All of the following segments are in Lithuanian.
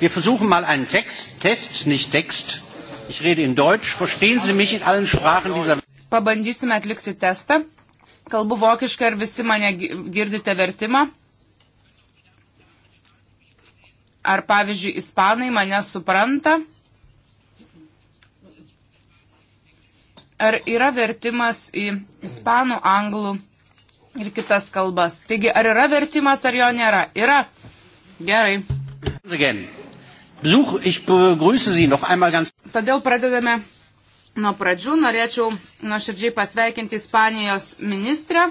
Wir versuchen mal einen Text, Test, nicht Text. Ich rede in Deutsch. Verstehen Sie mich in allen Sprachen dieser Welt? Pabandysime atlikti testą. Kalbu vokiškai, ar visi mane girdite vertimą? Ar pavyzdžiui, ispanai mane supranta? Ar yra vertimas į ispanų, anglų ir kitas kalbas? Taigi, ar yra vertimas, ar jo nėra? Yra. Gerai. Again. Besuch, ich begrüße Sie noch einmal ganz. Todėl pradedame nuo pradžių. Norėčiau nuoširdžiai pasveikinti Ispanijos ministrę.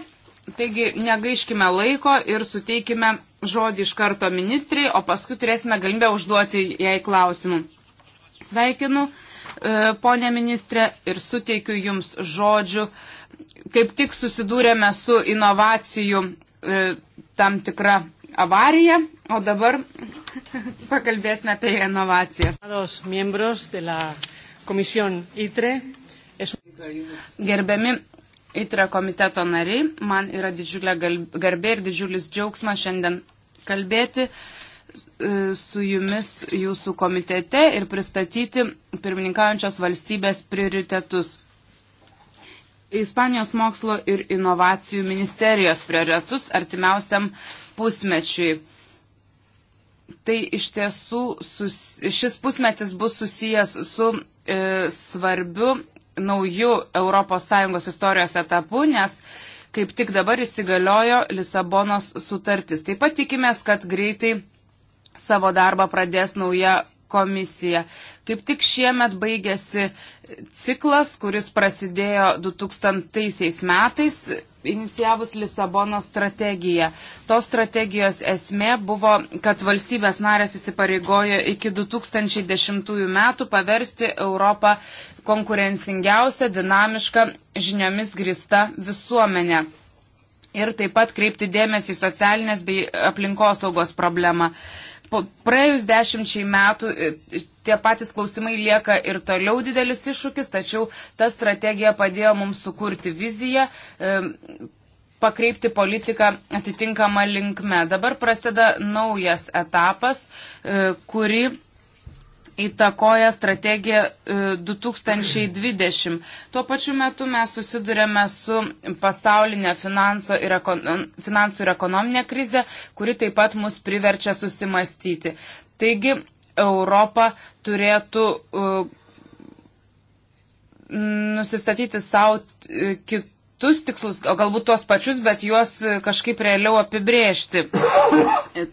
Taigi negaiškime laiko ir suteikime žodį iš karto ministrai, o paskui turėsime galimybę užduoti jai klausimų. Sveikinu, e, ponė ministrė, ir suteikiu Jums žodžių. Kaip tik susidūrėme su inovacijų e, tam tikra avariją, o dabar pakalbėsime apie inovacijas. E Gerbiami ITRE komiteto nariai, man yra didžiulė garbė ir didžiulis džiaugsmas šiandien kalbėti e, su jumis jūsų komitete ir pristatyti pirmininkaujančios valstybės prioritetus. Ispanijos mokslo ir inovacijų ministerijos prioritetus artimiausiam pusmečiui. Tai iš tiesų sus, šis pusmetis bus susijęs su e, svarbiu nauju ES istorijos etapu, nes kaip tik dabar įsigaliojo Lisabonos sutartis. Taip pat tikimės, kad greitai savo darbą pradės nauja komisija. Kaip tik šiemet baigėsi ciklas, kuris prasidėjo 2000 metais, inicijavus Lisabono strategiją. Tos strategijos esmė buvo, kad valstybės narės įsipareigojo iki 2010 metų paversti Europą konkurencingiausią, dinamišką, žiniomis grįsta visuomenę ir taip pat kreipti dėmesį į socialinės bei aplinkosaugos problemą. Praėjus dešimčiai metų e, tie patys klausimai lieka ir toliau didelis iššūkis, tačiau ta strategija padėjo mums sukurti viziją, e, pakreipti politiką atitinkamą linkme. Dabar prasideda naujas etapas, e, kuri įtakoja strategiją 2020. E, Tuo pačiu metu mes susidurėme su pasaulinė finansų ir, ekonom, finansų ir ekonominė krize, kuri taip pat mus priverčia susimastyti. Taigi Europa turėtų uh, nusistatyti savo uh, e, kitų kitus tikslus, o galbūt tuos pačius, bet juos e, kažkaip realiau apibrėžti,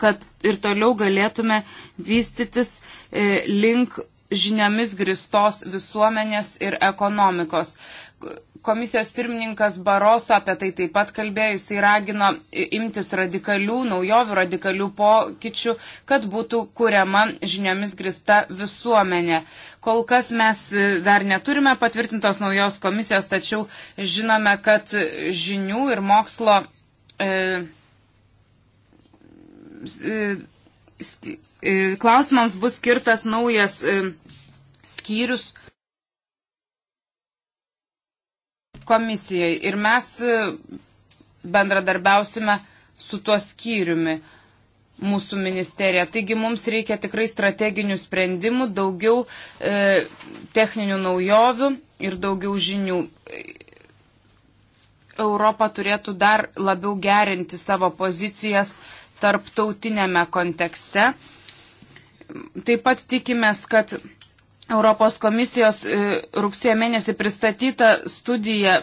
kad ir toliau galėtume vystytis e, link žiniomis gristos visuomenės ir ekonomikos komisijos pirmininkas Baroso apie tai taip pat kalbėjo, jisai ragino imtis radikalių, naujovių radikalių pokyčių, kad būtų kuriama žiniomis grista visuomenė. Kol kas mes e, dar neturime patvirtintos naujos komisijos, tačiau žinome, kad žinių ir mokslo. E, e, e Klausimams bus skirtas naujas skyrius komisijai ir mes e, bendradarbiausime su tuo skyriumi mūsų ministerija. Taigi mums reikia tikrai strateginių sprendimų, daugiau e, techninių naujovių ir daugiau žinių. Europa turėtų dar labiau gerinti savo pozicijas tarptautinėme kontekste. Taip pat tikimės, kad Europos komisijos e, rugsėjo mėnesį pristatyta studija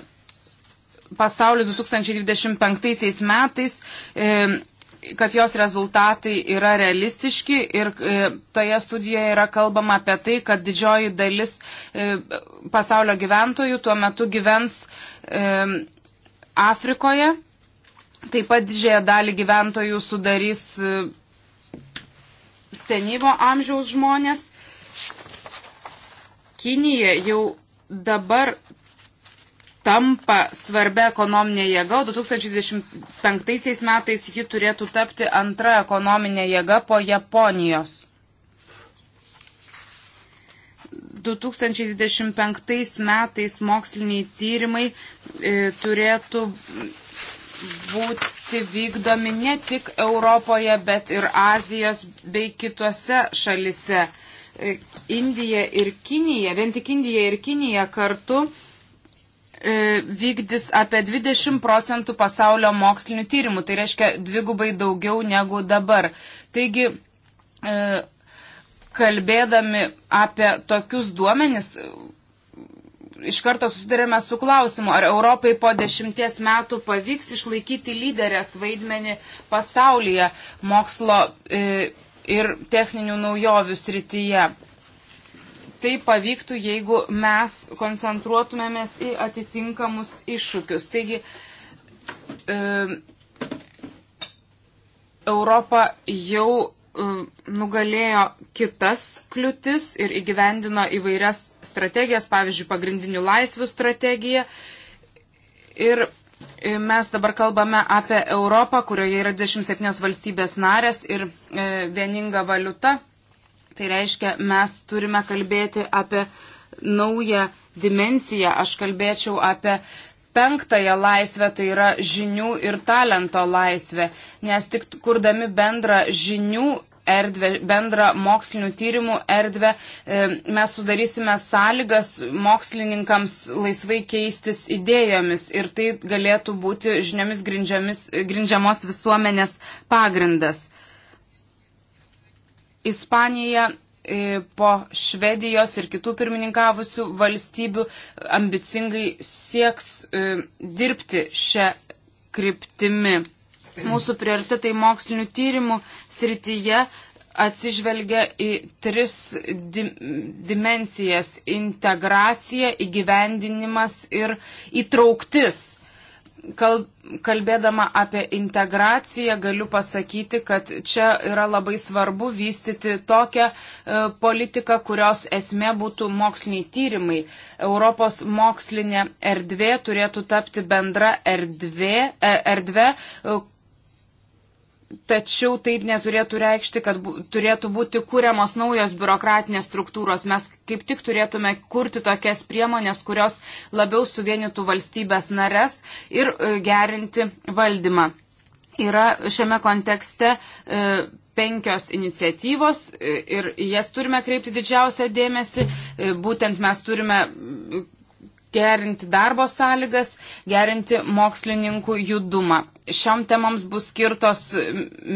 pasaulis 2025 metais, e, kad jos rezultatai yra realistiški ir e, toje studijoje yra kalbama apie tai, kad didžioji dalis pasaulio gyventojų tuo metu gyvens Afrikoje. Taip pat didžiąją dalį gyventojų sudarys senyvo amžiaus žmonės Kinija jau dabar tampa svarbia ekonominė jėga, o 2025 metais ji turėtų tapti antra ekonominė jėga po Japonijos. 2025 metais moksliniai tyrimai e, turėtų būti vykdomi ne tik Europoje, bet ir Azijos bei kitose šalise. E, Indija ir Kinija, vien tik Indija ir Kinija kartu e, vykdys apie 20 procentų pasaulio mokslinių tyrimų. Tai reiškia dvigubai daugiau negu dabar. Taigi, e, kalbėdami apie tokius duomenis, iš karto susidurėme su klausimu, ar Europai po dešimties metų pavyks išlaikyti lyderės vaidmenį pasaulyje mokslo e, ir techninių naujovių srityje tai pavyktų, jeigu mes koncentruotumėmės į atitinkamus iššūkius. Taigi, e, Europa jau e, nugalėjo kitas kliūtis ir įgyvendino įvairias strategijas, pavyzdžiui, pagrindinių laisvių strategiją. Ir e, mes dabar kalbame apie Europą, kurioje yra 27 valstybės narės ir e, vieninga valiuta. Tai reiškia, mes turime kalbėti apie naują dimensiją. Aš kalbėčiau apie penktąją laisvę, tai yra žinių ir talento laisvę. Nes tik kurdami bendrą žinių erdvę, bendrą mokslinių tyrimų erdvę, e, mes sudarysime sąlygas mokslininkams laisvai keistis idėjomis ir tai galėtų būti žiniomis grindžiamos visuomenės pagrindas. Ispanija e, po Švedijos ir kitų pirmininkavusių valstybių ambicingai sieks e, dirbti šią kryptimi. Mūsų prioritetai mokslinių tyrimų srityje atsižvelgia į tris di dimensijas - integracija, įgyvendinimas ir įtrauktis kalbėdama apie integraciją, galiu pasakyti, kad čia yra labai svarbu vystyti tokią e, politiką, kurios esmė būtų moksliniai tyrimai. Europos mokslinė erdvė turėtų tapti bendra erdvė, e, erdvė e, Tačiau tai neturėtų reikšti, kad bu, turėtų būti kūriamos naujos biurokratinės struktūros. Mes kaip tik turėtume kurti tokias priemonės, kurios labiau suvienytų valstybės nares ir e, gerinti valdymą. Yra šiame kontekste e, penkios iniciatyvos e, ir jas turime kreipti didžiausią dėmesį. E, būtent mes turime gerinti darbo sąlygas, gerinti mokslininkų judumą. Šiom temams bus skirtos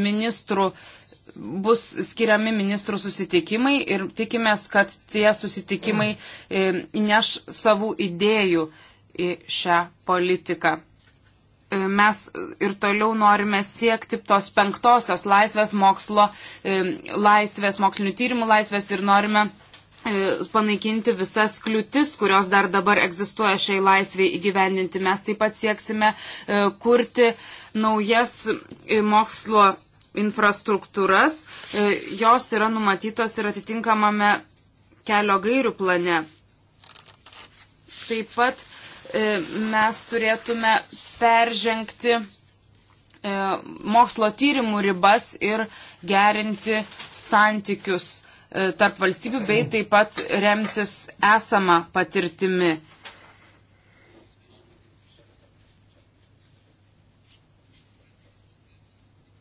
ministrų bus skiriami ministrų susitikimai ir tikimės, kad tie susitikimai e, neš savų idėjų į šią politiką. E, mes ir toliau norime siekti tos penktosios laisvės mokslo, e, laisvės mokslinių tyrimų laisvės ir norime E, panaikinti visas kliūtis, kurios dar dabar egzistuoja šiai laisviai įgyvendinti. Mes taip pat sieksime e, kurti naujas e, mokslo infrastruktūras. Jos yra numatytos ir atitinkamame kelio gairių plane. Taip pat mes turėtume peržengti mokslo tyrimų ribas ir gerinti santykius E, tarp valstybių, bei taip pat remtis esamą patirtimi.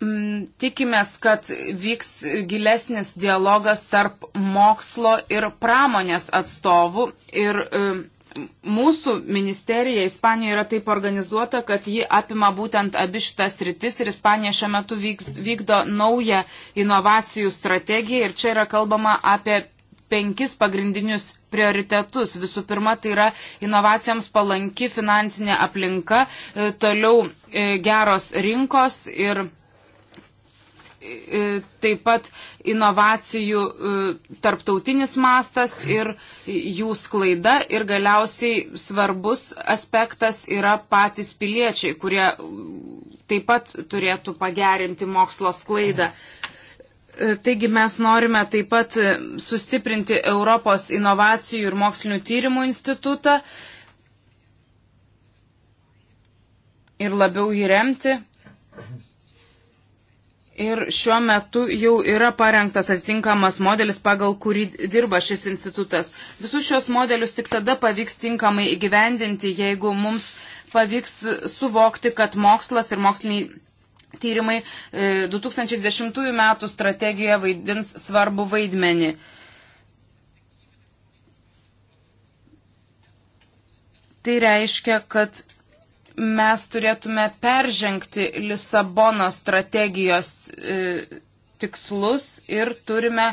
Mm, tikimės, kad vyks gilesnis dialogas tarp mokslo ir pramonės atstovų ir e, mūsų ministerija Ispanijoje yra taip organizuota, kad ji apima būtent abi šitas rytis ir Ispanija šiuo metu vyks, vykdo naują inovacijų strategiją ir čia yra kalbama apie penkis pagrindinius prioritetus. Visų pirma, tai yra inovacijoms palanki finansinė aplinka, e, toliau e, geros rinkos ir E, taip pat inovacijų e, tarptautinis mastas ir jų sklaida ir galiausiai svarbus aspektas yra patys piliečiai, kurie taip pat turėtų pagerinti mokslo sklaidą. E, taigi mes norime taip pat sustiprinti Europos inovacijų ir mokslinių tyrimų institutą ir labiau jį remti. Ir šiuo metu jau yra parengtas atitinkamas modelis, pagal kurį dirba šis institutas. Visus šios modelius tik tada pavyks tinkamai įgyvendinti, jeigu mums pavyks suvokti, kad mokslas ir moksliniai tyrimai 2010 e, m. strategijoje vaidins svarbu vaidmenį. Tai reiškia, kad mes turėtume peržengti Lisabono strategijos e, tikslus ir turime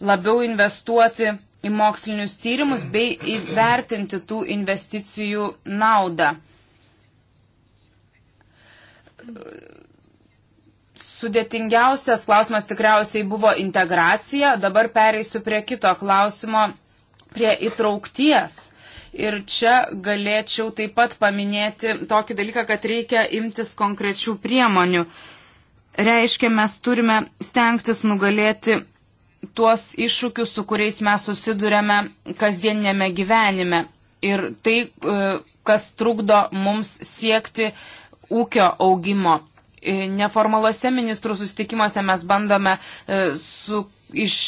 labiau investuoti į mokslinius tyrimus bei įvertinti tų investicijų naudą. Sudėtingiausias klausimas tikriausiai buvo integracija, dabar pereisiu prie kito klausimo, prie įtraukties Ir čia galėčiau taip pat paminėti tokį dalyką, kad reikia imtis konkrečių priemonių. Reiškia, mes turime stengtis nugalėti tuos iššūkius, su kuriais mes susidurėme kasdieninėme gyvenime. Ir tai, e, kas trukdo mums siekti ūkio augimo. E, Neformalose ministrų susitikimuose mes bandome e, su, iš,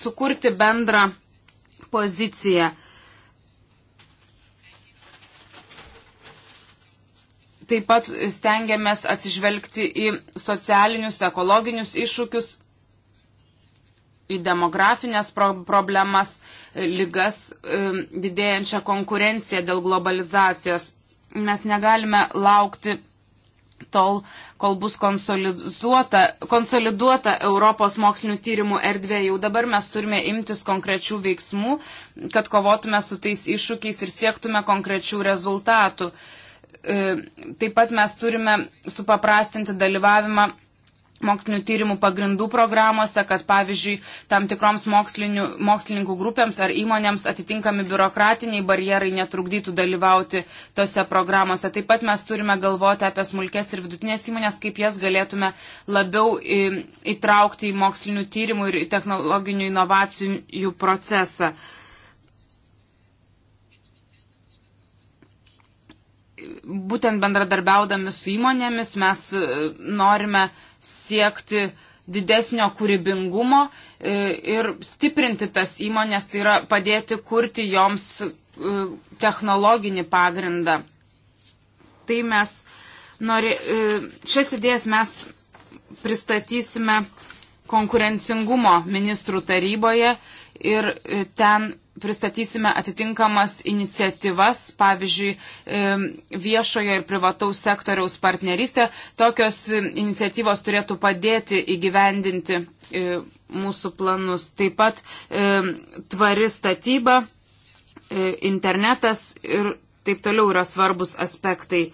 sukurti bendrą poziciją. Taip pat stengiamės atsižvelgti į socialinius, ekologinius iššūkius, į demografinės pro problemas, lygas, e, didėjančią konkurenciją dėl globalizacijos. Mes negalime laukti tol, kol bus konsoliduota, konsoliduota Europos mokslinių tyrimų erdvė. Jau dabar mes turime imtis konkrečių veiksmų, kad kovotume su tais iššūkiais ir siektume konkrečių rezultatų. Uh, E, taip pat mes turime supaprastinti dalyvavimą mokslinių tyrimų pagrindų programuose, kad pavyzdžiui tam tikroms mokslininkų grupėms ar įmonėms atitinkami biurokratiniai barjerai netrukdytų dalyvauti tose programuose. Taip pat mes turime galvoti apie smulkės ir vidutinės įmonės, kaip jas galėtume labiau įtraukti į mokslinių tyrimų ir technologinių inovacijų procesą. būtent bendradarbiaudami su įmonėmis mes e, norime siekti didesnio kūrybingumo e, ir stiprinti tas įmonės, tai yra padėti kurti joms e, technologinį pagrindą. Tai mes nori, šias idėjas mes pristatysime konkurencingumo ministrų taryboje ir ten pristatysime atitinkamas iniciatyvas, pavyzdžiui, viešojo ir privataus sektoriaus partnerystė. Tokios e, iniciatyvos turėtų padėti įgyvendinti e, mūsų planus. Taip pat e, tvari statyba, internetas ir taip toliau yra svarbus aspektai.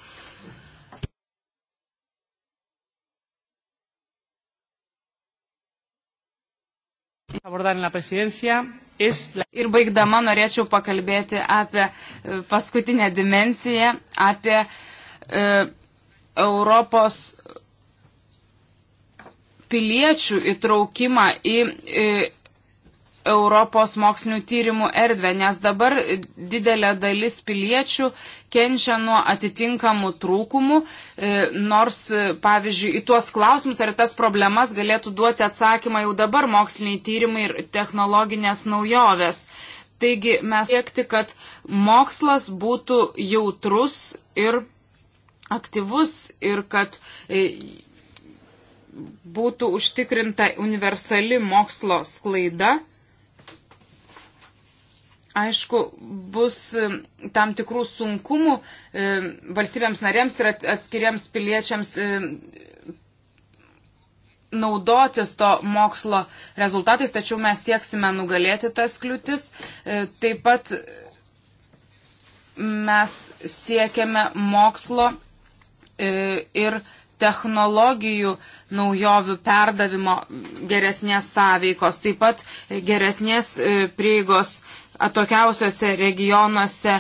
abordar en la presidencia Ir baigdama norėčiau pakalbėti apie e, paskutinę dimenciją, apie e, Europos piliečių įtraukimą į e, Europos mokslinių tyrimų erdvę, nes dabar didelė dalis piliečių kenčia nuo atitinkamų trūkumų, e, nors, e, pavyzdžiui, į tuos klausimus ar tas problemas galėtų duoti atsakymą jau dabar moksliniai tyrimai ir technologinės naujovės. Taigi mes siekti, kad mokslas būtų jautrus ir aktyvus ir kad e, būtų užtikrinta universali mokslo sklaida aišku, bus tam tikrų sunkumų valstybėms narėms ir atskiriems piliečiams naudotis to mokslo rezultatais, tačiau mes sieksime nugalėti tas kliūtis. E, taip pat mes siekiame mokslo e, ir technologijų naujovių perdavimo geresnės sąveikos, taip pat geresnės e, prieigos atokiausiose regionuose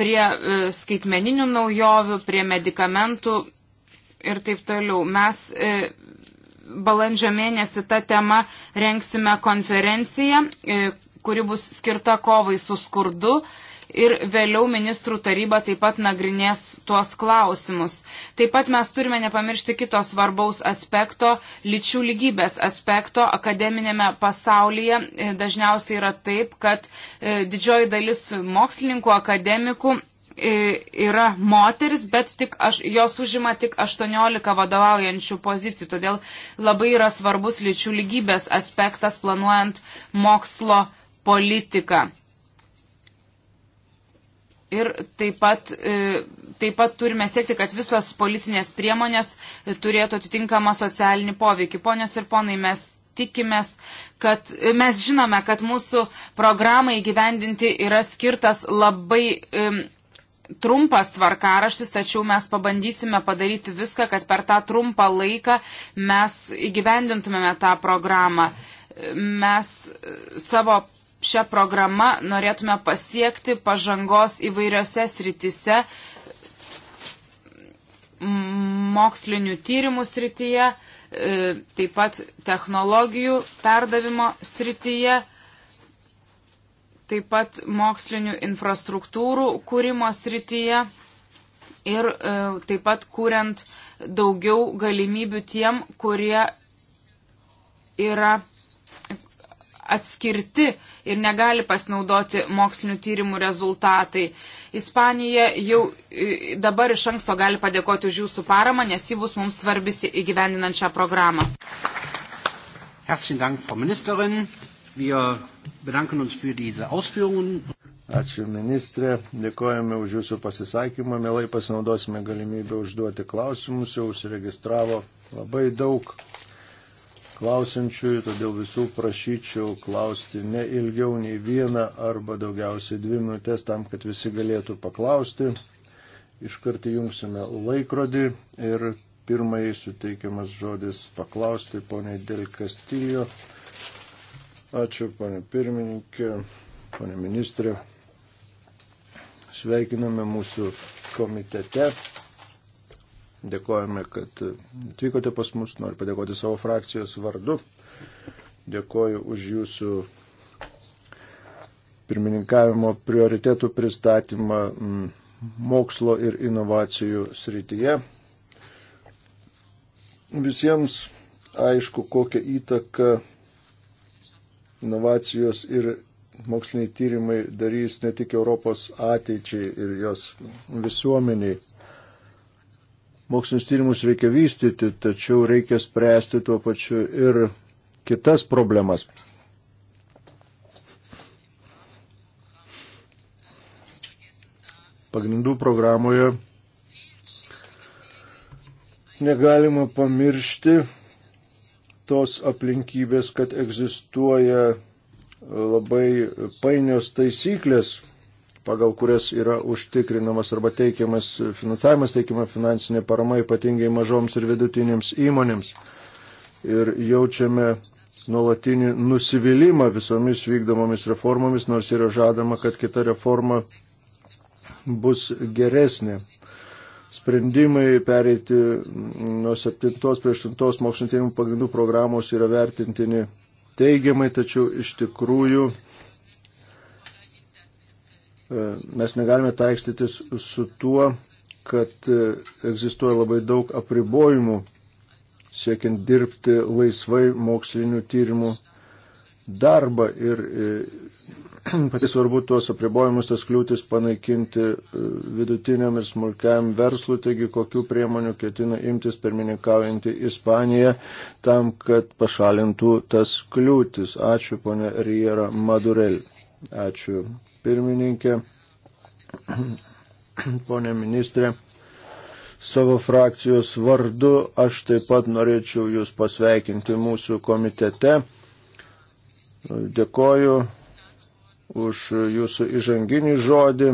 prie e, skaitmeninių naujovių, prie medikamentų ir taip toliau. Mes e, balandžio mėnesį tą temą rengsime konferenciją, e, kuri bus skirta kovai su skurdu ir vėliau ministrų taryba taip pat nagrinės tuos klausimus. Taip pat mes turime nepamiršti kito svarbaus aspekto, lyčių lygybės aspekto. Akademinėme pasaulyje e, dažniausiai yra taip, kad e, didžioji dalis mokslininkų, akademikų e, yra moteris, bet tik aš, jos užima tik 18 vadovaujančių pozicijų. Todėl labai yra svarbus lyčių lygybės aspektas planuojant mokslo politiką. Ir taip pat, e, taip pat turime siekti, kad visos politinės priemonės e, turėtų atitinkamą socialinį poveikį. Ponios ir ponai, mes tikimės, kad e, mes žinome, kad mūsų programai gyvendinti yra skirtas labai um, trumpas tvarkaraštis, tačiau mes pabandysime padaryti viską, kad per tą trumpą laiką mes įgyvendintumėme tą programą. Mes savo šią programą norėtume pasiekti pažangos įvairiose sritise, mokslinių tyrimų srityje, e, taip pat technologijų perdavimo srityje, taip pat mokslinių infrastruktūrų kūrimo srityje ir e, taip pat kuriant daugiau galimybių tiem, kurie yra atskirti ir negali pasinaudoti mokslinių tyrimų rezultatai. Ispanija jau e, dabar iš anksto gali padėkoti už jūsų paramą, nes ji bus mums svarbi įgyvendinant šią programą. Ačiū ministrė, dėkojame už Jūsų pasisakymą, mielai pasinaudosime galimybę užduoti klausimus, jau užsiregistravo labai daug klausiančiųjų, todėl visų prašyčiau klausti ne ilgiau nei vieną arba daugiausiai dvi minutės tam, kad visi galėtų paklausti. Iškart įjungsime laikrodį ir pirmai suteikiamas žodis paklausti poniai Del Castillo. Ačiū, ponė pirmininkė, ponė ministrė. Sveikiname mūsų komitete. Dėkojame, kad atvykote pas mus. Noriu padėkoti savo frakcijos vardu. Dėkoju už jūsų pirmininkavimo prioritėtų pristatymą mokslo ir inovacijų srityje. Visiems aišku, kokią įtaką inovacijos ir moksliniai tyrimai darys ne tik Europos ateičiai ir jos visuomeniai. Mokslinis tyrimus reikia vystyti, tačiau reikia spręsti tuo pačiu ir kitas problemas. Pagrindų programoje negalima pamiršti tos aplinkybės, kad egzistuoja labai painios taisyklės pagal kurias yra užtikrinamas arba teikiamas finansavimas, teikiama finansinė parama ypatingai mažoms ir vidutinėms įmonėms. Ir jaučiame nuolatinį nusivylimą visomis vykdomomis reformomis, nors yra žadama, kad kita reforma bus geresnė. Sprendimai pereiti nuo 7 prie 8 mokslinio tyrimų pagrindų programos yra vertintini teigiamai, tačiau iš tikrųjų E, mes negalime taikstytis su tuo, kad e, egzistuoja labai daug apribojimų siekiant dirbti laisvai mokslinių tyrimų darbą ir e, patys svarbu tuos apribojimus, tas kliūtis panaikinti vidutiniam ir smulkiam verslui, taigi kokių priemonių ketina imtis pirmininkaujantį Ispaniją tam, kad pašalintų tas kliūtis. Ačiū, ponė Riera Madurel. Ačiū, pirmininkė, ponė ministrė, savo frakcijos vardu aš taip pat norėčiau Jūs pasveikinti mūsų komitete. Dėkoju už Jūsų įžanginį žodį.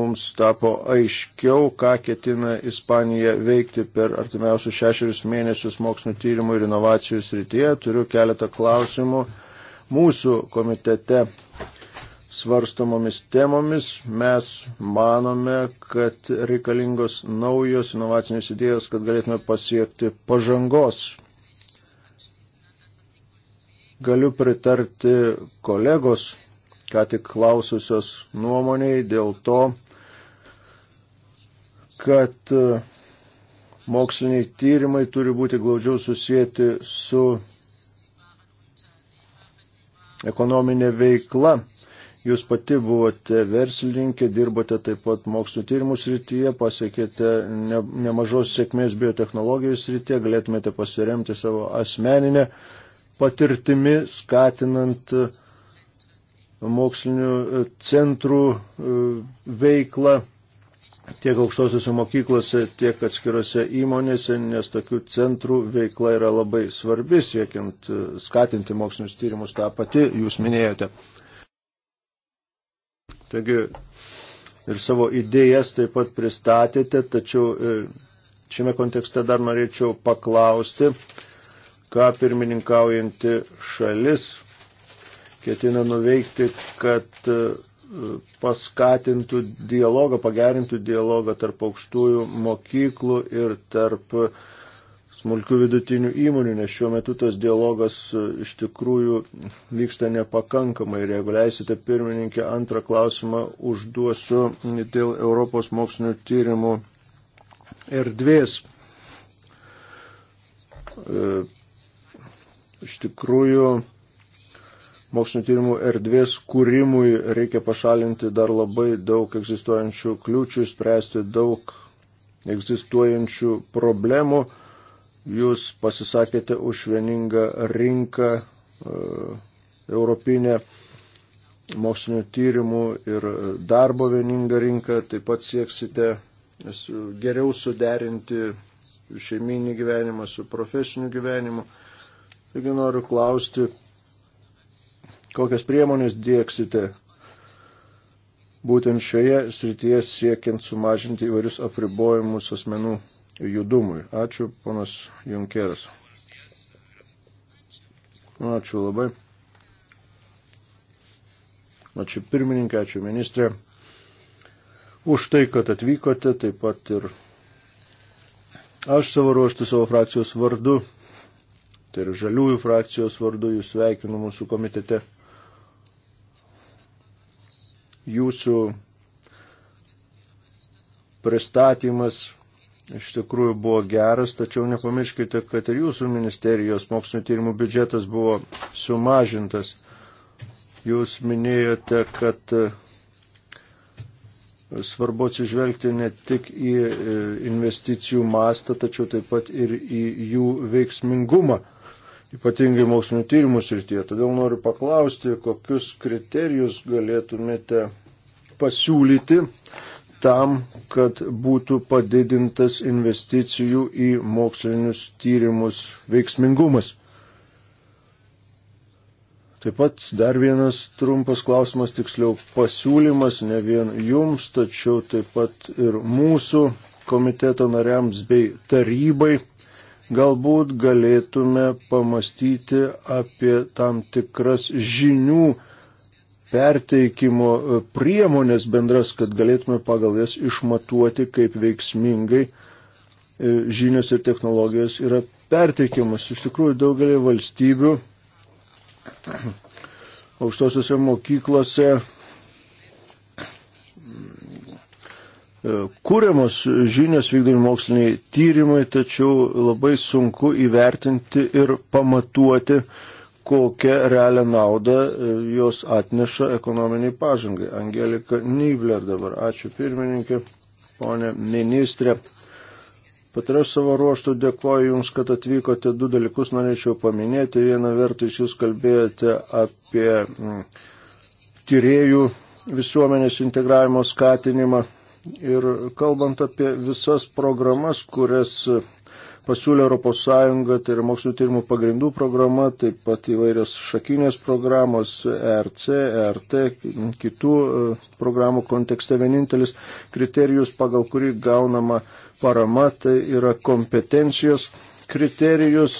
Mums tapo aiškiau, ką ketina Ispanija veikti per artimiausius šešerius mėnesius mokslinio tyrimų ir inovacijų srityje. Turiu keletą klausimų mūsų komitete svarstomomis temomis. Mes manome, kad reikalingos naujos inovacinės idėjos, kad galėtume pasiekti pažangos. Galiu pritarti kolegos, ką tik klaususios nuomoniai dėl to, kad e, moksliniai tyrimai turi būti glaudžiau susijęti su ekonominė veikla Jūs pati buvote verslininkė, dirbote taip pat mokslo tyrimų srityje, pasiekėte ne, nemažos sėkmės biotehnologijų srityje, galėtumėte pasiremti savo asmeninę patirtimi, skatinant e, mokslinių e, centrų e, veiklą tiek aukštosiuose mokyklose, tiek atskirose įmonėse, nes tokių centrų veikla yra labai svarbi, siekiant skatinti mokslinius tyrimus, tą pati jūs minėjote. Taigi ir savo idėjas taip pat pristatėte, tačiau e, šiame kontekste dar norėčiau paklausti, ką pirmininkaujanti šalis ketina nuveikti, kad e, paskatintų dialogą, pagerintų dialogą tarp aukštųjų mokyklų ir tarp uh, smulkių vidutinių įmonių, nes šiuo metu tas dialogas e, iš tikrųjų vyksta nepakankamai. Ir jeigu leisite pirmininkę, antrą klausimą užduosiu dėl Europos mokslinio tyrimų erdvės. E, iš tikrųjų, mokslinio tyrimų erdvės kūrimui reikia pašalinti dar labai daug egzistuojančių kliūčių, spręsti daug egzistuojančių problemų Jūs pasisakėte už vieningą rinką, e, europinę mokslinio tyrimų ir darbo vieningą rinką, taip pat sieksite geriau suderinti šeiminį gyvenimą su profesiniu gyvenimu. Taigi noriu klausti, kokias priemonės dėksite būtent šioje srityje siekiant sumažinti įvairius apribojimus asmenų judumui. Ačiū, ponas Junkeras. Ačiū labai. Ačiū pirmininkė, ačiū ministrė. Už tai, kad atvykote, taip pat ir aš savo ruoštų savo frakcijos vardu, tai ir žaliųjų frakcijos vardu, jūs sveikinu mūsų komitete. Jūsų pristatymas iš tikrųjų buvo geras, tačiau nepamirškite, kad ir jūsų ministerijos mokslinio tyrimų biudžetas buvo sumažintas. Jūs minėjote, kad e, svarbu atsižvelgti ne tik į e, investicijų mastą, tačiau taip pat ir į jų veiksmingumą, ypatingai mokslinio tyrimų srityje. Todėl noriu paklausti, kokius kriterijus galėtumėte pasiūlyti tam, kad būtų padidintas investicijų į mokslinius tyrimus veiksmingumas. Taip pat dar vienas trumpas klausimas, tiksliau pasiūlymas ne vien jums, tačiau taip pat ir mūsų komiteto nariams bei tarybai. Galbūt galėtume pamastyti apie tam tikras žinių perteikimo e, priemonės bendras, kad galėtume pagal jas išmatuoti, kaip veiksmingai e, žinios ir technologijos yra perteikiamas. Iš tikrųjų, daugelį valstybių aukštosiuose mokyklose e, kūriamos žinios vykdomi moksliniai tyrimai, tačiau labai sunku įvertinti ir pamatuoti, kokią realią naudą e, jos atneša ekonominiai pažangai. Angelika Nybler dabar. Ačiū pirmininkė, ponė ministrė. Patarė savo ruoštų dėkoju Jums, kad atvykote. Du dalykus norėčiau paminėti. Vieną vertus Jūs kalbėjote apie mm, tyriejų visuomenės integravimo skatinimą. Ir kalbant apie visas programas, kurias pasiūlė ES, tai yra mokslinio tyrimų pagrindų programa, taip pat įvairios šakinės programos, ERC, ERT, kitų e, programų kontekste vienintelis kriterijus, pagal kurį gaunama parama, tai yra kompetencijos kriterijus,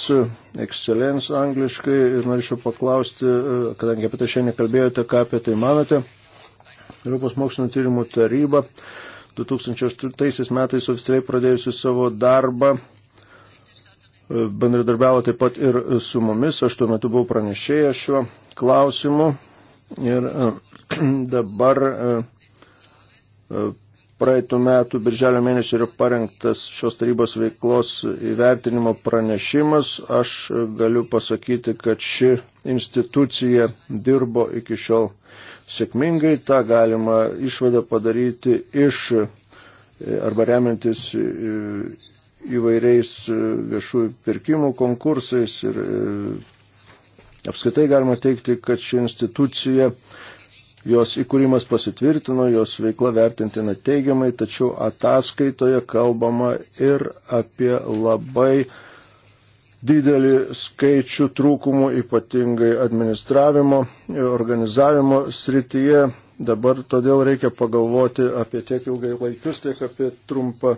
excellence angliškai, ir norėčiau paklausti, e, kadangi apie tai šiandien kalbėjote, ką apie tai manote. Europos mokslinio tyrimų taryba 2008 metais oficialiai pradėjusi savo darbą bendradarbiavo taip pat ir su mumis, aš tuo metu buvau pranešėjęs šiuo klausimu ir e, dabar e, e, praeitų metų birželio mėnesį yra parengtas šios tarybos veiklos įvertinimo pranešimas. Aš galiu pasakyti, kad ši institucija dirbo iki šiol sėkmingai. Ta galima išvada padaryti iš arba remiantis įvairiais e, viešųjų pirkimų konkursais ir e, apskaitai galima teikti, kad ši institucija, jos įkūrimas pasitvirtino, jos veikla vertintina teigiamai, tačiau ataskaitoje kalbama ir apie labai didelį skaičių trūkumų, ypatingai administravimo, e, organizavimo srityje. Dabar todėl reikia pagalvoti apie tiek ilgai laikius, tiek apie trumpą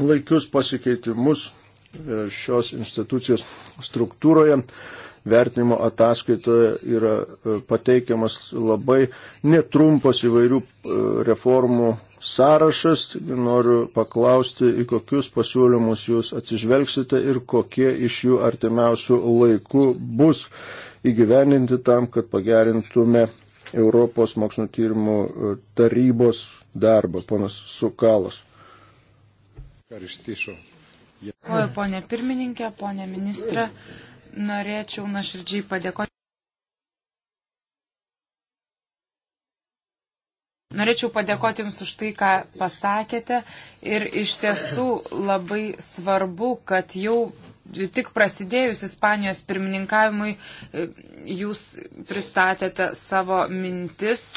laikius pasikeitimus e, šios institucijos struktūroje. Vertinimo ataskaitoje yra e, pateikiamas labai netrumpas įvairių e, reformų sąrašas. Noriu paklausti, į kokius pasiūlymus jūs atsižvelgsite ir kokie iš jų artimiausių laikų bus įgyveninti tam, kad pagerintume Europos mokslinio tyrimų tarybos darbą. Ponas Sukalas. Ευχαριστήσω. Dėkuoju, ponė pirmininkė, ponė ministra. Norėčiau nuoširdžiai padėkoti. Norėčiau padėkoti Jums už tai, ką pasakėte. Ir iš tiesų labai svarbu, kad jau tik prasidėjus Ispanijos pirmininkavimui e, Jūs pristatėte savo mintis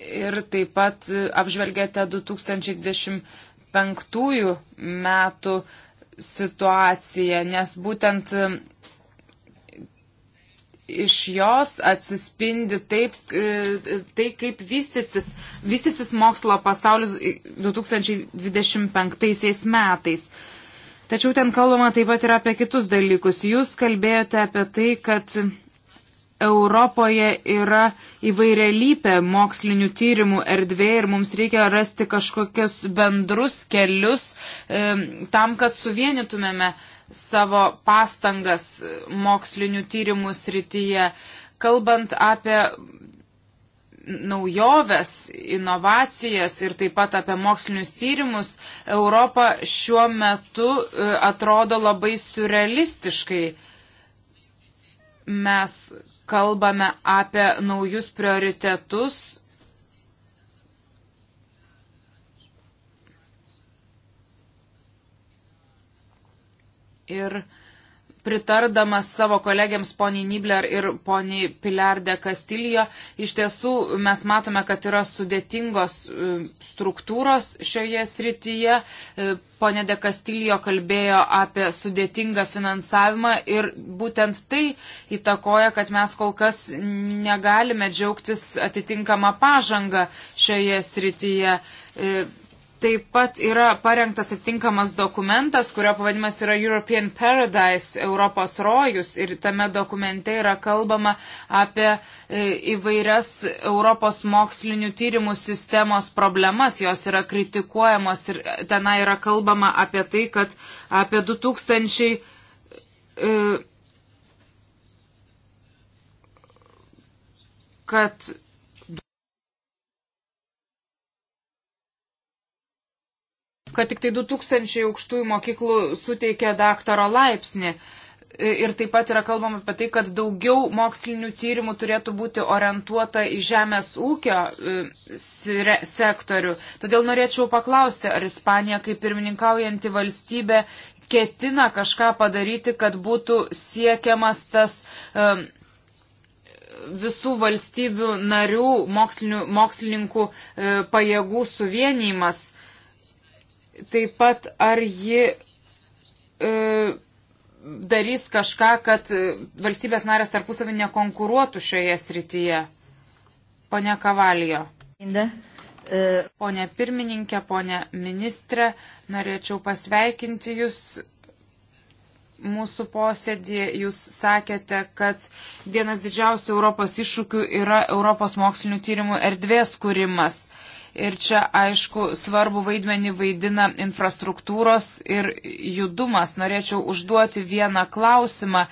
ir taip pat apžvelgėte 2025 metų situaciją, nes būtent e, iš jos atsispindi taip, e, tai, kaip vystytis, vystysis mokslo pasaulis 2025 metais. Tačiau ten kalbama taip pat ir apie kitus dalykus. Jūs kalbėjote apie tai, kad Europoje yra įvairialypė mokslinių tyrimų erdvė ir mums reikia rasti kažkokius bendrus kelius e, tam, kad suvienytumėme savo pastangas mokslinių tyrimų srityje. Kalbant apie naujoves, inovacijas ir taip pat apie mokslinius tyrimus, Europa šiuo metu e, atrodo labai surrealistiškai. Mes kalbame apie naujus prioritetus. Ir uh, pritardamas savo kolegiams poniai Nibler ir poniai Pilardė Kastilijo, iš tiesų mes matome, kad yra sudėtingos e, struktūros šioje srityje. E, Pone de Kastilijo kalbėjo apie sudėtingą finansavimą ir būtent tai įtakoja, kad mes kol kas negalime džiaugtis atitinkama pažanga šioje srityje e, Taip pat yra parengtas atitinkamas dokumentas, kurio pavadimas yra European Paradise, Europos rojus. Ir tame dokumente yra kalbama apie e, įvairias Europos mokslinių tyrimų sistemos problemas. Jos yra kritikuojamos ir tenai yra kalbama apie tai, kad apie 2000. E, kad kad tik tai 2000 aukštųjų mokyklų suteikia daktaro laipsnį. Ir taip pat yra kalbama apie tai, kad daugiau mokslinių tyrimų turėtų būti orientuota į žemės ūkio e, sektorių. Todėl norėčiau paklausti, ar Ispanija kaip pirmininkaujanti valstybė ketina kažką padaryti, kad būtų siekiamas tas um, visų valstybių narių mokslininkų e, pajėgų suvienimas. Taip pat ar ji e, darys kažką, kad e, valstybės narės tarpusavį nekonkuruotų šioje srityje. Pone Kavalijo. Inda. E, pone pirmininkė, pone ministrė, norėčiau pasveikinti Jūs mūsų posėdį. Jūs sakėte, kad vienas didžiausių Europos iššūkių yra Europos mokslinių tyrimų erdvės kūrimas. Ir čia, aišku, svarbu vaidmenį vaidina infrastruktūros ir judumas. Norėčiau užduoti vieną klausimą.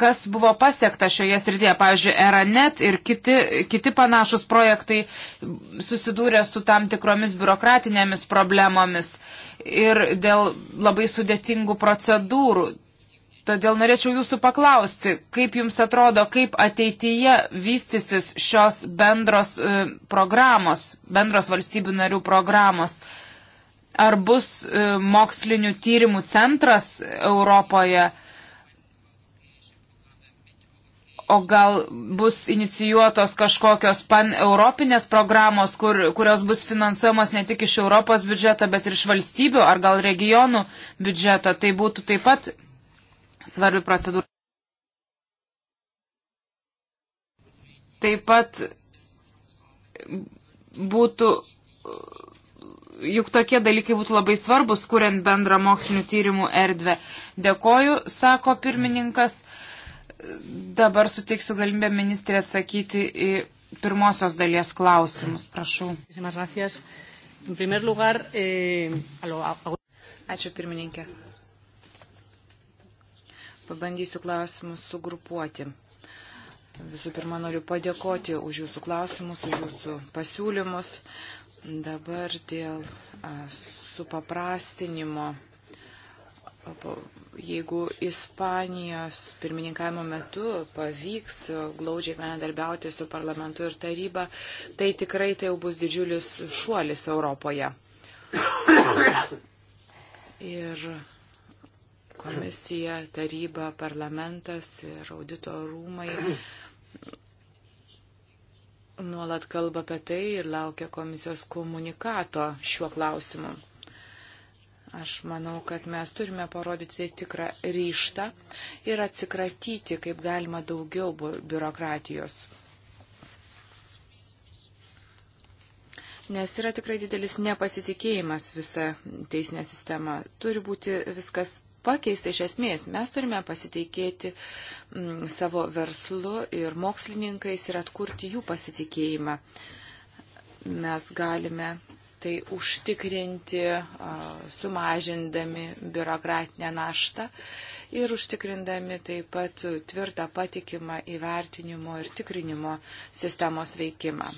Kas buvo pasiekta šioje srityje? Pavyzdžiui, Eranet ir kiti, kiti panašus projektai susidūrė su tam tikromis biurokratinėmis problemomis ir dėl labai sudėtingų procedūrų. Todėl norėčiau jūsų paklausti, kaip jums atrodo, kaip ateityje vystysis šios bendros e, programos, bendros valstybių narių programos. Ar bus e, mokslinių tyrimų centras Europoje? o gal bus inicijuotos kažkokios paneuropinės programos, kur, kurios bus finansuojamos ne tik iš Europos biudžeto, bet ir iš valstybių ar gal regionų biudžeto. Tai būtų taip pat svarbių procedūrų. Taip pat būtų, juk tokie dalykai būtų labai svarbus, kuriant bendrą mokslinių tyrimų erdvę. Dėkoju, sako pirmininkas. Dabar suteiksiu galimybę ministrė atsakyti į pirmosios dalies klausimus. Prašau. Eh, Ačiū pirmininkė. Pabandysiu klausimus sugrupuoti. Visų pirma, noriu padėkoti už jūsų klausimus, už jūsų pasiūlymus. Dabar dėl supaprastinimo jeigu Ispanijos pirmininkavimo metu pavyks glaudžiai bendarbiauti su parlamentu ir taryba, tai tikrai tai jau bus didžiulis šuolis Europoje. Ir komisija, taryba, parlamentas ir audito rūmai nuolat kalba apie tai ir laukia komisijos komunikato šiuo klausimu. Aš manau, kad mes turime parodyti tikrą ryštą ir atsikratyti, kaip galima daugiau biurokratijos. Nes yra tikrai didelis nepasitikėjimas visa teisinė sistema. Turi būti viskas pakeista iš esmės. Mes turime pasitikėti m, mm, savo verslu ir mokslininkais ir atkurti jų pasitikėjimą. Mes galime tai užtikrinti, sumažindami biurokratinę naštą ir užtikrindami taip pat tvirtą patikimą įvertinimo ir tikrinimo sistemos veikimą.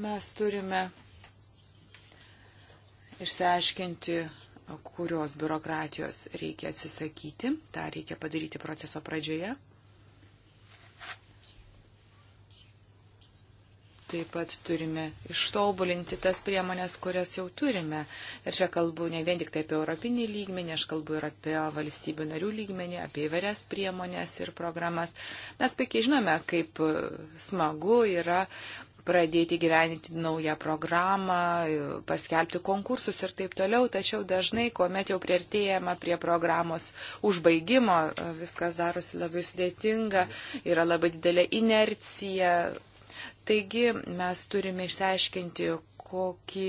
Mes turime išsiaiškinti, kurios biurokratijos reikia atsisakyti. Ta reikia padaryti proceso pradžioje. Taip pat turime ištobulinti tas priemonės, kurias jau turime. Ir čia kalbu ne vien tik tai apie europinį lygmenį, aš kalbu ir apie valstybių narių lygmenį, apie įvairias priemonės ir programas. Mes puikiai žinome, kaip smagu yra pradėti gyveninti naują programą, paskelbti konkursus ir taip toliau, tačiau dažnai, kuomet jau prieartėjama prie programos užbaigimo, viskas darosi labai sudėtinga, yra labai didelė inercija. Taigi mes turime išsiaiškinti, kokį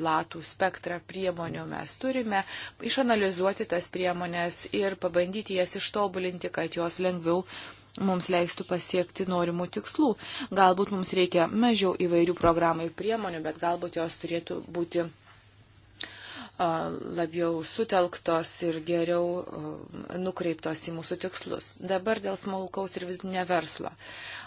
platų spektrą priemonių mes turime, išanalizuoti tas priemonės ir pabandyti jas ištobulinti, kad jos lengviau mums leistų pasiekti norimų tikslų. Galbūt mums reikia mažiau įvairių programų ir priemonių, bet galbūt jos turėtų būti labiau sutelktos ir geriau nukreiptos į mūsų tikslus. Dabar dėl smulkaus ir vidutinio verslo.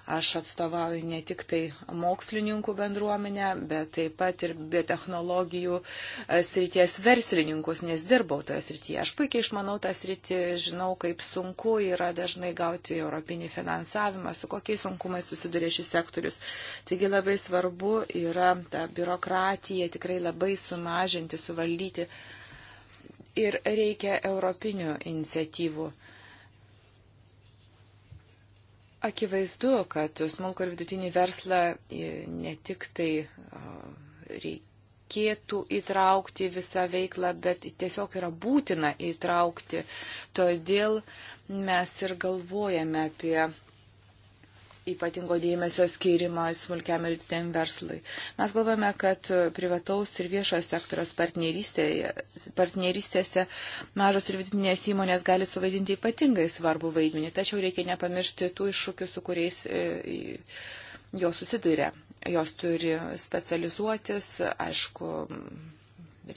Aš atstovauju ne tik tai mokslininkų bendruomenę, bet taip pat ir biotehnologijų e, srities verslininkus, nes dirbau toje srityje. Aš puikiai išmanau tą sritį, žinau, kaip sunku yra dažnai gauti europinį finansavimą, su kokiais sunkumais susiduria šis sektorius. Taigi labai svarbu yra tą biurokratiją tikrai labai sumažinti, suvaldyti ir reikia europinių iniciatyvų. Akivaizdu, kad smulko ir vidutinį verslą e, ne tik tai reikėtų įtraukti visą veiklą, bet tiesiog yra būtina įtraukti. Todėl mes ir galvojame apie ypatingo dėmesio skirimas smulkiam ir dideliam verslui. Mes galvome, kad privataus ir viešojo sektoriaus partnerystėse mažos ir vidutinės įmonės gali suvaidinti ypatingai svarbų vaidmenį, tačiau reikia nepamiršti tų iššūkių, su kuriais e, jos susiduria. Jos turi specializuotis, aišku,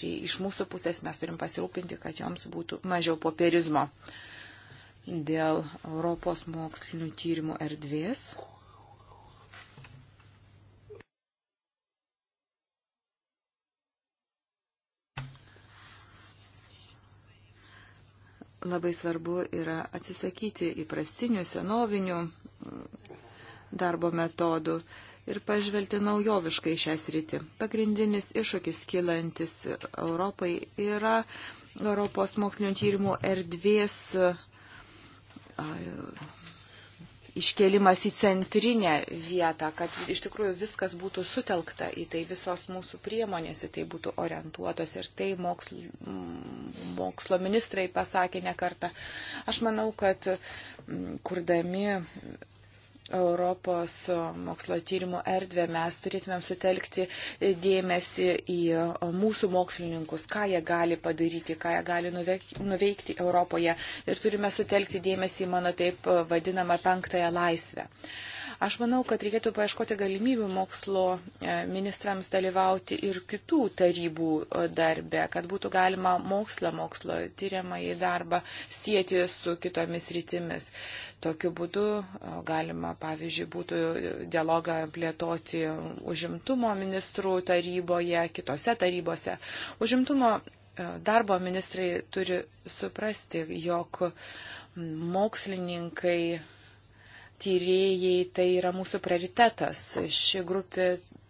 iš mūsų pusės mes turim pasirūpinti, kad joms būtų mažiau popierizmo dėl Europos mokslinių tyrimų erdvės. Labai svarbu yra atsisakyti įprastinių senovinių mm, darbo metodų ir pažvelgti naujoviškai šią sritį. Pagrindinis iššūkis kilantis Europai yra Europos mokslinio tyrimų erdvės uh, iškelimas į centrinę vietą, kad iš tikrųjų viskas būtų sutelkta į tai, visos mūsų priemonės į tai būtų orientuotos ir tai mokslo, mokslo ministrai pasakė ne kartą. Aš manau, kad kurdami Europos mokslo tyrimų erdvę, mes turėtumėm sutelkti dėmesį į mūsų mokslininkus, ką jie gali padaryti, ką jie gali nuveikti Europoje ir turime sutelkti dėmesį į mano taip vadinamą penktąją laisvę. Uh, Aš manau, kad reikėtų paieškoti galimybių mokslo e, ministrams dalyvauti ir kitų tarybų e, darbe, kad būtų galima mokslą, mokslo tyriamą į darbą sieti su kitomis rytimis. Tokiu būdu e, galima, pavyzdžiui, būtų dialogą plėtoti užimtumo ministrų taryboje, kitose tarybose. Užimtumo darbo ministrai turi suprasti, jog mokslininkai tyrėjai tai yra mūsų prioritetas. Ši grupė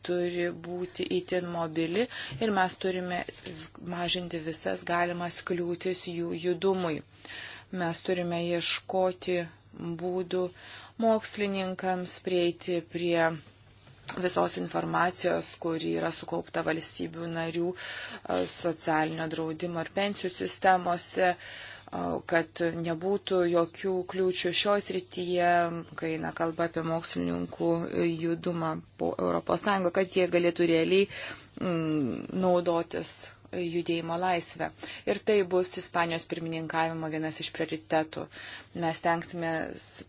turi būti įtin mobili ir mes turime mažinti visas galimas kliūtis jų judumui. Mes turime ieškoti būdų mokslininkams prieiti prie visos informacijos, kuri yra sukaupta valstybių narių socialinio draudimo ir pensijų sistemose. Uh, kad nebūtų jokių kliūčių šios rytyje, kai na, kalba apie mokslininkų judumą po ES, kad jie galėtų realiai m, naudotis judėjimo laisvę. Ir tai bus Ispanijos pirmininkavimo vienas iš prioritetų. Mes tenksime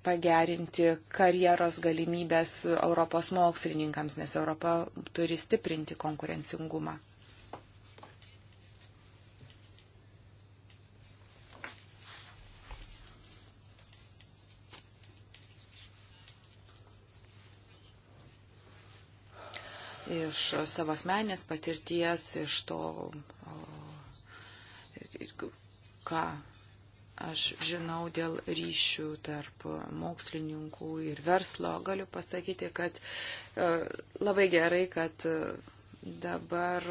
pagerinti karjeros galimybės Europos mokslininkams, nes Europa turi stiprinti konkurencingumą. iš savo asmenės patirties, iš to, ką aš žinau dėl ryšių tarp mokslininkų ir verslo, galiu pasakyti, kad e, labai gerai, kad e, dabar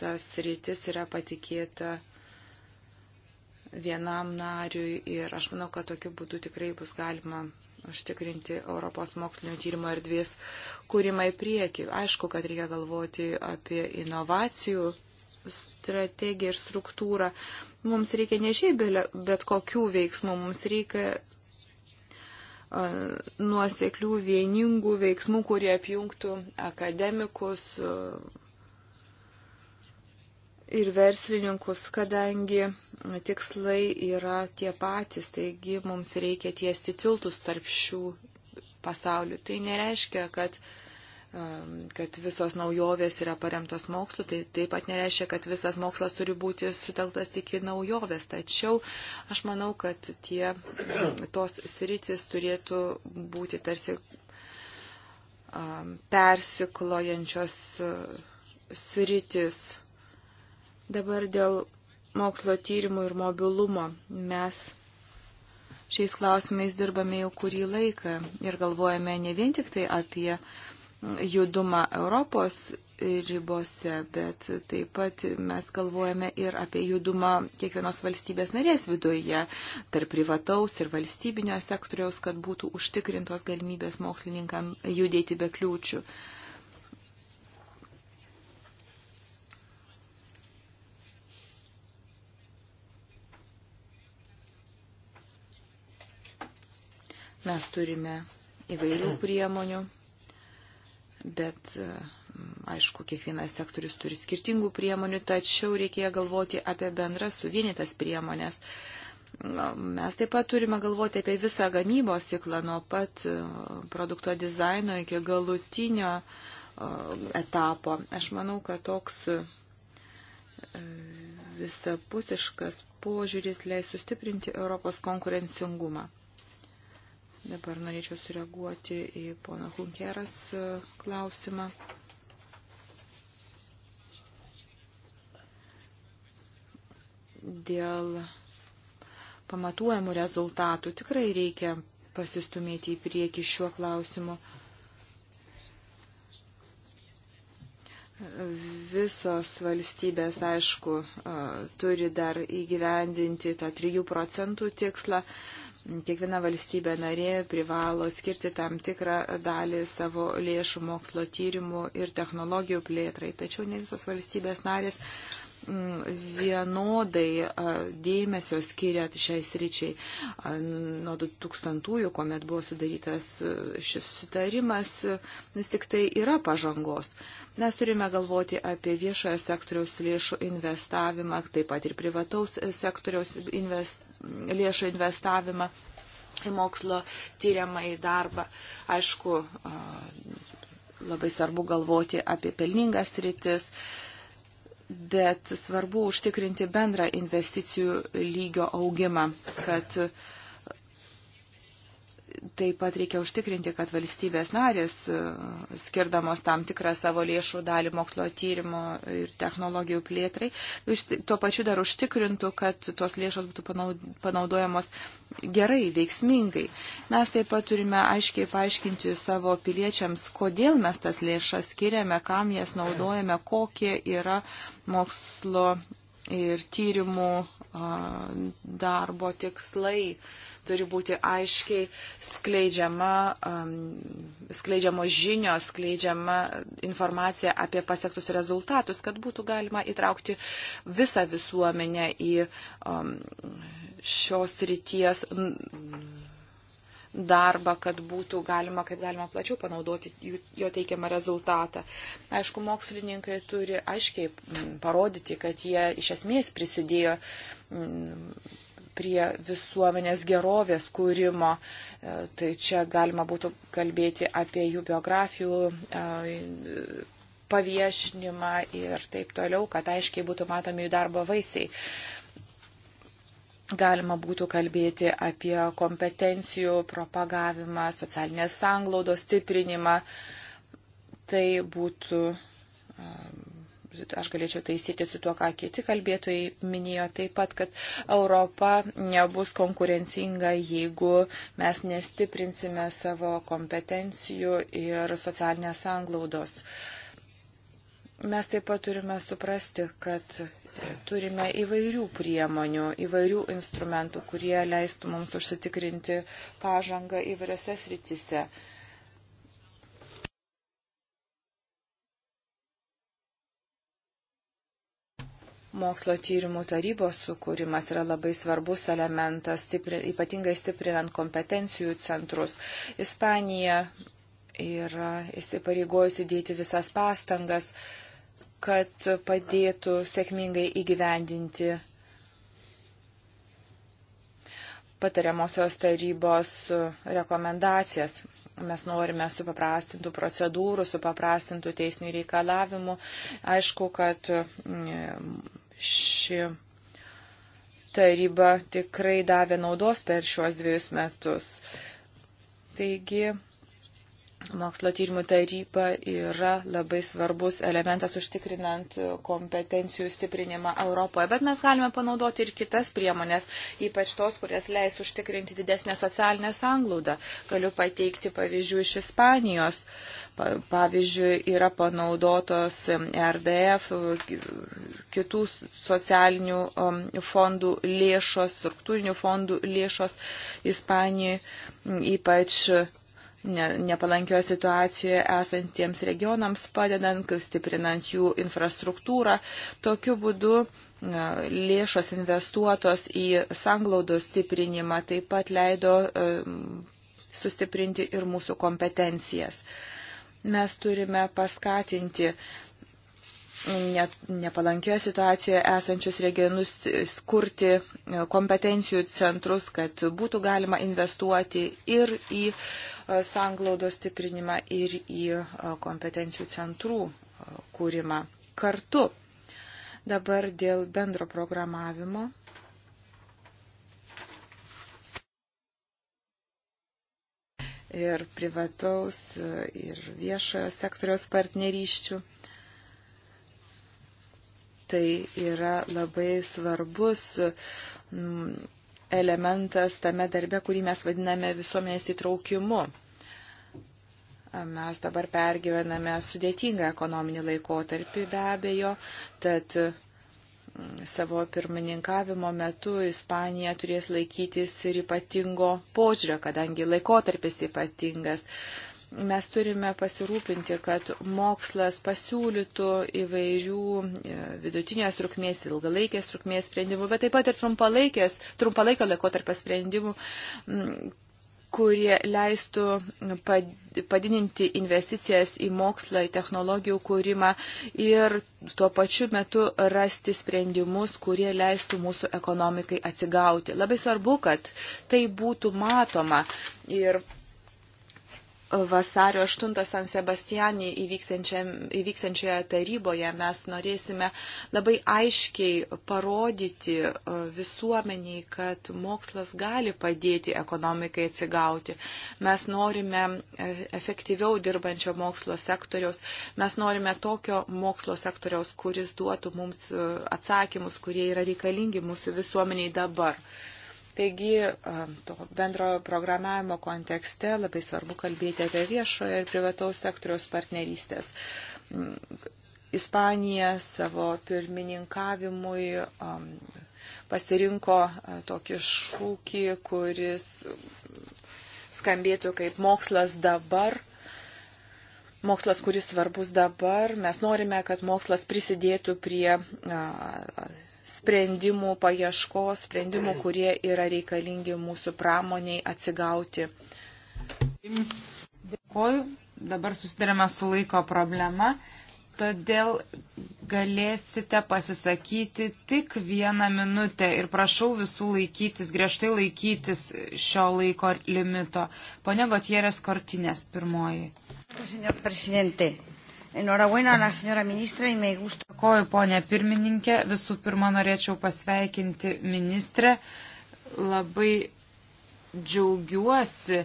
tas rytis yra patikėta vienam nariui ir aš manau, kad tokiu būdu tikrai bus galima užtikrinti Europos mokslinio tyrimo erdvės kūrimą į priekį. Aišku, kad reikia galvoti apie inovacijų strategiją ir struktūrą. Mums reikia ne šiaip bet kokių veiksmų, mums reikia nuoseklių vieningų veiksmų, kurie apjungtų akademikus ir verslininkus, kadangi tikslai yra tie patys, taigi mums reikia tiesti tiltus tarp šių pasaulių. Tai nereiškia, kad um, kad visos naujovės yra paremtos mokslu, tai taip pat nereiškia, kad visas mokslas turi būti sutelktas tik į naujovės. Tačiau aš manau, kad tie, tos sritis turėtų būti tarsi um, persiklojančios uh, sritis. Dabar dėl mokslo tyrimų ir mobilumo. Mes šiais klausimais dirbame jau kurį laiką ir galvojame ne vien tik tai apie judumą Europos ribose, bet taip pat mes galvojame ir apie judumą kiekvienos valstybės narės viduje, tarp privataus ir valstybinio sektoriaus, kad būtų užtikrintos galimybės mokslininkam judėti be kliūčių. Uh, Mes turime įvairių priemonių, bet e, aišku, kiekvienas sektorius turi skirtingų priemonių, tačiau reikėjo galvoti apie bendras suvienytas priemonės. Mes taip pat turime galvoti apie visą gamybos ciklą nuo pat e, produkto dizaino iki galutinio e, etapo. Aš manau, kad toks visapusiškas požiūris leis sustiprinti Europos konkurencingumą. Dabar norėčiau sureaguoti į pono Hunkeras e, klausimą. Dėl pamatuojamų rezultatų tikrai reikia pasistumėti į priekį šiuo klausimu. Visos valstybės, aišku, e, turi dar įgyvendinti tą 3 procentų tikslą. Kiekviena valstybė narė privalo skirti tam tikrą dalį savo lėšų mokslo tyrimų ir technologijų plėtrai. Tačiau ne visos valstybės narės mm, vienodai dėmesio skiria šiai sričiai. Nuo 2000-ųjų, kuomet buvo sudarytas šis sutarimas, vis tik tai yra pažangos. Mes turime galvoti apie viešojo sektoriaus lėšų investavimą, taip pat ir privataus sektoriaus invest, lėšų investavimą į mokslo tyriamą į darbą. Aišku, labai svarbu galvoti apie pelningas rytis, bet svarbu užtikrinti bendrą investicijų lygio augimą, kad uh, Taip pat reikia užtikrinti, kad valstybės narės, e, skirdamos tam tikrą savo lėšų dalį mokslo tyrimo ir technologijų plėtrai, tuo pačiu dar užtikrintų, kad tos lėšos būtų panaudojamos gerai, veiksmingai. Mes taip pat turime aiškiai paaiškinti savo piliečiams, kodėl mes tas lėšas skiriame, kam jas naudojame, kokie yra mokslo ir tyrimų darbo tikslai. Uh, turi būti aiškiai skleidžiama, um, skleidžiamos žinios, skleidžiama informacija apie pasiektus rezultatus, kad būtų galima įtraukti visą visuomenę į um, šios ryties darbą, kad būtų galima, kaip galima plačiau panaudoti jo teikiamą rezultatą. Aišku, mokslininkai turi aiškiai parodyti, kad jie iš esmės prisidėjo prie visuomenės gerovės kūrimo. E, tai čia galima būtų kalbėti apie jų biografijų e, paviešinimą ir taip toliau, kad aiškiai būtų matomi jų darbo vaisiai. Galima būtų kalbėti apie kompetencijų propagavimą, socialinės sanglaudos stiprinimą. Tai būtų aš galėčiau taisyti su tuo, ką kiti kalbėtojai minėjo taip pat, kad Europa nebus konkurencinga, jeigu mes nestiprinsime savo kompetencijų ir socialinės anglaudos. Mes taip pat turime suprasti, kad turime įvairių priemonių, įvairių instrumentų, kurie leistų mums užsitikrinti pažangą įvairiose srityse. Mokslo tyrimų tarybos sukūrimas yra labai svarbus elementas, stipri, ypatingai stiprinant kompetencijų centrus. Ispanija yra įsipareigojusi dėti visas pastangas, kad padėtų sėkmingai įgyvendinti patariamosios tarybos rekomendacijas mes norime supaprastintų procedūrų, supaprastintų teisinių reikalavimų. Aišku, kad mm, ši taryba tikrai davė naudos per šiuos dviejus metus. Taigi Mokslo tyrimų taryba yra labai svarbus elementas užtikrinant kompetencijų stiprinimą Europoje, bet mes galime panaudoti ir kitas priemonės, ypač tos, kurias leis užtikrinti didesnę socialinę sanglaudą. Galiu pateikti pavyzdžių iš Ispanijos. Pavyzdžiui, yra panaudotos RDF, kitų socialinių um, fondų lėšos, struktūrinių fondų lėšos Ispanijoje, ypač ne, nepalankioje situacijoje esantiems regionams padedant, stiprinant jų infrastruktūrą. Tokiu būdu lėšos investuotos į sanglaudos stiprinimą taip pat leido e, sustiprinti ir mūsų kompetencijas. Mes turime paskatinti ne, nepalankioje situacijoje esančius regionus skurti e, kompetencijų centrus, kad būtų galima investuoti ir į e, sanglaudos stiprinimą, ir į e, kompetencijų centrų kūrimą kartu. Dabar dėl bendro programavimo. Ir privataus, ir viešojo sektoriaus partneryščių tai yra labai svarbus mm, elementas tame darbe, kurį mes vadiname visuomenės įtraukimu. Mes dabar pergyvename sudėtingą ekonominį laikotarpį be abejo, tad mm, savo pirmininkavimo metu Ispanija turės laikytis ir ypatingo požiūrio, kadangi laikotarpis ypatingas mes turime pasirūpinti, kad mokslas pasiūlytų įvairių e, vidutinės trukmės, ilgalaikės trukmės sprendimų, bet taip pat ir trumpalaikės, trumpalaikio laikotarpio sprendimų, kurie leistų padidinti investicijas į mokslą, į technologijų kūrimą ir tuo pačiu metu rasti sprendimus, kurie leistų mūsų ekonomikai atsigauti. Labai svarbu, kad tai būtų matoma ir vasario 8 San Sebastianį įvyksiančioje taryboje mes norėsime labai aiškiai parodyti e, visuomeniai, kad mokslas gali padėti ekonomikai atsigauti. Mes norime e, efektyviau dirbančio mokslo sektoriaus, mes norime tokio mokslo sektoriaus, kuris duotų mums e, atsakymus, kurie yra reikalingi mūsų visuomeniai dabar. Uh, Taigi, to bendrojo programavimo kontekste labai svarbu kalbėti apie viešojo ir privataus sektoriaus partnerystės. Mm, Ispanija savo pirmininkavimui pasirinko tokį šūkį, kuris skambėtų kaip mokslas dabar. Mokslas, kuris svarbus dabar, mes norime, kad mokslas prisidėtų prie sprendimų paieškos, sprendimų, kurie yra reikalingi mūsų pramoniai atsigauti. Dėkuoju. Dabar susidarėme su laiko problema, todėl galėsite pasisakyti tik vieną minutę ir prašau visų laikytis, griežtai laikytis šio laiko limito. Pone Gotjerės Kortinės pirmoji. Señor presidente, Dėkoju, ponė pirmininkė. Visų pirma, norėčiau pasveikinti ministrę. Labai džiaugiuosi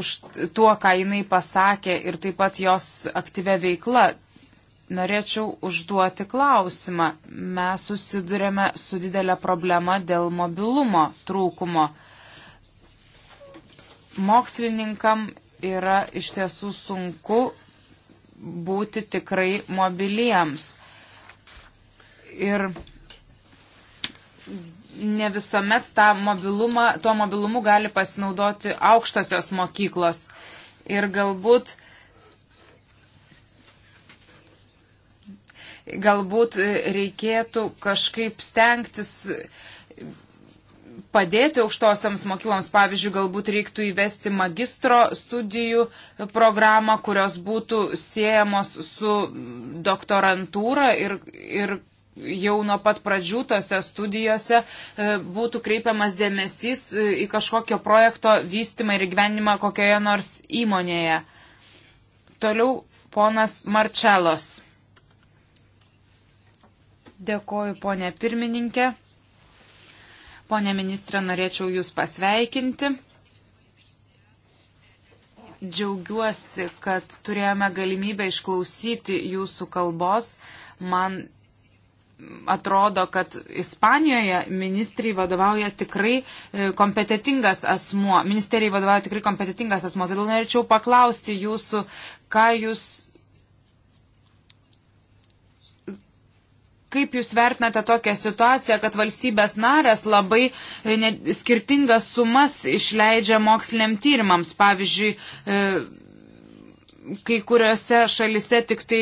už tuo, ką jinai pasakė ir taip pat jos aktyvę veiklą. Norėčiau užduoti klausimą. Mes susidurėme su didelė problema dėl mobilumo trūkumo. Mokslininkam yra iš tiesų sunku būti tikrai mobiliems. Ir ne visuomet tą mobilumą, tuo mobilumu gali pasinaudoti aukštosios mokyklos. Ir galbūt, galbūt reikėtų kažkaip stengtis padėti aukštosioms mokykloms. Pavyzdžiui, galbūt reiktų įvesti magistro studijų programą, kurios būtų siejamos su doktorantūra ir, ir jau nuo pat pradžių tose studijose e, būtų kreipiamas dėmesys e, į kažkokio projekto vystimą ir gyvenimą kokioje nors įmonėje. Toliau ponas Marčelos. Dėkoju, ponė pirmininkė. Pone ministrė, norėčiau Jūs pasveikinti. Džiaugiuosi, kad turėjome galimybę išklausyti Jūsų kalbos. Man atrodo, kad Ispanijoje ministrijai vadovauja tikrai e, kompetitingas asmuo. Ministerijai vadovauja tikrai kompetitingas asmuo. Todėl norėčiau paklausti jūsų, ką jūs Kaip Jūs vertinate tokią situaciją, kad valstybės narės labai e, skirtingas sumas išleidžia moksliniam tyrimams? Pavyzdžiui, e, kai kuriuose šalise tik tai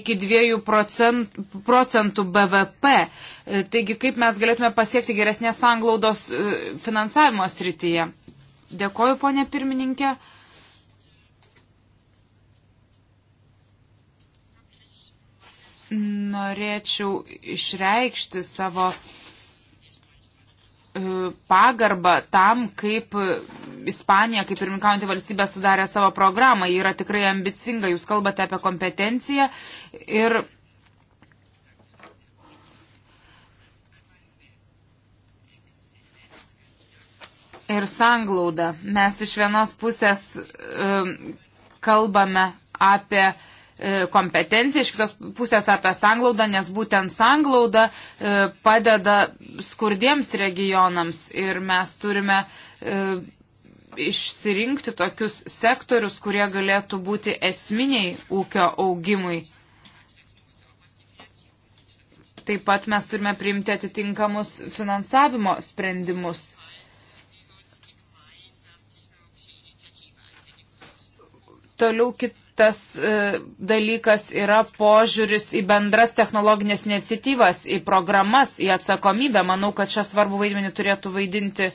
iki 2 procentų, procentų BVP. E, taigi, kaip mes galėtume pasiekti geresnės anglaudos finansavimo srityje? Dėkoju, ponė pirmininkė. norėčiau išreikšti savo e, pagarbą tam, kaip Ispanija, kaip pirmininkaujantį valstybę sudarė savo programą. Ji yra tikrai ambicinga, jūs kalbate apie kompetenciją ir ir sanglauda. Mes iš vienos pusės um, kalbame apie uh, E, kompetenciją, iš kitos pusės apie sanglaudą, nes būtent sanglauda e, padeda skurdiems regionams ir mes turime e, išsirinkti tokius sektorius, kurie galėtų būti esminiai ūkio augimui. Taip pat mes turime priimti atitinkamus finansavimo sprendimus. Toliau kit, tas e, dalykas yra požiūris į bendras technologinės iniciatyvas, į programas, į atsakomybę. Manau, kad čia svarbu vaidmenį turėtų vaidinti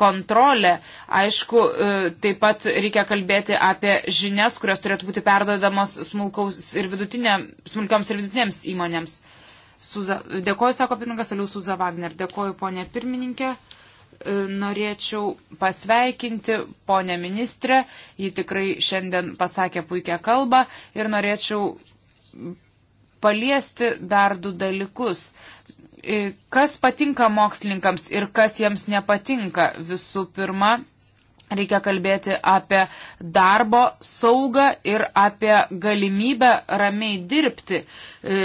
kontrolę. Aišku, e, taip pat reikia kalbėti apie žinias, kurios turėtų būti perdodamos smulkioms ir vidutinėms įmonėms. Suza, dėkoju, sako pirmininkas, Aliu Suza Wagner. Dėkoju, ponė pirmininkė. E, norėčiau pasveikinti ponę ministrę. Ji tikrai šiandien pasakė puikią kalbą ir norėčiau paliesti dar du dalykus. E, kas patinka mokslininkams ir kas jiems nepatinka? Visų pirma, reikia kalbėti apie darbo saugą ir apie galimybę ramiai dirbti. E,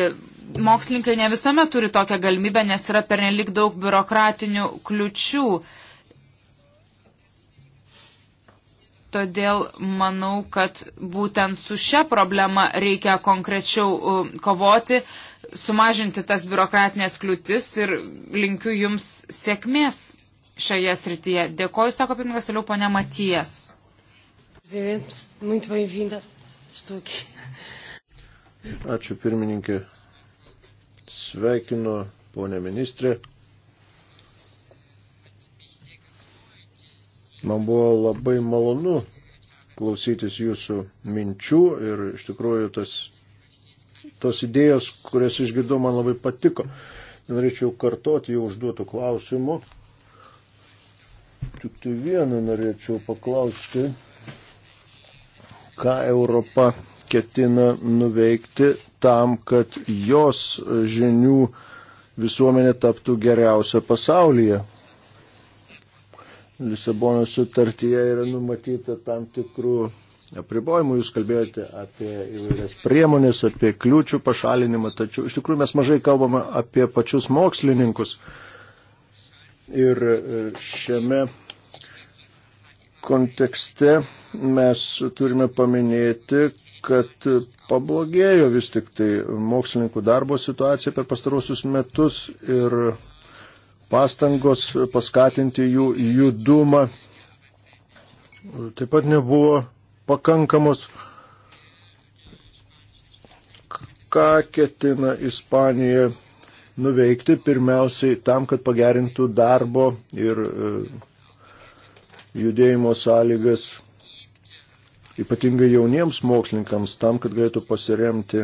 mokslininkai ne visuomet turi tokią galimybę, nes yra pernelik daug biurokratinių kliučių. Todėl manau, kad būtent su šia problema reikia konkrečiau kovoti, sumažinti tas biurokratinės kliūtis ir linkiu Jums sėkmės šioje srityje. Dėkoju, sako pirmininkas, toliau ponia Matijas. Ačiū pirmininkė. Sveikinu, ponė ministrė. Man buvo labai malonu klausytis jūsų minčių ir iš tikrųjų tas, tos idėjos, kurias išgirdau, man labai patiko. Norėčiau kartoti jau užduotų klausimų. Tik tai vieną norėčiau paklausti, ką Europa ketina nuveikti tam, kad jos žinių visuomenė taptų geriausia pasaulyje. Lisabonos sutartyje yra numatyta tam tikrų apribojimų, jūs kalbėjote apie įvairias priemonės, apie kliūčių pašalinimą, tačiau iš tikrųjų mes mažai kalbame apie pačius mokslininkus. Ir e, šiame kontekste mes turime paminėti, kad pablogėjo vis tik tai mokslininkų darbo situacija per pastarosius metus ir pastangos paskatinti jų judumą taip pat nebuvo pakankamos. Ką ketina Ispanija nuveikti pirmiausiai tam, kad pagerintų darbo ir e, judėjimo sąlygas, ypatingai jauniems mokslininkams, tam, kad galėtų pasiremti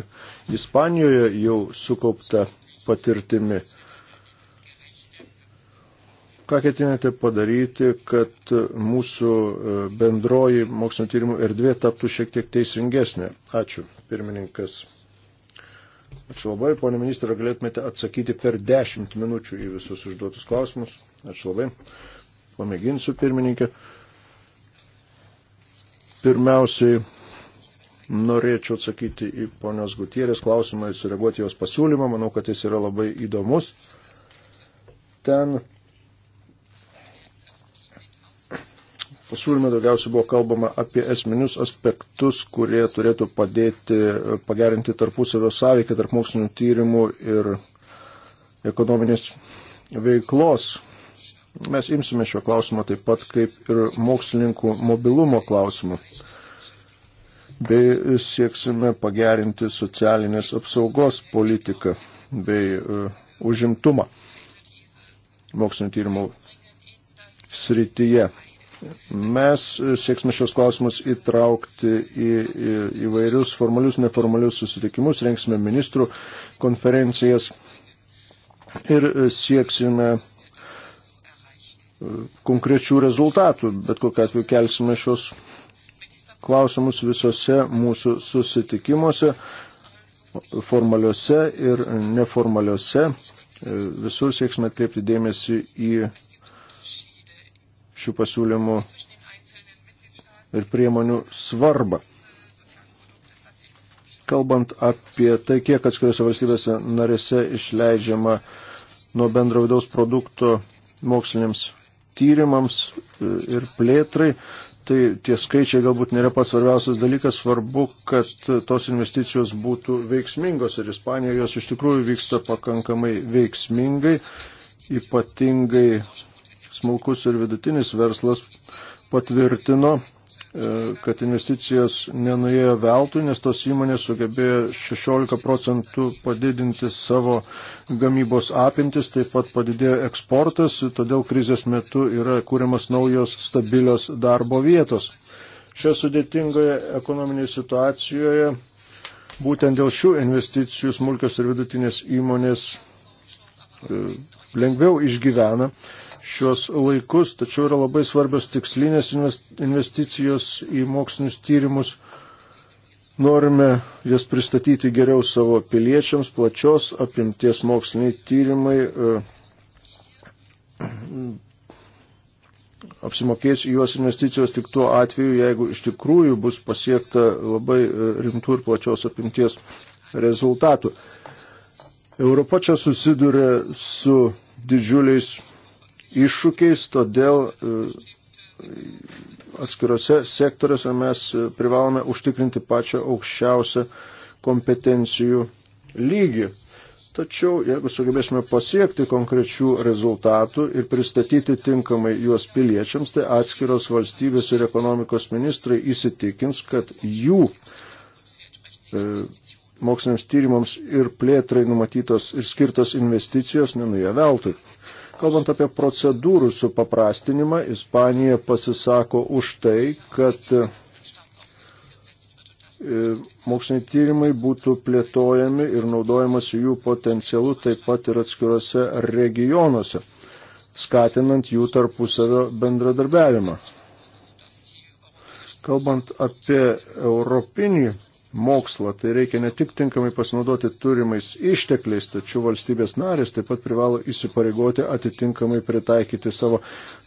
Ispanijoje jau sukauptą patirtimi. Ką ketinate padaryti, kad mūsų e, bendroji mokslinio tyrimų erdvė taptų šiek tiek teisingesnė? Ačiū, pirmininkas. Ačiū labai, ponė ministra, galėtumėte atsakyti per dešimt minučių į visus užduotus klausimus. Ačiū labai pamėginsiu pirmininkė. Pirmiausiai norėčiau atsakyti į ponios Gutierės klausimą ir sureaguoti jos pasiūlymą. Manau, kad jis yra labai įdomus. Ten pasiūlyme daugiausiai buvo kalbama apie esminius aspektus, kurie turėtų padėti pagerinti tarpusavio sąveiką tarp mokslinių tyrimų ir ekonominės veiklos Mes imsime šio klausimo taip pat kaip ir mokslininkų mobilumo klausimų bei sieksime pagerinti socialinės apsaugos politiką bei e, užimtumą mokslinio tyrimo srityje. Mes e, sieksime šios klausimus įtraukti į, į įvairius formalius, neformalius susitikimus, rengsime ministrų konferencijas ir e, sieksime konkrečių rezultatų, bet kokiu atveju kelsime šios klausimus visose mūsų susitikimuose, formaliuose ir neformaliuose. Visur sieksime atkreipti dėmesį į šių pasiūlymų ir priemonių svarbą. Kalbant apie tai, kiek atskiriuose valstybėse narėse išleidžiama nuo bendro vidaus produkto moksliniams tyrimams e, ir plėtrai. Tai tie skaičiai galbūt nėra pats svarbiausias dalykas, svarbu, kad e, tos investicijos būtų veiksmingos ir Ispanijoje jos iš tikrųjų vyksta pakankamai veiksmingai, ypatingai smulkus ir vidutinis verslas patvirtino E, kad investicijos nenuėjo veltui, nes tos įmonės sugebėjo 16 procentų padidinti savo gamybos apimtis, taip pat padidėjo eksportas, todėl krizės metu yra kūriamas naujos stabilios darbo vietos. Šioje sudėtingoje ekonominėje situacijoje būtent dėl šių investicijų smulkios ir vidutinės įmonės e, lengviau išgyvena šios laikus, tačiau yra labai svarbios tikslinės investicijos į mokslinius tyrimus. Norime jas pristatyti geriau savo piliečiams, plačios apimties moksliniai tyrimai e, apsimokės juos investicijos tik tuo atveju, jeigu iš tikrųjų bus pasiekta labai e, rimtų ir plačios apimties rezultatų. Europa čia susiduria su didžiuliais iššūkiais, todėl e, atskiruose sektoriuose mes privalome užtikrinti pačią aukščiausią kompetencijų lygį. Tačiau, jeigu sugebėsime pasiekti konkrečių rezultatų ir pristatyti tinkamai juos piliečiams, tai atskiros valstybės ir ekonomikos ministrai įsitikins, kad jų e, moksliniams tyrimams ir plėtrai numatytos ir skirtos investicijos nenuja veltui. Kalbant apie procedūrų supaprastinimą, Ispanija pasisako už tai, kad e, moksliniai tyrimai būtų plėtojami ir naudojamas jų potencialu taip pat ir atskiruose regionuose, skatinant jų tarpusavio bendradarbiavimą. Kalbant apie europinį mokslą. Tai reikia ne tik tinkamai pasinaudoti turimais ištekliais, tačiau valstybės narės taip pat privalo įsipareigoti atitinkamai pritaikyti savo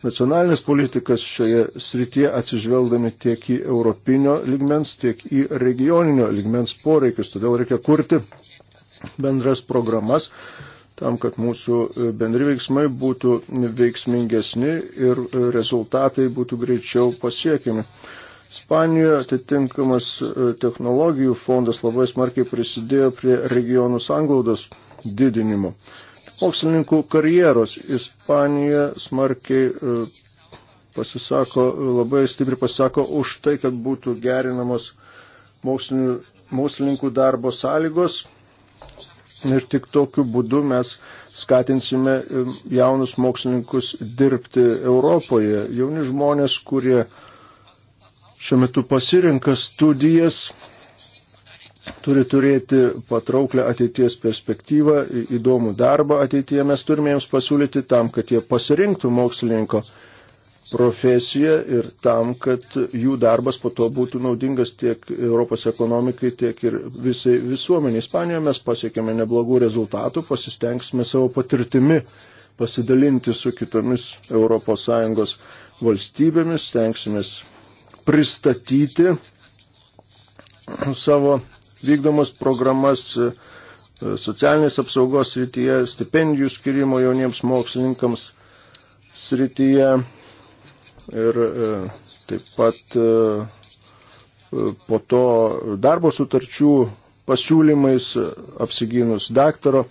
nacionalinės politikas šioje srityje atsižvelgdami tiek į europinio ligmens, tiek į regioninio ligmens poreikius. Todėl reikia kurti bendras programas tam, kad mūsų bendri veiksmai būtų veiksmingesni ir rezultatai būtų greičiau pasiekiami. Ispanijoje atitinkamas e, technologijų fondas labai smarkiai prisidėjo prie regionų sanglaudos didinimo. Mokslininkų karjeros Ispanija smarkiai e, pasisako, e, labai stipriai pasisako už tai, kad būtų gerinamos mokslininkų darbo sąlygos. Ir tik tokiu būdu mes skatinsime jaunus mokslininkus dirbti Europoje. Jauni žmonės, kurie uh, šiuo metu pasirenka studijas, turi turėti patrauklę ateities perspektyvą, įdomų darbą ateityje. Mes turime jiems pasiūlyti tam, kad jie pasirinktų mokslininko profesiją ir tam, kad jų darbas po to būtų naudingas tiek Europos ekonomikai, tiek ir visai visuomeniai. Ispanijoje mes pasiekėme neblogų rezultatų, pasistengsime savo patirtimi pasidalinti su kitomis ES valstybėmis, stengsimės pristatyti savo vykdomas programas e, socialinės apsaugos srityje, stipendijų skirimo jauniems mokslininkams srityje ir e, taip pat e, po to darbo sutarčių pasiūlymais apsigynus daktaro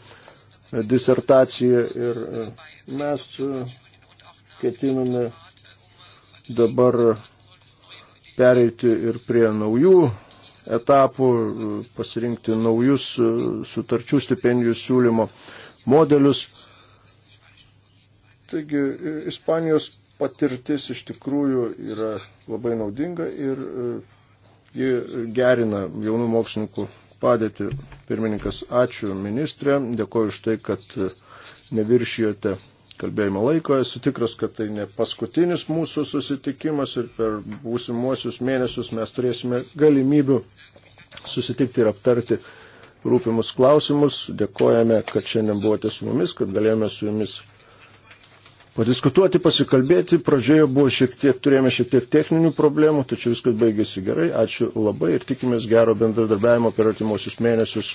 disertaciją ir mes ketiname dabar pereiti ir prie naujų etapų, pasirinkti naujus e, sutarčių stipendijų siūlymo modelius. Taigi, e, Ispanijos patirtis iš tikrųjų yra labai naudinga ir e, ji gerina jaunų mokslininkų padėtį. Pirmininkas, ačiū ministrė, dėkoju už tai, kad neviršijote kalbėjimo laiko. Esu tikras, kad tai ne paskutinis mūsų susitikimas ir per būsimuosius mėnesius mes turėsime galimybių susitikti ir aptarti rūpimus klausimus. Dėkojame, kad šiandien buvote su mumis, kad galėjome su jumis padiskutuoti, pasikalbėti. Pradžioje buvo šiek tiek, turėjome šiek tiek techninių problemų, tačiau viskas baigėsi gerai. Ačiū labai ir tikimės gero bendradarbiavimo per artimuosius mėnesius.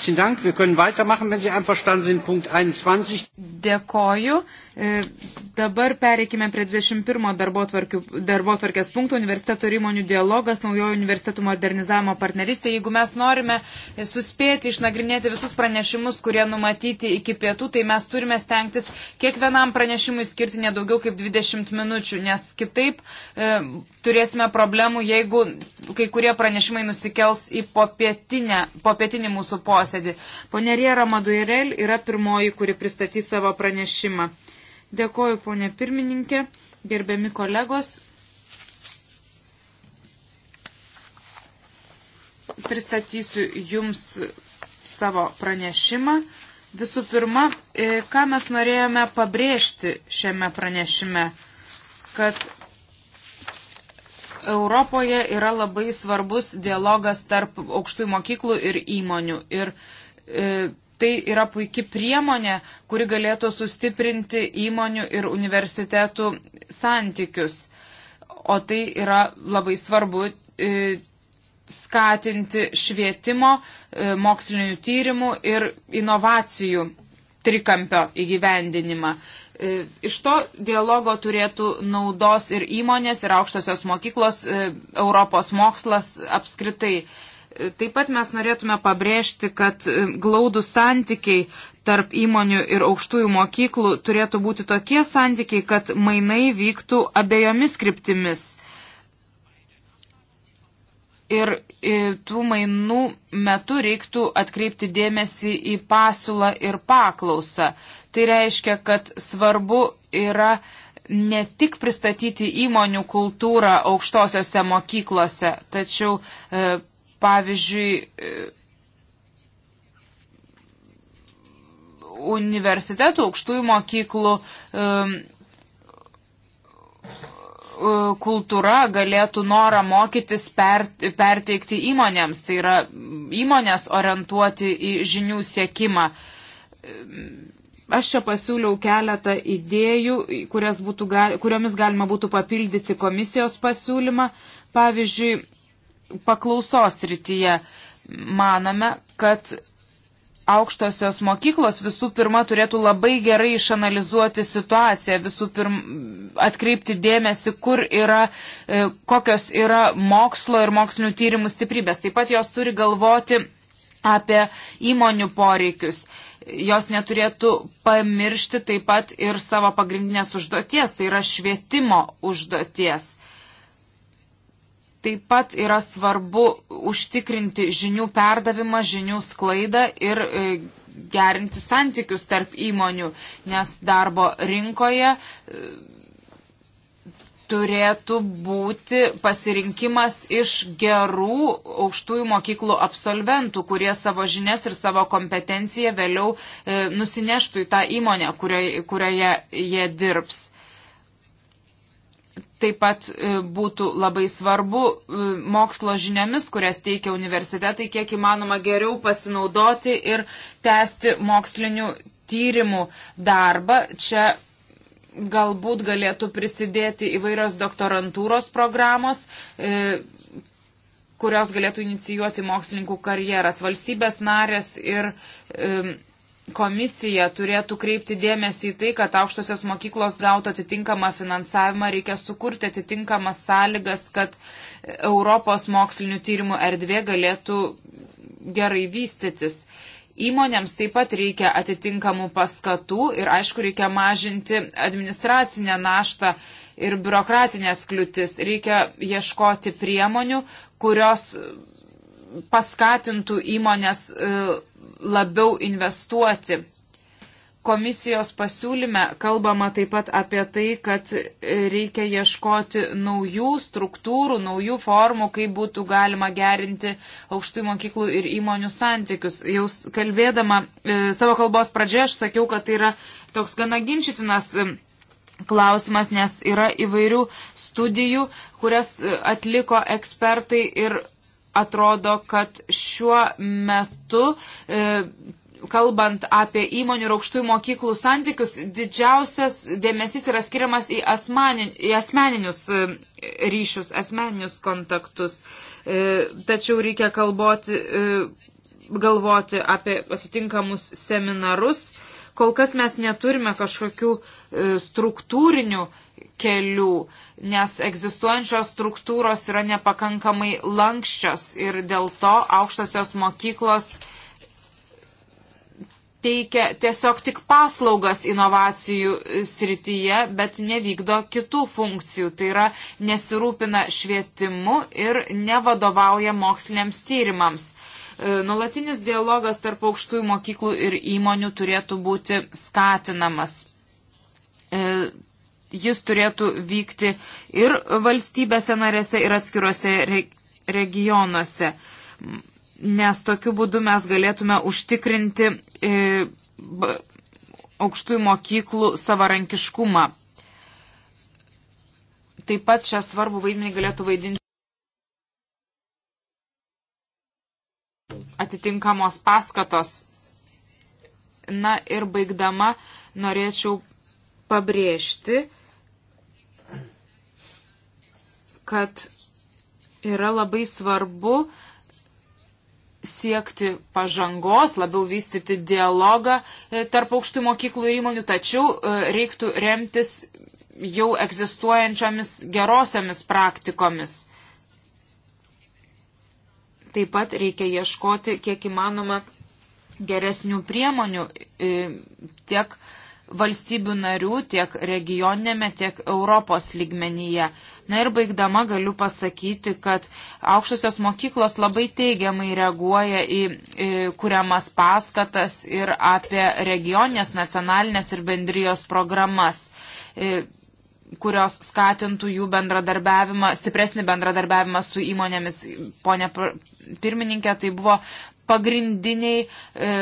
Herzlichen Dank. Wir können weitermachen, wenn Sie einverstanden sind. Punkt 21. Dėkoju. E, Dabar pereikime prie 21 darbo, tvarkių, darbo tvarkės punktų universiteto ir įmonių dialogas, naujojo universitetų modernizavimo partnerystė. Jeigu mes norime suspėti išnagrinėti visus pranešimus, kurie numatyti iki pietų, tai mes turime stengtis kiekvienam pranešimui skirti nedaugiau kaip 20 minučių, nes kitaip e, turėsime problemų, jeigu kai kurie pranešimai nusikels į popietinę, popietinį mūsų posėdį. Ponerė Ramaduirel yra pirmoji, kuri pristatys savo pranešimą. Dėkoju, ponė pirmininkė, gerbiami kolegos. Pristatysiu Jums savo pranešimą. Visų pirma, e, ką mes norėjome pabrėžti šiame pranešime, kad Europoje yra labai svarbus dialogas tarp aukštųjų mokyklų ir įmonių. Ir e, tai yra puikia priemonė, kuri galėtų sustiprinti įmonių ir universitetų santykius. O tai yra labai svarbu e, skatinti švietimo, e, mokslinių tyrimų ir inovacijų trikampio įgyvendinimą. E, iš to dialogo turėtų naudos ir įmonės, ir aukštosios mokyklos, Europos mokslas apskritai. Taip pat mes norėtume pabrėžti, kad e, glaudų santykiai tarp įmonių ir aukštųjų mokyklų turėtų būti tokie santykiai, kad mainai vyktų abiejomis kryptimis. Ir e, tų mainų metu reiktų atkreipti dėmesį į pasiūlą ir paklausą. Tai reiškia, kad svarbu yra ne tik pristatyti įmonių kultūrą aukštosiose mokyklose, tačiau e, pavyzdžiui, universitetų, aukštųjų mokyklų um, um, kultūra galėtų norą mokytis per, perteikti įmonėms, tai yra įmonės orientuoti į žinių siekimą. Um, aš čia pasiūliau keletą idėjų, būtų, kuriomis galima būtų papildyti komisijos pasiūlymą. Pavyzdžiui, paklausos rytyje. Manome, kad aukštosios mokyklos visų pirma turėtų labai gerai išanalizuoti situaciją, visų pirma atkreipti dėmesį, kur yra, e, kokios yra mokslo ir mokslinių tyrimų stiprybės. Taip pat jos turi galvoti apie įmonių poreikius. Jos neturėtų pamiršti taip pat ir savo pagrindinės užduoties, tai yra švietimo užduoties. Taip pat yra svarbu užtikrinti žinių perdavimą, žinių sklaidą ir e, gerinti santykius tarp įmonių, nes darbo rinkoje e, turėtų būti pasirinkimas iš gerų aukštųjų mokyklų absolventų, kurie savo žinias ir savo kompetenciją vėliau e, nusineštų į tą įmonę, kurioje, kurioje jie dirbs taip pat e, būtų labai svarbu e, mokslo žiniomis, kurias teikia universitetai, kiek įmanoma geriau pasinaudoti ir tęsti mokslinių tyrimų darbą. Čia galbūt galėtų prisidėti įvairios doktorantūros programos e, kurios galėtų inicijuoti mokslininkų karjeras. Valstybės narės ir komisija turėtų kreipti dėmesį į tai, kad aukštosios mokyklos gautų atitinkamą finansavimą, reikia sukurti atitinkamas sąlygas, kad Europos mokslinių tyrimų erdvė galėtų gerai vystytis. Įmonėms taip pat reikia atitinkamų paskatų ir, aišku, reikia mažinti administracinę naštą ir biurokratinės kliūtis. Reikia ieškoti priemonių, kurios paskatintų įmonės e, labiau investuoti. Komisijos pasiūlyme kalbama taip pat apie tai, kad e, reikia ieškoti naujų struktūrų, naujų formų, kaip būtų galima gerinti aukštųjų mokyklų ir įmonių santykius. Jau kalbėdama e, savo kalbos pradžioje aš sakiau, kad tai yra toks gana ginčytinas klausimas, nes yra įvairių studijų, kurias atliko ekspertai ir atrodo, kad šiuo metu e, kalbant apie įmonių ir aukštųjų mokyklų santykius, didžiausias dėmesys yra skiriamas į, asmanin, į asmeninius e, ryšius, asmeninius kontaktus. E, tačiau reikia kalboti, galvoti apie atitinkamus seminarus. Kol kas mes neturime kažkokių struktūrinių kelių, nes egzistuojančios struktūros yra nepakankamai lankščios ir dėl to aukštosios mokyklos teikia tiesiog tik paslaugas inovacijų srityje, bet nevykdo kitų funkcijų. Tai yra nesirūpina švietimu ir nevadovauja moksliniams tyrimams. E, Nulatinis dialogas tarp aukštųjų mokyklų ir įmonių turėtų būti skatinamas e, jis turėtų vykti ir valstybėse narėse, ir atskiruose regionuose. Nes tokiu būdu mes galėtume užtikrinti e, aukštųjų mokyklų savarankiškumą. Taip pat šią svarbų vaidmenį galėtų vaidinti atitinkamos paskatos. Na ir baigdama norėčiau pabrėžti, kad yra labai svarbu siekti pažangos, labiau vystyti dialogą e, tarp aukštų mokyklų ir įmonių, tačiau e, reiktų remtis jau egzistuojančiomis gerosiomis praktikomis. Taip pat reikia ieškoti kiek įmanoma geresnių priemonių e, tiek valstybių narių tiek regioninėme, tiek Europos lygmenyje. Na ir baigdama galiu pasakyti, kad aukštosios mokyklos labai teigiamai reaguoja į, į kuriamas paskatas ir apie regioninės, nacionalinės ir bendrijos programas e, kurios skatintų jų bendradarbiavimą, stipresnį bendradarbiavimą su įmonėmis. Pone pirmininkė, tai buvo pagrindiniai e,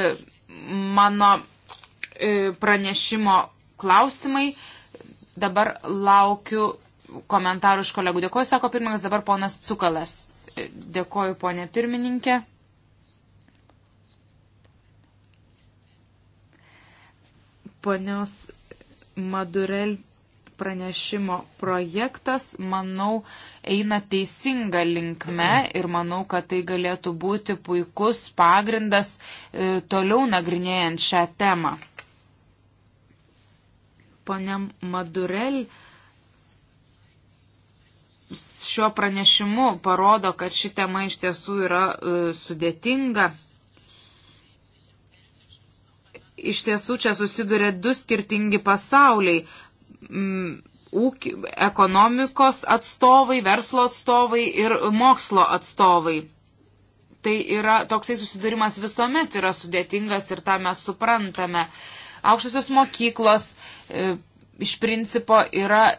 mano E, pranešimo klausimai. Dabar laukiu komentarų iš kolegų. Dėkuoju, sako pirmininkas, dabar ponas Cukalas. E, dėkuoju, ponė pirmininkė. Ponios Madurel pranešimo projektas, manau, eina teisinga linkme ir manau, kad tai galėtų būti puikus pagrindas e, toliau nagrinėjant šią temą poniam Madurel šio pranešimu parodo, kad ši tema iš tiesų yra uh, sudėtinga. Iš tiesų čia susiduria du skirtingi pasauliai. Mm, ūk, ekonomikos atstovai, verslo atstovai ir mokslo atstovai. Tai yra toksai susidūrimas visuomet yra sudėtingas ir tą mes suprantame. Aukštasios mokyklos uh, E, iš principo yra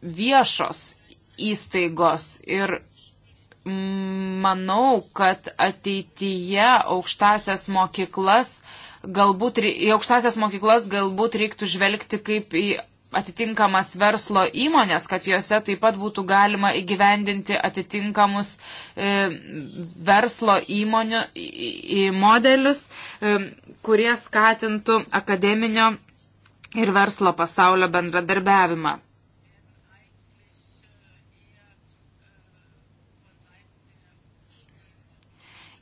viešos įstaigos ir manau, kad ateityje aukštasias mokyklas galbūt, į aukštasias mokyklas galbūt reiktų žvelgti kaip į atitinkamas verslo įmonės, kad juose taip pat būtų galima įgyvendinti atitinkamus e, verslo įmonių į, į modelius, e, kurie skatintų akademinio ir verslo pasaulio bendradarbiavimą.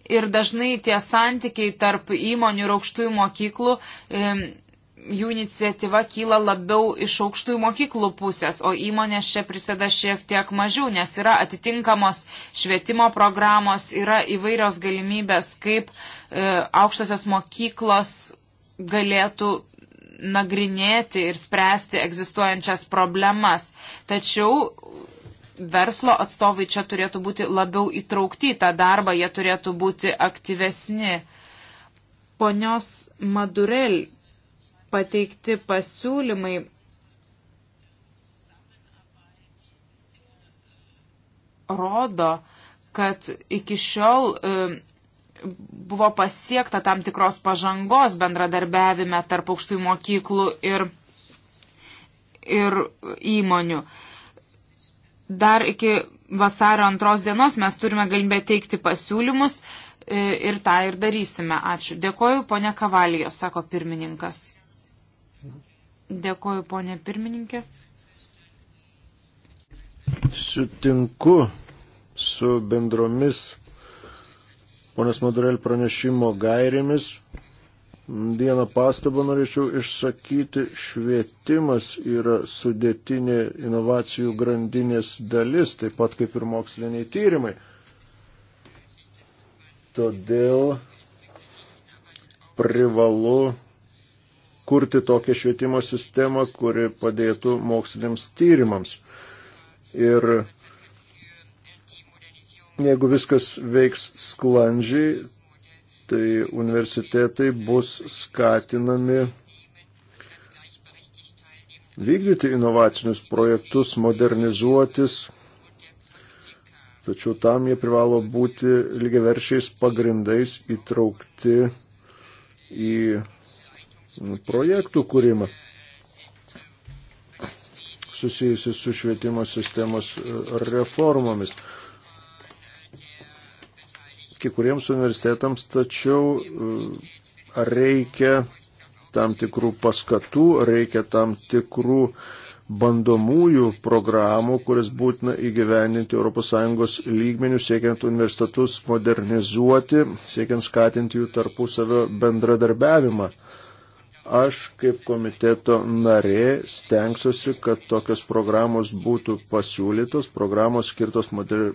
Ir dažnai tie santykiai tarp įmonių ir aukštųjų mokyklų, jų iniciatyva kyla labiau iš aukštųjų mokyklų pusės, o įmonės čia prisėda šiek tiek mažiau, nes yra atitinkamos švietimo programos, yra įvairios galimybės, kaip e, aukštosios mokyklos galėtų nagrinėti ir spręsti egzistuojančias problemas. Tačiau verslo atstovai čia turėtų būti labiau įtraukti į tą darbą, jie turėtų būti aktyvesni. Ponios Madurel pateikti pasiūlymai rodo, kad iki šiol e, buvo pasiekta tam tikros pažangos bendradarbiavime tarp aukštųjų mokyklų ir, ir įmonių. Dar iki vasario antros dienos mes turime galimybę teikti pasiūlymus e, ir tą ir darysime. Ačiū. Dėkoju, ponė Kavalijos, sako pirmininkas. Dėkoju, ponė pirmininkė. Sutinku su bendromis ponės Madurel pranešimo gairėmis. Vieną pastabą norėčiau išsakyti. Švietimas yra sudėtinė inovacijų grandinės dalis, taip pat kaip ir moksliniai tyrimai. Todėl privalu kurti tokią švietimo sistemą, kuri padėtų moksliniams tyrimams. Ir Jeigu viskas veiks sklandžiai, tai universitetai bus skatinami vykdyti inovacinius projektus, modernizuotis, tačiau tam jie privalo būti lygiaverčiais pagrindais įtraukti į projektų kūrimą susijusi su švietimo sistemos e, reformomis kai kuriems universitetams, tačiau e, reikia tam tikrų paskatų, reikia tam tikrų bandomųjų programų, kuris būtina įgyveninti ES lygmenių, siekiant universitetus modernizuoti, siekiant skatinti jų tarpusavio bendradarbiavimą. Aš kaip komiteto narė stengsiuosi, kad tokios programos būtų pasiūlytos, programos skirtos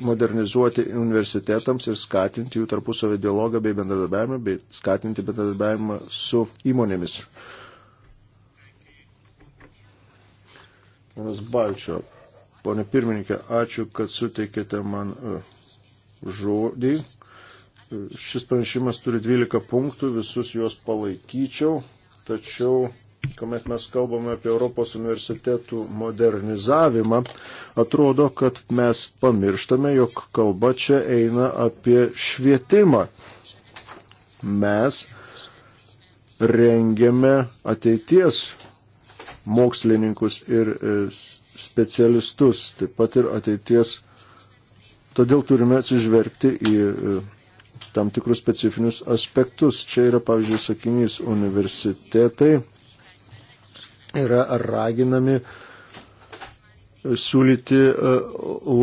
modernizuoti universitetams ir skatinti jų tarpusavį dialogą bei bendradarbiavimą, bei skatinti bendradarbiavimą su įmonėmis. Ponas Balčio, ponė pirmininkė, ačiū, kad suteikėte man e, žodį. E, šis pranešimas turi 12 punktų, visus juos palaikyčiau. Tačiau, kuomet mes kalbame apie Europos universitetų modernizavimą, atrodo, kad mes pamirštame, jog kalba čia eina apie švietimą. Mes rengiame ateities mokslininkus ir e, specialistus, taip pat ir ateities. Todėl turime atsižvelgti į e, tam tikrus specifinius aspektus. Čia yra, pavyzdžiui, sakinys universitetai yra raginami siūlyti e,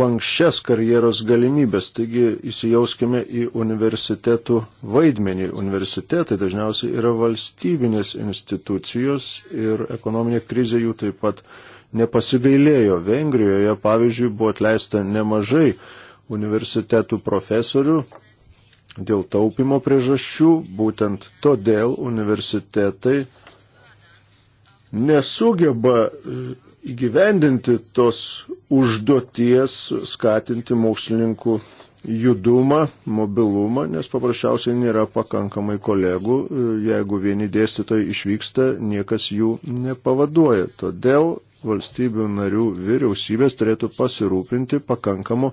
lankščias karjeros galimybės. Taigi įsijauskime į universitetų vaidmenį. Universitetai dažniausiai yra valstybinės institucijos ir ekonominė krizė jų taip pat nepasigailėjo. Vengrijoje, pavyzdžiui, buvo atleista nemažai universitetų profesorių, dėl taupimo priežasčių, būtent todėl universitetai nesugeba e, įgyvendinti tos užduoties, skatinti mokslininkų judumą, mobilumą, nes paprasčiausiai nėra pakankamai kolegų, e, jeigu vieni dėstytojai išvyksta, niekas jų nepavaduoja. Todėl valstybių narių vyriausybės turėtų pasirūpinti pakankamu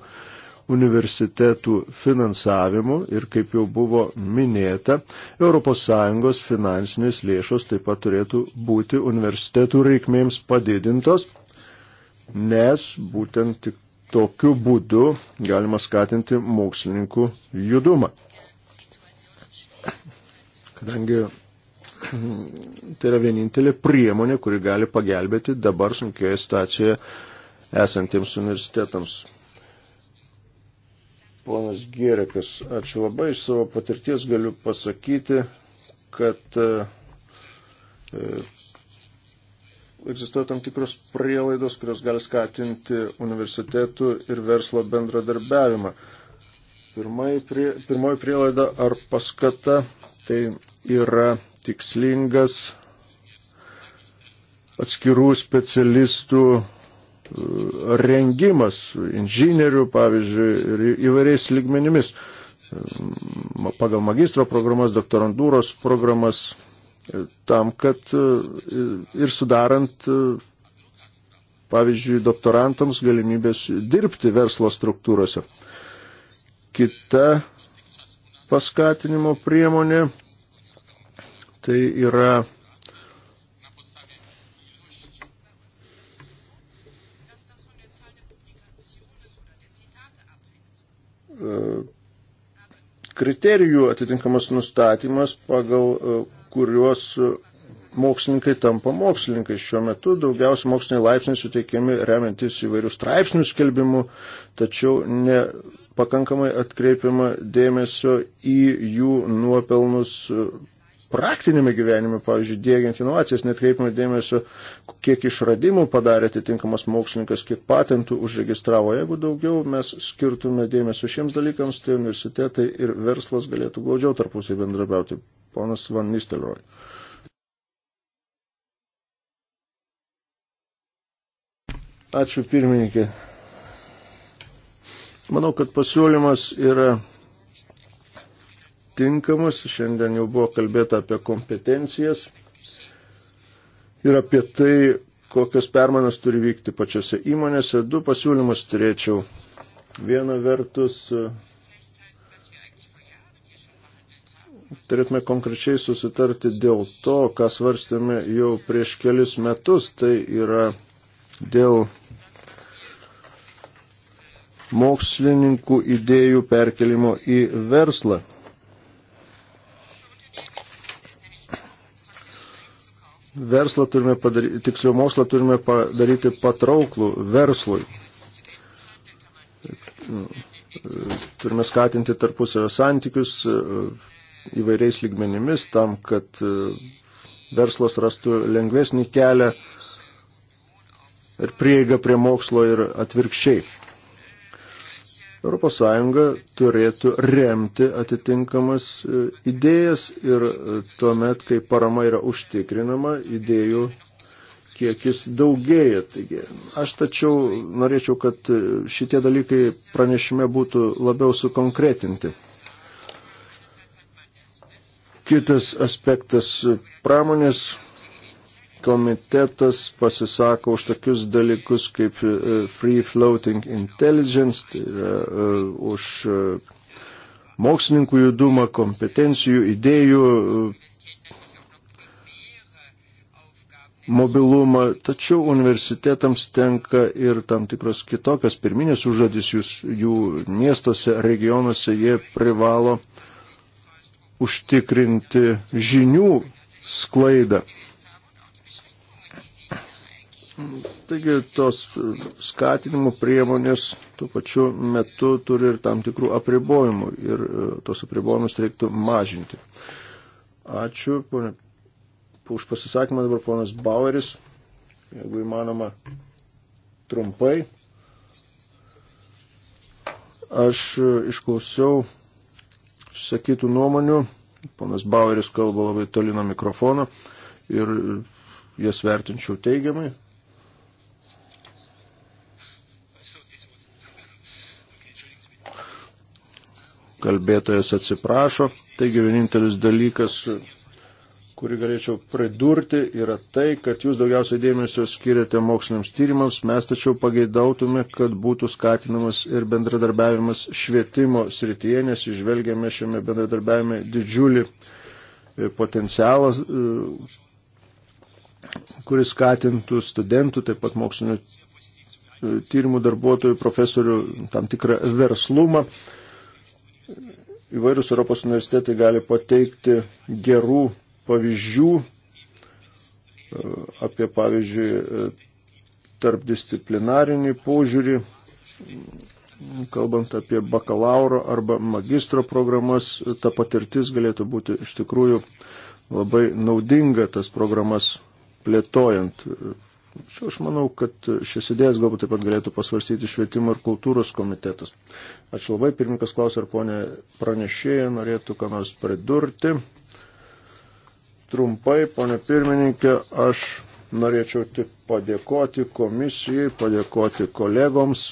universitetų finansavimu ir, kaip jau buvo minėta, ES finansinės lėšos taip pat turėtų būti universitetų reikmėms padidintos, nes būtent tik tokiu būdu galima skatinti mokslininkų judumą. Kadangi tai yra vienintelė priemonė, kuri gali pagelbėti dabar sunkioje situacijoje esantiems universitetams ponas Gėrekas. Ačiū labai, iš savo patirties galiu pasakyti, kad e, e, egzistuoja tam tikros prielaidos, kurios gali skatinti universitetų ir verslo bendradarbiavimą. Pirmoji, prie, pirmoji prielaida ar paskata tai yra tikslingas atskirų specialistų rengimas inžinierių, pavyzdžiui, ir įvairiais lygmenimis pagal magistro programas, doktorantūros programas, e, tam, kad e, ir sudarant, e, pavyzdžiui, doktorantams galimybės dirbti verslo struktūrose. Kita paskatinimo priemonė tai yra E, kriterijų atitinkamas nustatymas, pagal e, kuriuos e, mokslininkai tampa mokslininkais. Šiuo metu daugiausia moksliniai laipsniai suteikiami remiantis įvairių straipsnių skelbimų, tačiau nepakankamai atkreipiama dėmesio į jų nuopelnus praktinėme gyvenime, pavyzdžiui, dėgiant inovacijas, netkreipime dėmesio, kiek išradimų padarė atitinkamas mokslininkas, kiek patentų užregistravo. Jeigu daugiau mes skirtume dėmesio šiems dalykams, tai universitetai ir verslas galėtų glaudžiau tarpusiai bendrabiauti. Ponas Van Nistelrooy. Ačiū pirmininkė. Manau, kad pasiūlymas yra tinkamas. Šiandien jau buvo kalbėta apie kompetencijas ir apie tai, kokios permanos turi vykti pačiose įmonėse. Du pasiūlymus turėčiau. Viena vertus, turėtume konkrečiai susitarti dėl to, ką svarstėme jau prieš kelis metus, tai yra dėl mokslininkų idėjų perkelimo į verslą. verslą turime padaryti, tiksliau mokslą turime padaryti patrauklų verslui. Turime skatinti tarpusavio santykius e, įvairiais lygmenimis tam, kad e, verslas rastų lengvesnį kelią ir prieigą prie mokslo ir atvirkščiai. ES turėtų remti atitinkamas e, idėjas ir e, tuomet, kai parama yra užtikrinama, idėjų kiekis daugėja. Taigi, aš tačiau norėčiau, kad e, šitie dalykai pranešime būtų labiau sukonkretinti. Kitas aspektas - pramonės komitetas pasisako už tokius dalykus kaip e, free floating intelligence, tai yra e, už e, mokslininkų judumą, kompetencijų, idėjų mobilumą, tačiau universitetams tenka ir tam tikros kitokios pirminės užduotis jų, jų miestuose, regionuose, jie privalo užtikrinti žinių sklaidą. Taigi tos skatinimo priemonės tuo pačiu metu turi ir tam tikrų apribojimų ir e, tos apribojimus reiktų mažinti. Ačiū ponė, už pasisakymą dabar ponas Baueris, jeigu įmanoma trumpai. Aš e, išklausiau sakytų nuomonių, ponas Baueris kalba labai toli nuo mikrofono ir e, jas vertinčiau teigiamai, kalbėtojas atsiprašo. Taigi vienintelis dalykas, kurį galėčiau pridurti, yra tai, kad jūs daugiausiai dėmesio skiriate moksliniams tyrimams, mes tačiau pageidautume, kad būtų skatinamas ir bendradarbiavimas švietimo srityje, nes išvelgiame šiame bendradarbiavime didžiulį e, potencialas, e, kuris skatintų studentų, taip pat mokslinio e, tyrimų darbuotojų, profesorių tam tikrą verslumą įvairūs Europos universitetai gali pateikti gerų pavyzdžių e, apie, pavyzdžiui, e, tarpdisciplinarinį požiūrį, kalbant apie bakalauro arba magistro programas, ta patirtis galėtų būti iš tikrųjų labai naudinga tas programas plėtojant. E, Šiuo aš manau, kad šis idėjas galbūt taip pat galėtų pasvarstyti švietimo ir kultūros komitetas. Ačiū labai, pirmininkas klausė, ar ponė pranešėja norėtų ką nors pridurti. Trumpai, ponė pirmininkė, aš norėčiau tik padėkoti komisijai, padėkoti kolegoms.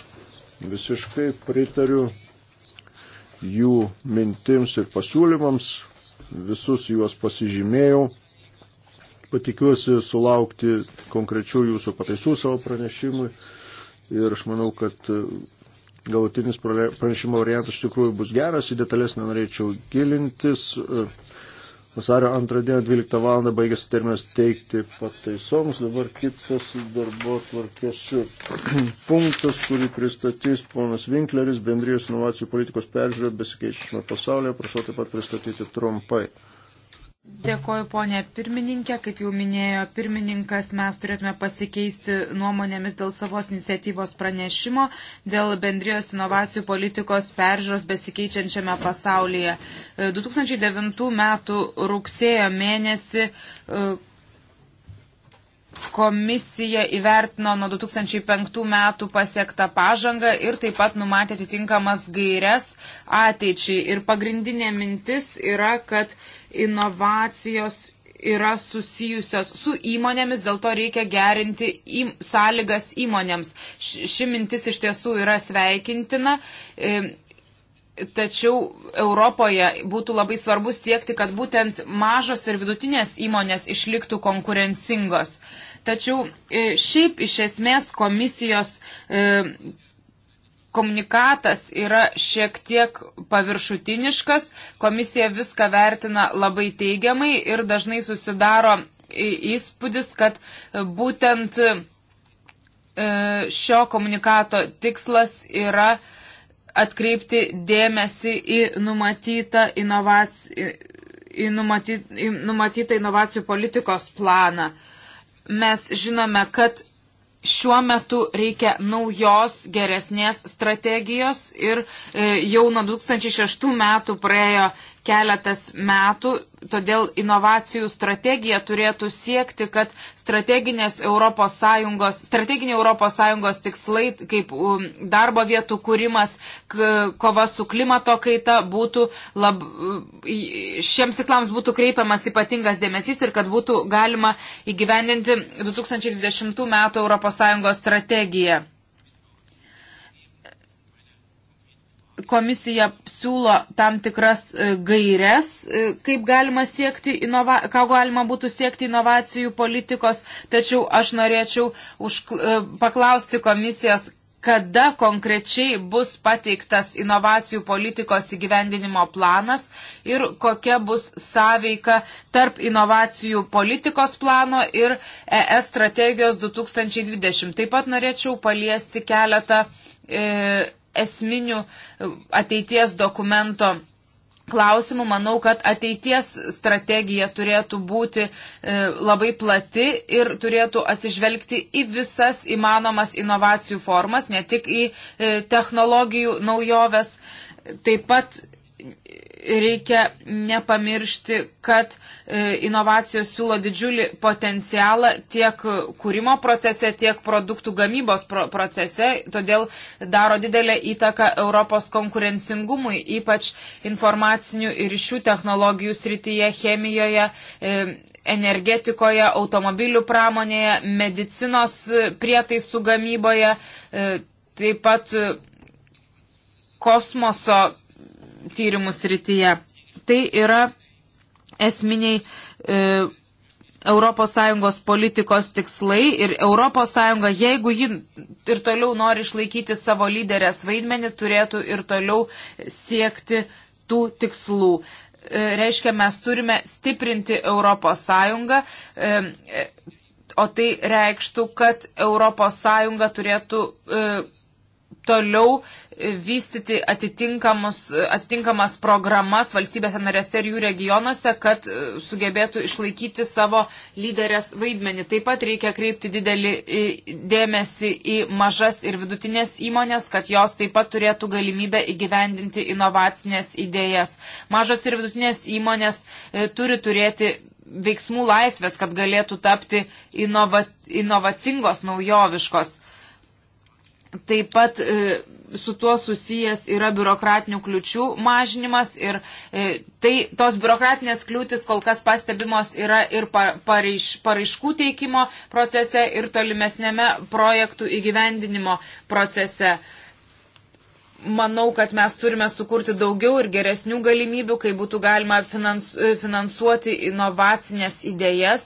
Visiškai pritariu jų mintims ir pasiūlymams. Visus juos pasižymėjau patikiuosi sulaukti konkrečių jūsų pataisų savo pranešimui ir aš manau, kad e, galutinis pranešimo variantas iš tikrųjų bus geras, į detalės nenorėčiau gilintis. E, vasario antrą dieną 12 val. baigėsi terminas teikti pataisoms. Dabar kitas darbo tvarkės punktas, kurį pristatys ponas Winkleris, bendrijos inovacijų politikos peržiūrė besikeičiame pasaulyje. Prašau taip pat pristatyti trumpai. Dėkoju, ponė pirmininkė. Kaip jau minėjo pirmininkas, mes turėtume pasikeisti nuomonėmis dėl savos iniciatyvos pranešimo, dėl bendrijos inovacijų politikos peržiūros besikeičiančiame pasaulyje. 2009 e, m. rugsėjo mėnesį e, komisija įvertino nuo 2005 metų pasiektą pažangą ir taip pat numatė atitinkamas gairias ateičiai. Ir pagrindinė mintis yra, kad inovacijos yra susijusios su įmonėmis, dėl to reikia gerinti į, sąlygas įmonėms. Ši, ši mintis iš tiesų yra sveikintina. E, Tačiau Europoje būtų labai svarbu siekti, kad būtent mažos ir vidutinės įmonės išliktų konkurencingos. E, Tačiau e, šiaip iš esmės komisijos e, komunikatas yra šiek tiek paviršutiniškas, komisija viską vertina labai teigiamai ir dažnai susidaro e, įspūdis, kad būtent šio komunikato tikslas yra atkreipti dėmesį į numatytą inovacijų, į numatytą inovacijų politikos planą. Uh, mes žinome, kad šiuo metu reikia naujos, geresnės strategijos ir e, jau nuo 2006 metų praėjo keletas metų, todėl inovacijų strategija turėtų siekti, kad strateginės Europos Sąjungos, strateginė Europos Sąjungos tikslai, kaip um, darbo vietų kūrimas, kova su klimato kaita, būtų lab, šiems tiklams būtų kreipiamas ypatingas dėmesys ir kad būtų galima įgyvendinti 2020 metų Europos Sąjungos strategiją. komisija siūlo tam tikras e, gairias, e, kaip galima, siekti, inova, ką galima būtų siekti inovacijų politikos, tačiau aš norėčiau už, e, paklausti komisijos, kada konkrečiai bus pateiktas inovacijų politikos įgyvendinimo planas ir kokia bus sąveika tarp inovacijų politikos plano ir ES strategijos 2020. Taip pat norėčiau paliesti keletą. E, esminių e, ateities dokumento klausimų, manau, kad ateities strategija turėtų būti e, labai plati ir turėtų atsižvelgti į visas įmanomas inovacijų formas, ne tik į e, technologijų naujoves. Taip pat reikia nepamiršti, kad e, inovacijos siūlo didžiulį potencialą tiek kūrimo procese, tiek produktų gamybos procese, todėl daro didelę įtaką Europos konkurencingumui, ypač informacinių ir ryšių technologijų srityje, chemijoje, e, energetikoje, automobilių pramonėje, medicinos e, prietaisų gamyboje, taip pat kosmoso tyrimų srityje. Tai yra esminiai e, ES politikos tikslai ir ES, jeigu ji ir toliau nori išlaikyti savo lyderės vaidmenį, turėtų ir toliau siekti tų tikslų. E, reiškia, mes turime stiprinti ES, e, e, o tai reikštų, kad ES turėtų toliau vystyti atitinkamas programas valstybėse narėse ir jų regionuose, kad e, sugebėtų išlaikyti savo lyderės vaidmenį. Taip pat reikia kreipti didelį e, dėmesį į mažas ir vidutinės įmonės, kad jos taip pat turėtų galimybę įgyvendinti inovacinės idėjas. Mažas ir vidutinės įmonės e, turi turėti veiksmų laisvės, kad galėtų tapti inova, inovacingos, naujoviškos. Taip pat e, su tuo susijęs yra biurokratinių kliučių mažinimas ir e, tai, tos biurokratinės kliūtis kol kas pastebimos yra ir pareiš, paraiškų teikimo procese ir tolimesnėme projektų įgyvendinimo procese. E, manau, kad mes turime sukurti daugiau ir geresnių galimybių, kai būtų galima finans, finansuoti inovacinės idėjas.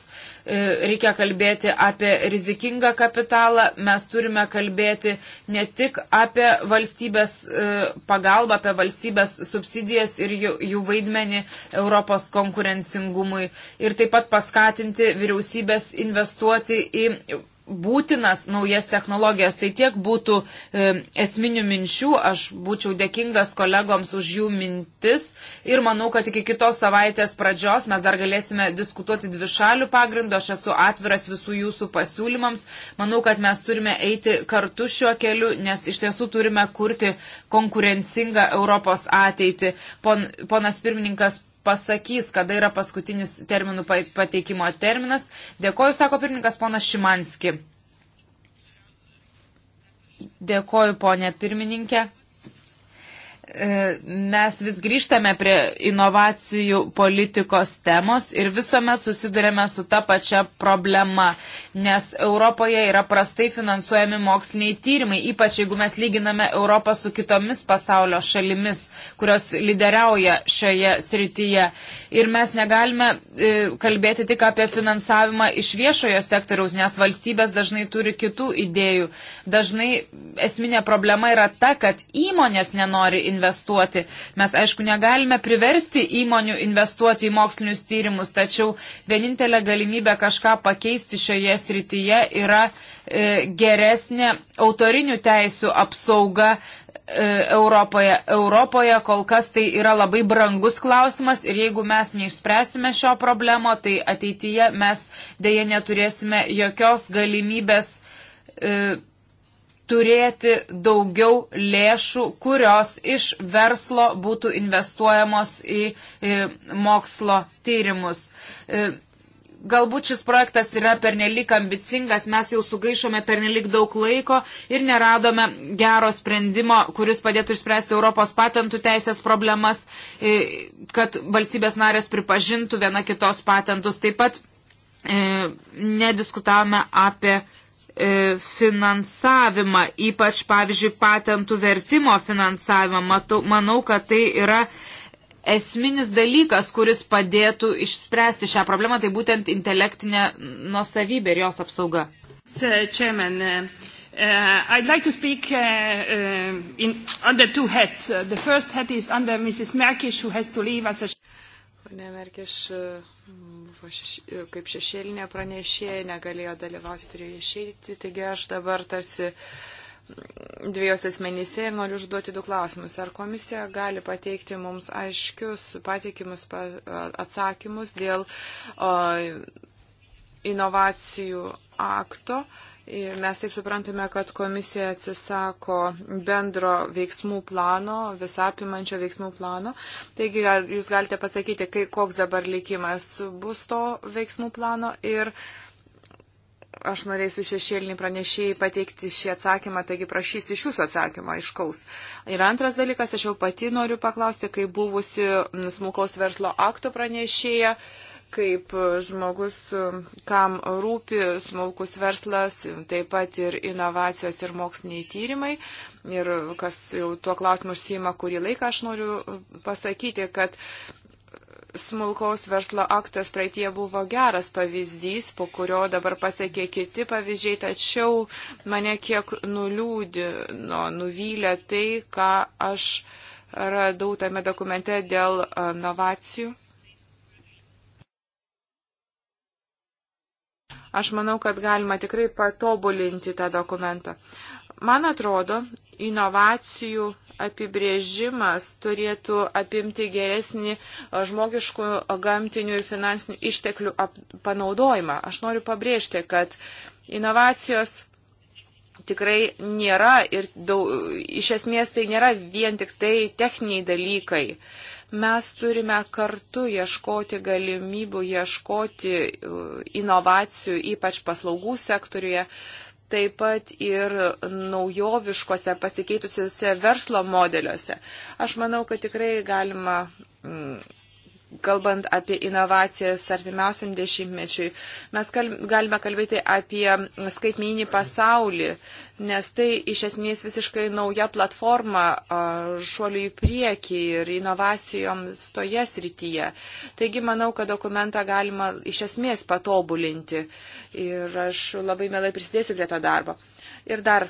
E, reikia kalbėti apie rizikingą kapitalą, mes turime kalbėti ne tik apie valstybės e, pagalbą, apie valstybės subsidijas ir jų, jų vaidmenį Europos konkurencingumui. Ir taip pat paskatinti vyriausybės investuoti į būtinas naujas technologijas. Tai tiek būtų e, esminių minčių. Aš būčiau dėkingas kolegoms už jų mintis ir manau, kad iki kitos savaitės pradžios mes dar galėsime diskutuoti dvi šalių pagrindų. Aš esu atviras visų jūsų pasiūlymams. Manau, kad mes turime eiti kartu šiuo keliu, nes iš tiesų turime kurti konkurencingą Europos ateitį. Pon, ponas pirmininkas pasakys, kada yra paskutinis terminų pateikimo terminas. Dėkoju, sako pirmininkas ponas Šimanski. Dėkoju, ponė pirmininkė. E, mes vis grįžtame prie inovacijų politikos temos ir visuomet susidurėme su ta pačia problema, nes Europoje yra prastai finansuojami moksliniai tyrimai, ypač jeigu mes lyginame Europą su kitomis pasaulio šalimis, kurios lyderiauja šioje srityje. Ir mes negalime e, kalbėti tik apie finansavimą iš viešojo sektoriaus, nes valstybės dažnai turi kitų idėjų. Dažnai esminė problema yra ta, kad įmonės nenori investuoti investuoti. Mes, aišku, negalime priversti įmonių investuoti į mokslinius tyrimus, tačiau vienintelė galimybė kažką pakeisti šioje srityje yra e, geresnė autorinių teisų apsauga e, Europoje. Europoje kol kas tai yra labai brangus klausimas ir jeigu mes neišspręsime šio problemo, tai ateityje mes dėje neturėsime jokios galimybės e, turėti daugiau lėšų, kurios iš verslo būtų investuojamos į, į mokslo tyrimus. E, galbūt šis projektas yra pernelik ambicingas, mes jau sugaišome pernelik daug laiko ir neradome gero sprendimo, kuris padėtų išspręsti Europos patentų teisės problemas, e, kad valstybės narės pripažintų viena kitos patentus. Taip pat e, nediskutavome apie E, finansavimą, ypač, pavyzdžiui, patentų vertimo finansavimą. Matau, manau, kad tai yra esminis dalykas, kuris padėtų išspręsti šią problemą, tai būtent intelektinė nuosavybė ir jos apsauga. Chairman, uh, uh, I'd like to speak uh, uh, in, under two hats. Uh, the first hat is under Mrs. Merkish, who has to leave as a... Pane Merkiš, uh, kaip, kaip šešėlinė pranešėja negalėjo dalyvauti, turėjo išeiti. Taigi aš dabar tarsi dviejose asmenyse ir noriu užduoti du klausimus. Ar komisija gali pateikti mums aiškius, patikimus atsakymus dėl o, inovacijų akto Mes taip suprantame, kad komisija atsisako bendro veiksmų plano, visapimančio veiksmų plano. Taigi, ar jūs galite pasakyti, kai, koks dabar likimas bus to veiksmų plano ir aš norėsiu šešėlinį pranešėjai pateikti šį atsakymą, taigi prašysiu iš jūsų atsakymą aiškaus. Ir antras dalykas, aš jau pati noriu paklausti, kai buvusi mm, smulkaus verslo akto pranešėja. Uh, kaip žmogus, kam rūpi smulkus verslas, taip pat ir inovacijos ir moksliniai tyrimai. Ir kas jau tuo klausimu užsima kurį laiką, aš noriu pasakyti, kad smulkaus verslo aktas praeitie buvo geras pavyzdys, po kurio dabar pasiekė kiti pavyzdžiai, tačiau mane kiek nuliūdino, nuvylė tai, ką aš radau tame dokumente dėl inovacijų Aš manau, kad galima tikrai patobulinti tą dokumentą. Man atrodo, inovacijų apibrėžimas turėtų apimti geresnį žmogiškų gamtinių ir finansinių išteklių panaudojimą. Aš noriu pabrėžti, kad inovacijos tikrai nėra ir daug, iš esmės tai nėra vien tik tai techniniai dalykai. Uh, Mes turime kartu ieškoti galimybių, ieškoti inovacijų, ypač paslaugų sektoriuje taip pat ir naujoviškose pasikeitusiuose verslo modeliuose. Aš manau, kad tikrai galima kalbant apie inovacijas artimiausiam dešimtmečiui, mes galime kalbėti apie skaitminį pasaulį, nes tai iš esmės visiškai nauja platforma šuoliui į priekį ir inovacijoms toje srityje. Taigi manau, kad dokumentą galima iš esmės patobulinti ir aš labai mielai prisidėsiu prie to darbo. Ir dar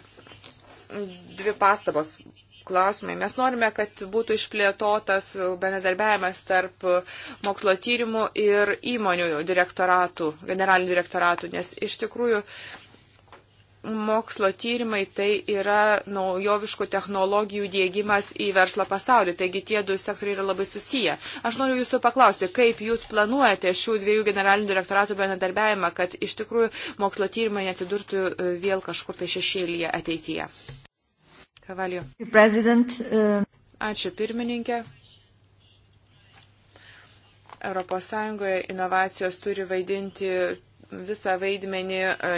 dvi pastabos klausimai. Mes norime, kad būtų išplėtotas bendradarbiavimas tarp mokslo tyrimų ir įmonių direktoratų, generalinių direktoratų, nes iš tikrųjų mokslo tyrimai tai yra naujoviškų technologijų dėgymas į verslą pasaulį, taigi tie du sektoriai yra labai susiję. Aš noriu jūsų paklausti, kaip jūs planuojate šių dviejų generalinių direktoratų bendradarbiavimą, kad iš tikrųjų mokslo tyrimai netidurtų vėl kažkur tai šešėlyje ateityje. Kavalio. E, Ačiū pirmininkė. ES inovacijos turi vaidinti visą vaidmenį e,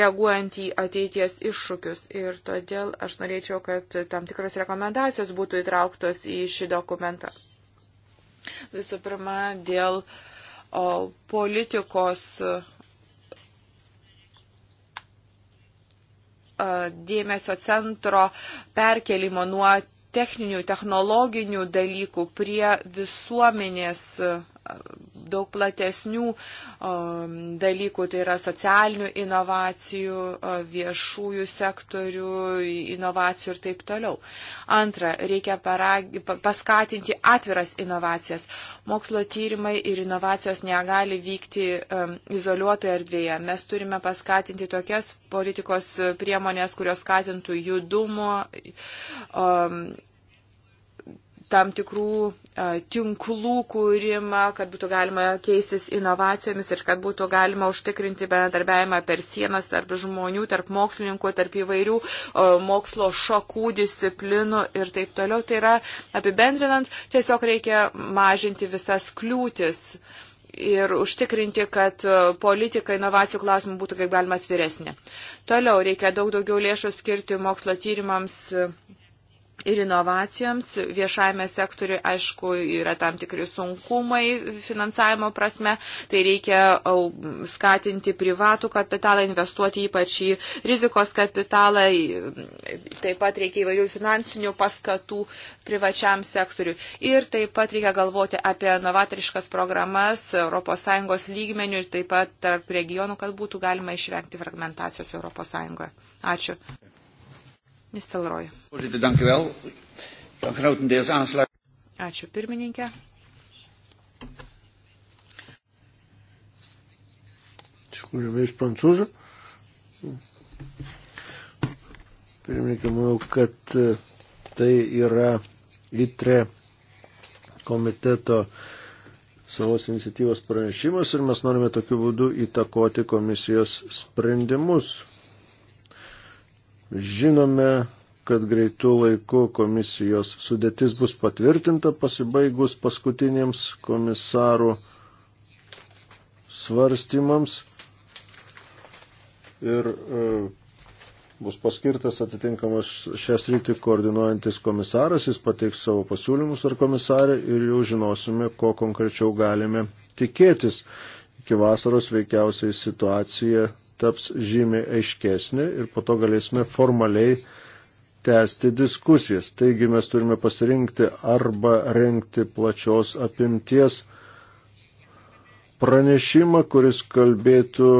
reaguojant į ateities iššūkius. Ir todėl aš norėčiau, kad tam tikros rekomendacijos būtų įtrauktos į šį dokumentą. Visų pirma, dėl o, politikos. O, dėmesio centro perkelimo nuo techninių, technologinių dalykų prie visuomenės daug platesnių dalykų, tai yra socialinių inovacijų, viešųjų sektorių, inovacijų ir taip toliau. Antra, reikia paskatinti atviras inovacijas. Mokslo tyrimai ir inovacijos negali vykti izoliuotoje erdvėje. Mes turime paskatinti tokias politikos priemonės, kurios skatintų judumo, tam tikrų tinklų kūrimą, kad būtų galima keistis inovacijomis ir kad būtų galima užtikrinti bendradarbiavimą per sienas tarp žmonių, tarp mokslininkų, tarp įvairių mokslo šakų, disciplinų ir taip toliau. Tai yra apibendrinant, tiesiog reikia mažinti visas kliūtis. Ir užtikrinti, kad politika inovacijų klausimų būtų kaip galima atviresnė. Toliau reikia daug daugiau lėšų skirti mokslo tyrimams ir inovacijoms. Viešajame sektoriu, aišku, yra tam tikri sunkumai finansavimo prasme, tai reikia skatinti privatų kapitalą, investuoti ypač į rizikos kapitalą, taip pat reikia įvairių finansinių paskatų privačiam sektoriu. Ir taip pat reikia galvoti apie novatoriškas programas ES lygmenių ir taip pat tarp regionų, kad būtų galima išvengti fragmentacijos ES. Ačiū. Nistelroj. Ačiū pirmininkė. Iškūrėme iš prancūzų. Pirmininkė, manau, kad e, tai yra ITRE komiteto savos iniciatyvos pranešimas ir mes norime tokiu būdu įtakoti komisijos sprendimus Žinome, kad greitų laikų komisijos sudėtis bus patvirtinta pasibaigus paskutiniams komisarų svarstymams ir e, bus paskirtas atitinkamas šias rytį koordinuojantis komisaras, jis pateiks savo pasiūlymus ar komisarį ir jau žinosime, ko konkrečiau galime tikėtis. Iki vasaros veikiausiai situacija taps žymiai aiškesnė ir po to galėsime formaliai tęsti diskusijas. Taigi mes turime pasirinkti arba renkti plačios apimties pranešimą, kuris kalbėtų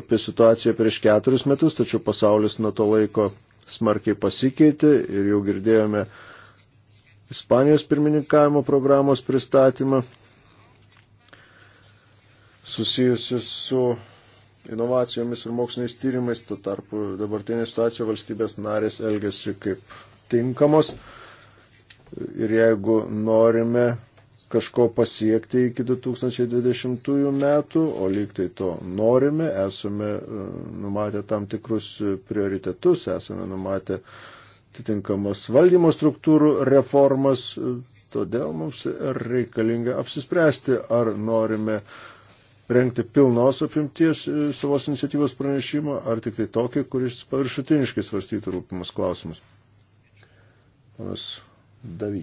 apie situaciją prieš keturis metus, tačiau pasaulis nuo to laiko smarkiai pasikeitė ir jau girdėjome Ispanijos pirmininkavimo programos pristatymą susijusi su inovacijomis ir moksliniais tyrimais, tuo tarpu dabartinė situacija valstybės narės elgesi kaip tinkamos. Ir jeigu norime kažko pasiekti iki 2020 metų, o lyg tai to norime, esame e, numatę tam tikrus prioritetus, esame numatę atitinkamas valdymo struktūrų reformas, e, todėl mums reikalinga apsispręsti, ar norime uh, renkti pilnos apimties e, savos iniciatyvos pranešimą, ar tik tai tokį, kuris paviršutiniškai svarstytų rūpimus klausimus. Panas Davy.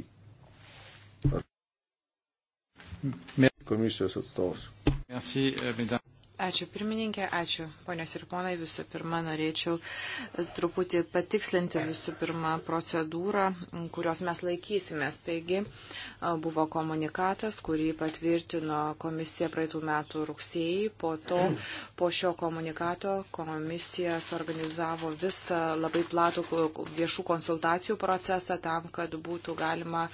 Komisijos atstovas. Merci, e, Ačiū pirmininkė, ačiū ponios ir ponai. Visų pirma, norėčiau truputį patikslinti visų pirma procedūrą, kurios mes laikysimės. Taigi, buvo komunikatas, kurį patvirtino komisija praeitų metų rugsėjai. Po to, po šio komunikato komisija suorganizavo visą labai platų viešų konsultacijų procesą tam, kad būtų galima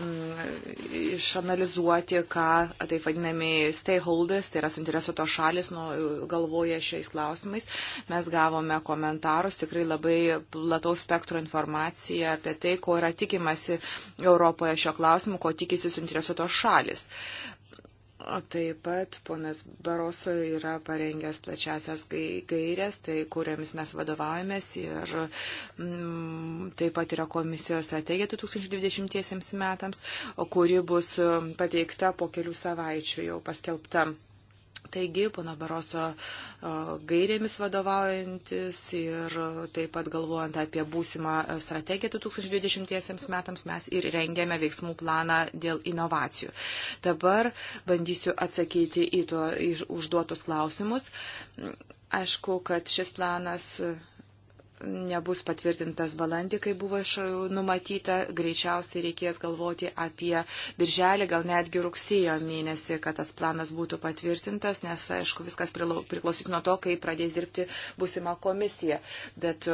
mm, išanalizuoti, ką taip vadinami stakeholders, tai yra suinteresuoto šalis, nu, galvoja šiais klausimais. Mes gavome komentarus, tikrai labai plataus spektro informaciją apie tai, ko yra tikimasi Europoje šio klausimu ko tikisi suinteresuotos šalis. O taip pat ponas Baroso yra parengęs plačiasias gairias, tai kuriamis mes vadovaujamės ir mm, taip pat yra komisijos strategija 2020 metams, kuri bus mm, pateikta po kelių savaičių jau paskelbta. Taigi, pono Baroso gairėmis vadovaujantis ir taip pat galvojant apie būsimą strategiją 2020 metams, mes ir rengėme veiksmų planą dėl inovacijų. Dabar bandysiu atsakyti į to, į užduotus klausimus. Aišku, kad šis planas nebus patvirtintas balandį, kai buvo numatyta, greičiausiai reikės galvoti apie birželį, gal netgi rugsėjo mėnesį, kad tas planas būtų patvirtintas, nes, aišku, viskas priklausys nuo to, kai pradės dirbti būsima komisija. Bet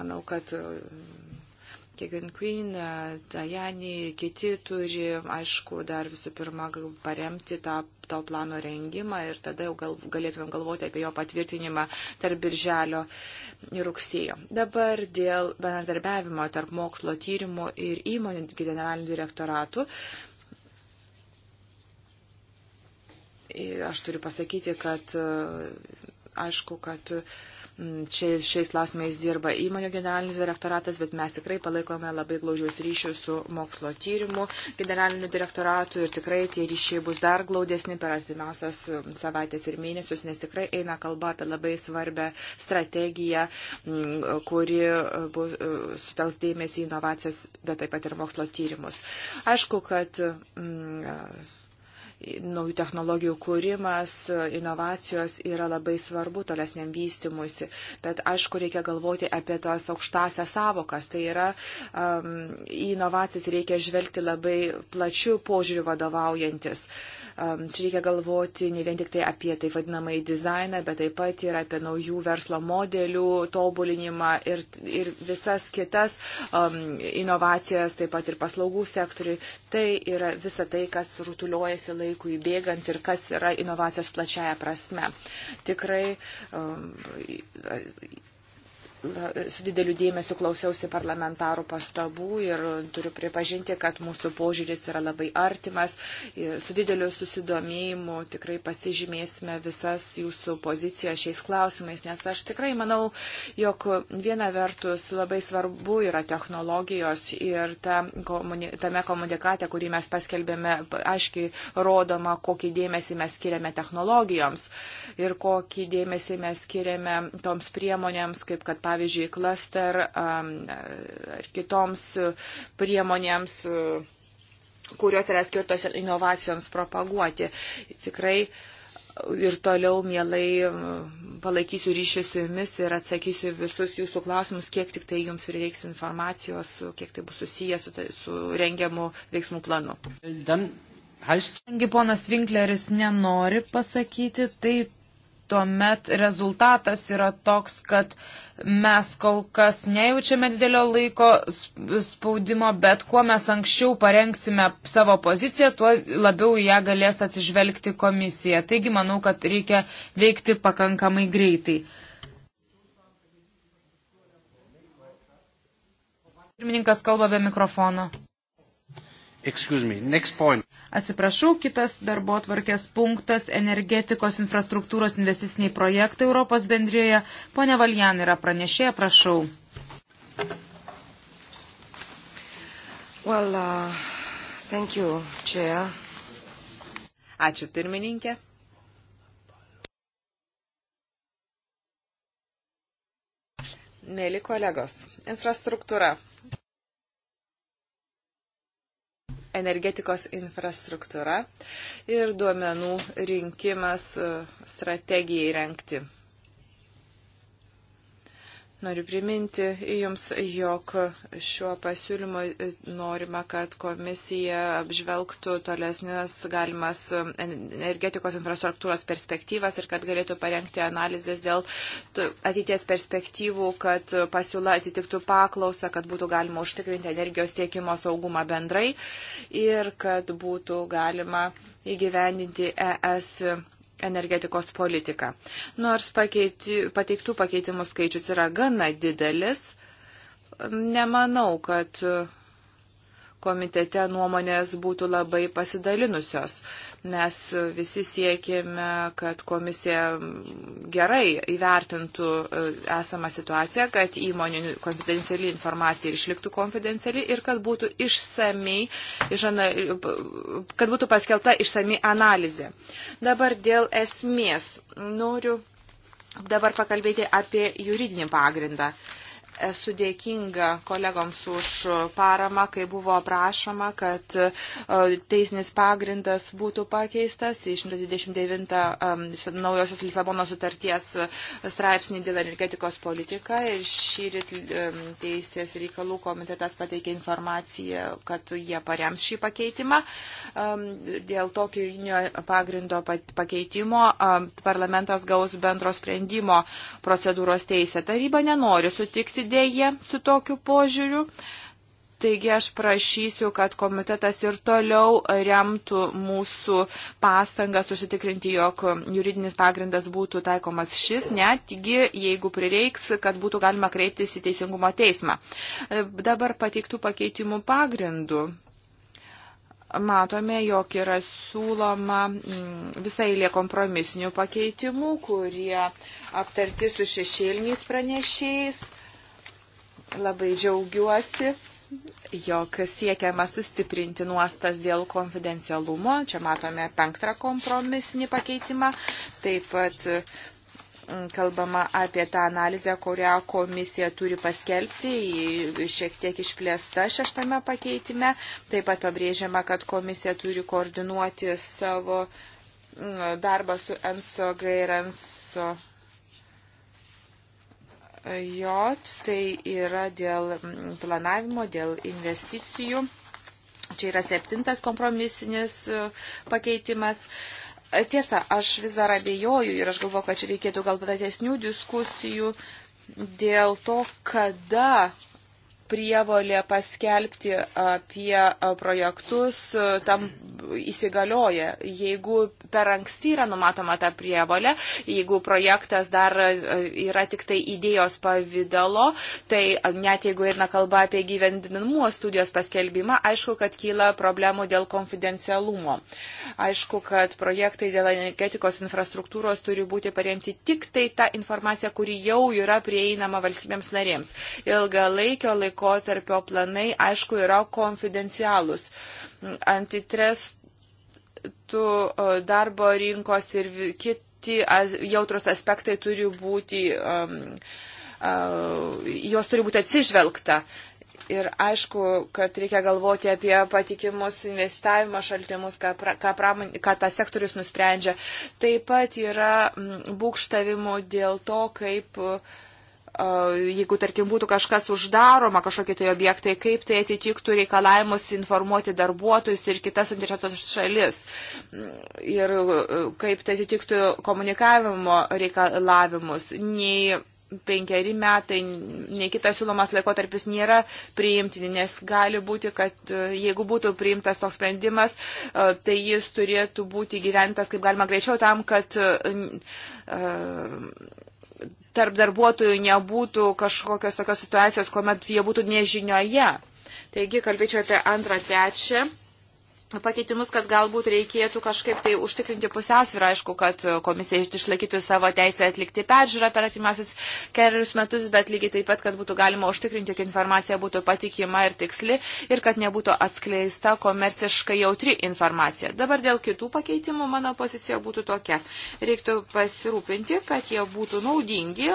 manau, kad Kegan Queen, Tajani, kiti turi, aišku, dar visų pirma paremti tą to plano rengimą ir tada jau gal, galėtumėm galvoti apie jo patvirtinimą tarp birželio ir rugsėjo. Dabar dėl bendradarbiavimo tarp mokslo tyrimų ir įmonių generalinių direktoratų. Aš turiu pasakyti, kad aišku, kad uh, Mm, čia šiais klausimais dirba įmonių generalinis direktoratas, bet mes tikrai palaikome labai glaudžius ryšius su mokslo tyrimų generaliniu direktoratu ir tikrai tie ryšiai bus dar glaudesni per artimiausias mm, savaitės ir mėnesius, nes tikrai eina kalba apie labai svarbę strategiją, mm, kuri e, bus e, sutelktėmėsi inovacijas, bet taip pat ir mokslo tyrimus. Aišku, kad. Mm, naujų technologijų kūrimas, inovacijos yra labai svarbu tolesniam vystimuisi. Bet aišku, reikia galvoti apie tas aukštasias savokas. Tai yra, um, į inovacijas reikia žvelgti labai plačių požiūrių vadovaujantis. Uh, Čia reikia galvoti ne vien tik tai apie tai vadinamąjį dizainą, bet taip pat ir apie naujų verslo modelių tobulinimą ir, ir visas kitas um, inovacijas, taip pat ir paslaugų sektoriui. Tai yra visa tai, kas rutuliuojasi laikui bėgant ir kas yra inovacijos plačiaja prasme. Tikrai um, E, su dideliu dėmesiu klausiausi parlamentarų pastabų ir turiu pripažinti, kad mūsų požiūris yra labai artimas ir su dideliu susidomėjimu tikrai pasižymėsime visas jūsų pozicijas šiais klausimais, nes aš tikrai manau, jog viena vertus labai svarbu yra technologijos ir ta, komuni, tame komunikate, kurį mes paskelbėme, aiškiai rodoma, kokį dėmesį mes skiriame technologijoms ir kokį dėmesį mes skiriame toms priemonėms, kaip kad pavyzdžiui, klaster ar kitoms priemonėms kurios yra skirtos inovacijoms propaguoti. Tikrai ir toliau mielai palaikysiu ryšį su jumis ir atsakysiu visus jūsų klausimus, kiek tik tai jums reiks informacijos, kiek tai bus susijęs su, su rengiamu veiksmų planu. Kadangi ponas Vinkleris nenori pasakyti, tai tuomet rezultatas yra toks, kad mes kol kas nejaučiame didelio laiko spaudimo, bet kuo mes anksčiau parengsime savo poziciją, tuo labiau į ją galės atsižvelgti komisija. Taigi manau, kad reikia veikti pakankamai greitai. Pirmininkas kalba be mikrofono. Atsiprašau, kitas darbo tvarkės punktas - energetikos infrastruktūros investiciniai projektai Europos bendrijoje. Pone Valjan yra pranešėja, prašau. Well, uh, thank you, Chair. Ačiū pirmininkė. Mėly kolegos, infrastruktūra energetikos infrastruktūra ir duomenų rinkimas e, strategijai renkti. Noriu priminti Jums, jog šiuo pasiūlymu e, norima, kad komisija apžvelgtų tolesnės galimas e, energetikos infrastruktūros perspektyvas ir kad galėtų parengti analizės dėl ateities perspektyvų, kad pasiūla atitiktų paklausą, kad būtų galima užtikrinti energijos tiekimo saugumą bendrai ir kad būtų galima įgyvendinti ES energetikos politiką. Nors pakeiti, pateiktų pakeitimų skaičius yra gana didelis, nemanau, kad komitete nuomonės būtų labai pasidalinusios. Mes visi siekime, kad komisija gerai įvertintų e, esamą situaciją, kad įmonių konfidenciali informacija išliktų konfidenciali ir kad būtų, išsamei, išanal... kad būtų paskelbta išsamei analizė. Dabar dėl esmės noriu dabar pakalbėti apie juridinį pagrindą. Uh, Esu dėkinga kolegoms už paramą, kai buvo prašoma, kad e, teisinis pagrindas būtų pakeistas į 129 naujosios Lisabono sutarties e, straipsnį dėl energetikos politiką. Ir šį teisės reikalų komitetas pateikė informaciją, kad jie parems šį pakeitimą. Dėl tokio juridinio pagrindo pakeitimo parlamentas gaus bendro sprendimo procedūros teisę. Taryba nenori sutikti dėje su tokiu požiūriu. Taigi aš prašysiu, kad komitetas ir toliau remtų mūsų pastangas užsitikrinti, jog juridinis pagrindas būtų taikomas šis, netgi jeigu prireiks, kad būtų galima kreiptis į Teisingumo teismą. E, dabar pateiktų pakeitimų pagrindų matome, jog yra siūloma mm, visai lie kompromisinių pakeitimų, kurie aptarti su šešėliniais pranešėjais. Labai džiaugiuosi, jog siekiama sustiprinti nuostas dėl konfidencialumo. Čia matome penktą kompromisinį pakeitimą. Taip pat mm, kalbama apie tą analizę, kurią komisija turi paskelbti, šiek tiek išplėsta šeštame pakeitime. Taip pat pabrėžiama, kad komisija turi koordinuoti savo mm, darbą su NSOG ir NSOG J, tai yra dėl mm, planavimo, dėl investicijų. Čia yra septintas kompromisinis e, pakeitimas. E, tiesa, aš vis dar abejoju ir aš galvoju, kad čia reikėtų gal platesnių diskusijų dėl to, kada prievolė paskelbti apie projektus e, tam įsigalioja. Jeigu per anksti yra numatoma ta prievolė, jeigu projektas dar e, yra tik tai idėjos pavydalo, tai net jeigu eina kalba apie gyvendinimo studijos paskelbimą, aišku, kad kyla problemų dėl konfidencialumo. Aišku, kad projektai dėl energetikos infrastruktūros turi būti paremti tik tai tą informaciją, kuri jau yra prieinama valstybėms narėms. Ilgalaikio laiko laikotarpio planai, aišku, yra konfidencialūs. Antitrestų e, darbo rinkos ir kiti jautrus aspektai turi būti, um, uh, jos turi būti atsižvelgta. Ir aišku, kad reikia galvoti apie patikimus investavimo šaltimus, ką, ką, pramon, ką tas sektorius nusprendžia. Taip pat yra būkštavimų dėl to, kaip uh, jeigu, tarkim, būtų kažkas uždaroma, kažkokie tai objektai, kaip tai atitiktų reikalavimus informuoti darbuotojus ir kitas interesuotas šalis. Ir e, kaip tai atitiktų komunikavimo reikalavimus. Nei penkeri metai, nei kitas siūlomas laikotarpis nėra priimtini, nes gali būti, kad e, jeigu būtų priimtas toks sprendimas, e, tai jis turėtų būti gyventas kaip galima greičiau tam, kad uh, tarp darbuotojų nebūtų kažkokios tokios situacijos, kuomet jie būtų nežinioje. Taigi kalbėčiau apie antrą, trečią pakeitimus, kad galbūt reikėtų kažkaip tai užtikrinti pusiausvyrą, aišku, kad komisija išlaikytų savo teisę atlikti peržiūrą per atimiausius kelius metus, bet lygiai taip pat, kad būtų galima užtikrinti, kad informacija būtų patikima ir tiksli ir kad nebūtų atskleista komerciškai jautri informacija. Dabar dėl kitų pakeitimų mano pozicija būtų tokia. Reiktų pasirūpinti, kad jie būtų naudingi,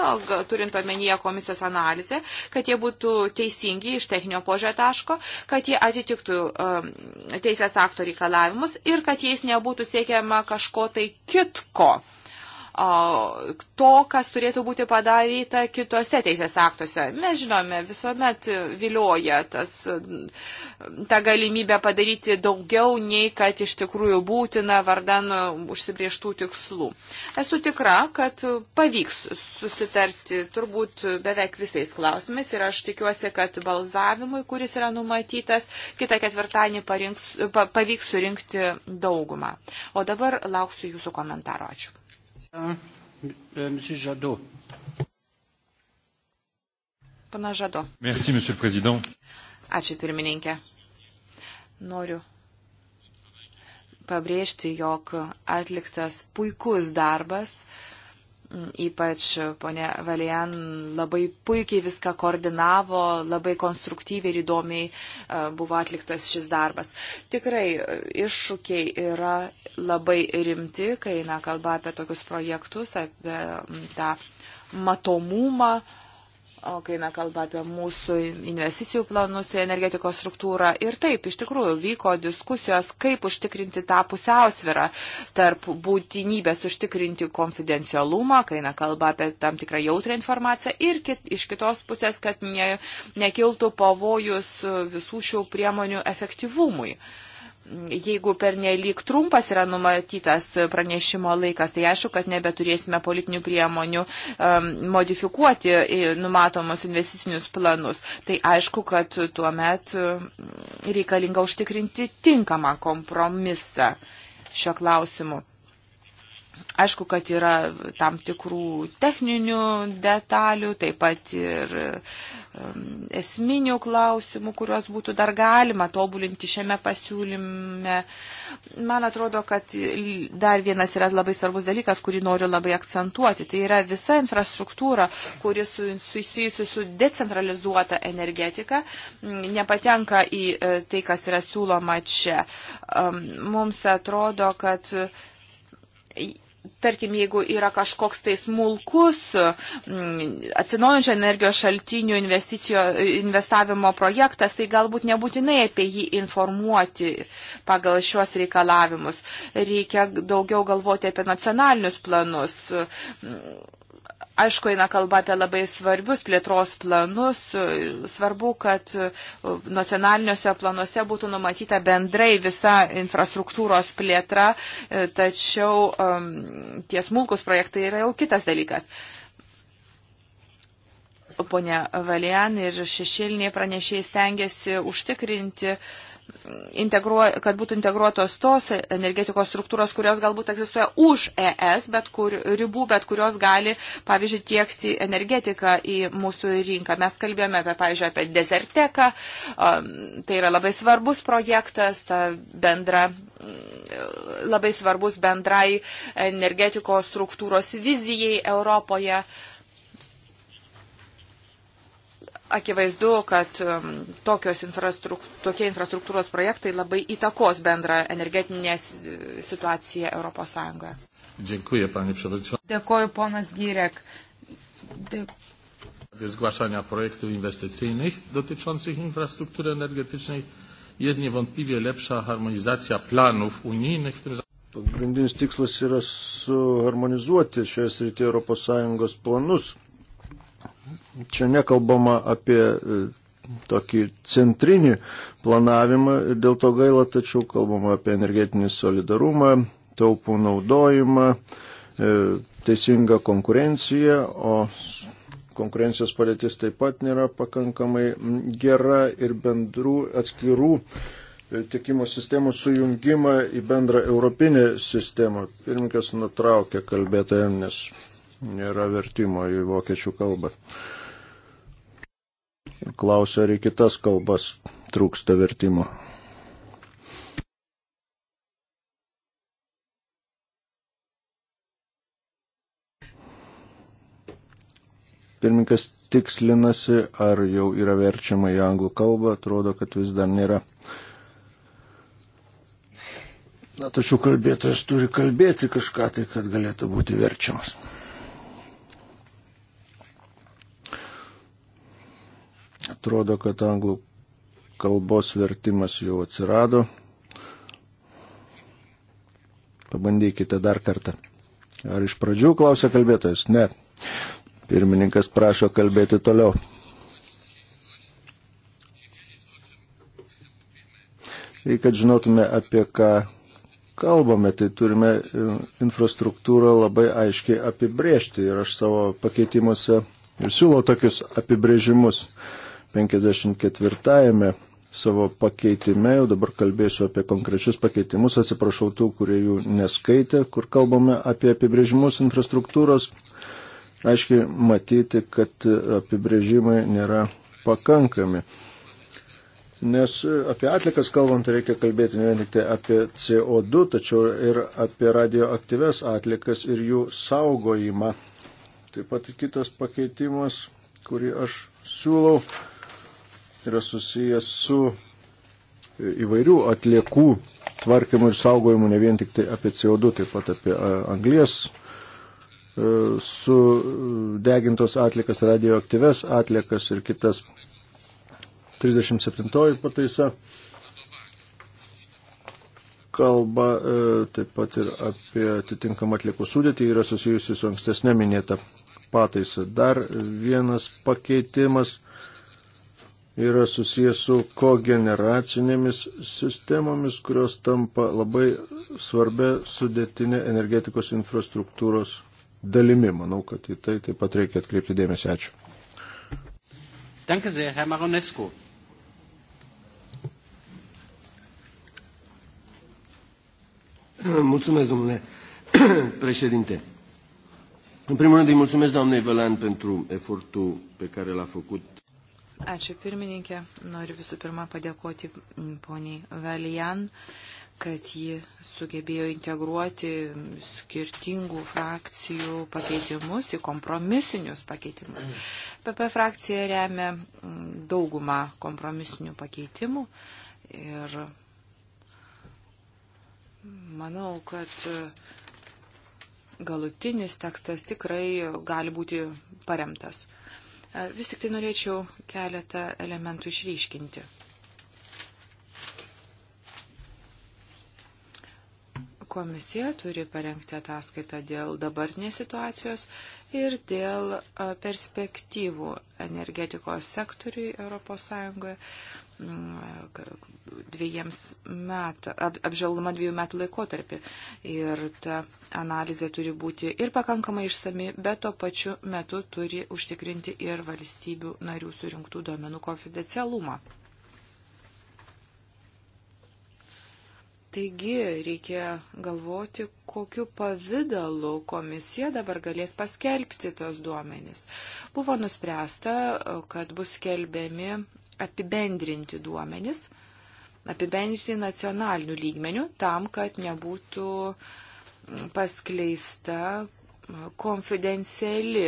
turint omenyje komisijos analizę, kad jie būtų teisingi iš techninio požiūrio taško, kad jie atitiktų um, teisės aktą akto reikalavimus ir kad jais nebūtų siekiama kažko tai kitko to, kas turėtų būti padaryta kitose teisės aktuose. Mes žinome, visuomet vilioja tas, ta galimybė padaryti daugiau, nei kad iš tikrųjų būtina vardan užsibrieštų tikslų. Esu tikra, kad pavyks susitarti turbūt beveik visais klausimais ir aš tikiuosi, kad balzavimui, kuris yra numatytas, kitą ketvirtadienį parinks, pa, pavyks surinkti daugumą. O dabar lauksiu jūsų komentaro. Ačiū. Euh, Pana Žado. Merci, monsieur le président. Ačiū pirmininkė. Noriu pabrėžti, jog atliktas puikus darbas uh, Ypač ponė Valian labai puikiai viską koordinavo, labai konstruktyviai ir įdomiai e, buvo atliktas šis darbas. Tikrai e, iššūkiai yra labai rimti, kai eina kalba apie tokius projektus, apie tą matomumą, uh, O kai eina kalba apie mūsų investicijų planus į energetikos struktūrą. Ir taip, iš tikrųjų, vyko diskusijos, kaip užtikrinti tą pusiausvirą tarp būtinybės užtikrinti konfidencialumą, kai eina kalba apie tam tikrą jautrę informaciją ir kit, iš kitos pusės, kad ne, nekiltų pavojus visų šių priemonių efektyvumui. Uh, jeigu per nelik trumpas yra numatytas pranešimo laikas, tai aišku, kad nebeturėsime politinių priemonių um, modifikuoti e, numatomus investicinius planus. Tai aišku, kad tuo met mm, reikalinga užtikrinti tinkamą kompromisą šio klausimu. Aišku, kad yra tam tikrų techninių detalių, taip pat ir uh, Um, esminių klausimų, kuriuos būtų dar galima tobulinti šiame pasiūlyme. Man atrodo, kad dar vienas yra labai svarbus dalykas, kurį noriu labai akcentuoti. Tai yra visa infrastruktūra, kuri susijusi su decentralizuota energetika, nepatenka į e, tai, kas yra siūloma čia. Um, mums atrodo, kad tarkim, jeigu yra kažkoks tai smulkus mm, atsinaujančio energijos šaltinių investavimo projektas, tai galbūt nebūtinai apie jį informuoti pagal šios reikalavimus. Reikia daugiau galvoti apie nacionalinius planus mm, Aišku, eina kalba apie labai svarbius plėtros planus. Svarbu, kad e, nacionaliniuose planuose būtų numatyta bendrai visa infrastruktūros plėtra, e, tačiau tie smulkus projektai yra jau kitas dalykas. Pone Valian ir šešėliniai pranešiai stengiasi užtikrinti uh, integruo, kad būtų integruotos tos energetikos struktūros, kurios galbūt egzistuoja už ES, bet kur ribų, bet kurios gali, pavyzdžiui, tiekti energetiką į mūsų rinką. Mes kalbėjome apie, pavyzdžiui, apie deserteką, um, tai yra labai svarbus projektas, ta bendra labai svarbus bendrai energetikos struktūros vizijai Europoje. Uh, akivaizdu, kad um, tokios infrastruktūros, tokie infrastruktūros projektai labai įtakos bendrą energetinę situaciją Europos Sąjungoje. Dziękuję, panie przewodniczący. Dėkoju, ponas Girek. Dėkoju zgłaszania projektów inwestycyjnych dotyczących infrastruktury energetycznej jest niewątpliwie lepsza harmonizacja planów unijnych w tym Pagrindinis tikslas yra suharmonizuoti šioje srityje ES planus Čia nekalbama apie e, tokį centrinį planavimą ir dėl to gaila, tačiau kalbama apie energetinį solidarumą, taupų naudojimą, e, teisingą konkurenciją, o konkurencijos padėtis taip pat nėra pakankamai gera ir bendrų atskirų e, tiekimo sistemų sujungimą į bendrą europinę sistemą. Pirmininkas nutraukė kalbėtoją, nes nėra vertimo į vokiečių kalbą. Ir klausia, ar į kitas kalbas trūksta vertimo. Pirmininkas tikslinasi, ar jau yra verčiama į anglų kalbą, atrodo, kad vis dar nėra. Na, tačiau kalbėtojas turi kalbėti kažką tai, kad galėtų būti verčiamas. Atrodo, kad anglų kalbos vertimas jau atsirado. Pabandykite dar kartą. Ar iš pradžių klausia kalbėtojas? Ne. Pirmininkas prašo kalbėti toliau. Ir kad žinotume, apie ką kalbame, tai turime e, infrastruktūrą labai aiškiai apibrėžti. Ir aš savo pakeitimuose ir siūlau tokius apibrėžimus. Uh, 54 savo pakeitime, jau dabar kalbėsiu apie konkrečius pakeitimus, atsiprašau tų, kurie jų neskaitė, kur kalbame apie apibrėžimus infrastruktūros. Aiškiai matyti, kad apibrėžimai nėra pakankami. Nes apie atlikas kalbant reikia kalbėti ne tik tai apie CO2, tačiau ir apie radioaktyves atlikas ir jų saugojimą. Taip pat kitas pakeitimas, kurį aš siūlau, yra susijęs su įvairių atliekų tvarkymu ir saugojimu, ne vien tik tai apie CO2, taip pat apie anglies e, sudegintos atlikas, radioaktyves atlikas ir kitas. 37 pataisa kalba e, taip pat ir apie atitinkamą atliekų sudėtį yra susijusi su ankstesnė minėta pataisa. Dar vienas pakeitimas yra susijęs su kogeneracinėmis sistemomis, kurios tampa labai svarbia sudėtinė energetikos infrastruktūros dalimi. Manau, kad į tai taip pat reikia atkreipti dėmesį. Ačiū. Danke sehr, Herr Maronescu. Mulțumesc, domnule președinte. În primul rând îi mulțumesc doamnei Vălan pentru efortul pe care l-a făcut Ačiū pirmininkė. Noriu visų pirma padėkoti poniai Valijan kad ji sugebėjo integruoti skirtingų frakcijų pakeitimus į kompromisinius pakeitimus. PP mhm. frakcija remia daugumą kompromisinių pakeitimų ir manau, kad galutinis tekstas tikrai gali būti paremtas. Vis tik tai norėčiau keletą elementų išryškinti. Komisija turi parengti ataskaitą dėl dabartinės situacijos ir dėl perspektyvų energetikos sektoriui ES dviejiems metų, ap, apžvelgdama dviejų metų laikotarpį. Ir ta analizė turi būti ir pakankamai išsami, bet tuo pačiu metu turi užtikrinti ir valstybių narių surinktų duomenų konfidencialumą. Taigi reikia galvoti, kokiu pavydalu komisija dabar galės paskelbti tos duomenys. Buvo nuspręsta, kad bus skelbiami apibendrinti duomenis, apibendrinti nacionalinių lygmenių tam, kad nebūtų mm, paskleista mm, konfidenciali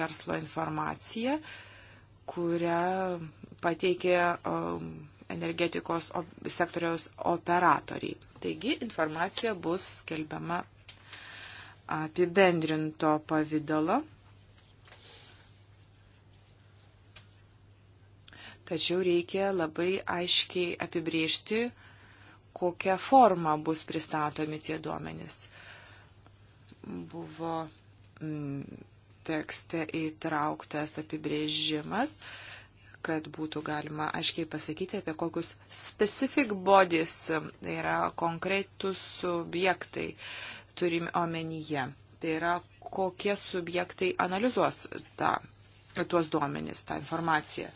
verslo informacija, kurią pateikė energetikos sektoriaus operatoriai. Taigi informacija bus skelbiama apibendrinto pavydalo Tačiau reikia labai aiškiai apibriežti, kokią formą bus pristatomi tie duomenys. Buvo mm, tekste įtrauktas apibrėžimas, kad būtų galima aiškiai pasakyti, apie kokius specific bodies tai yra konkretus subjektai turim omenyje. Tai yra, kokie subjektai analizuos tą, tuos duomenys, tą informaciją.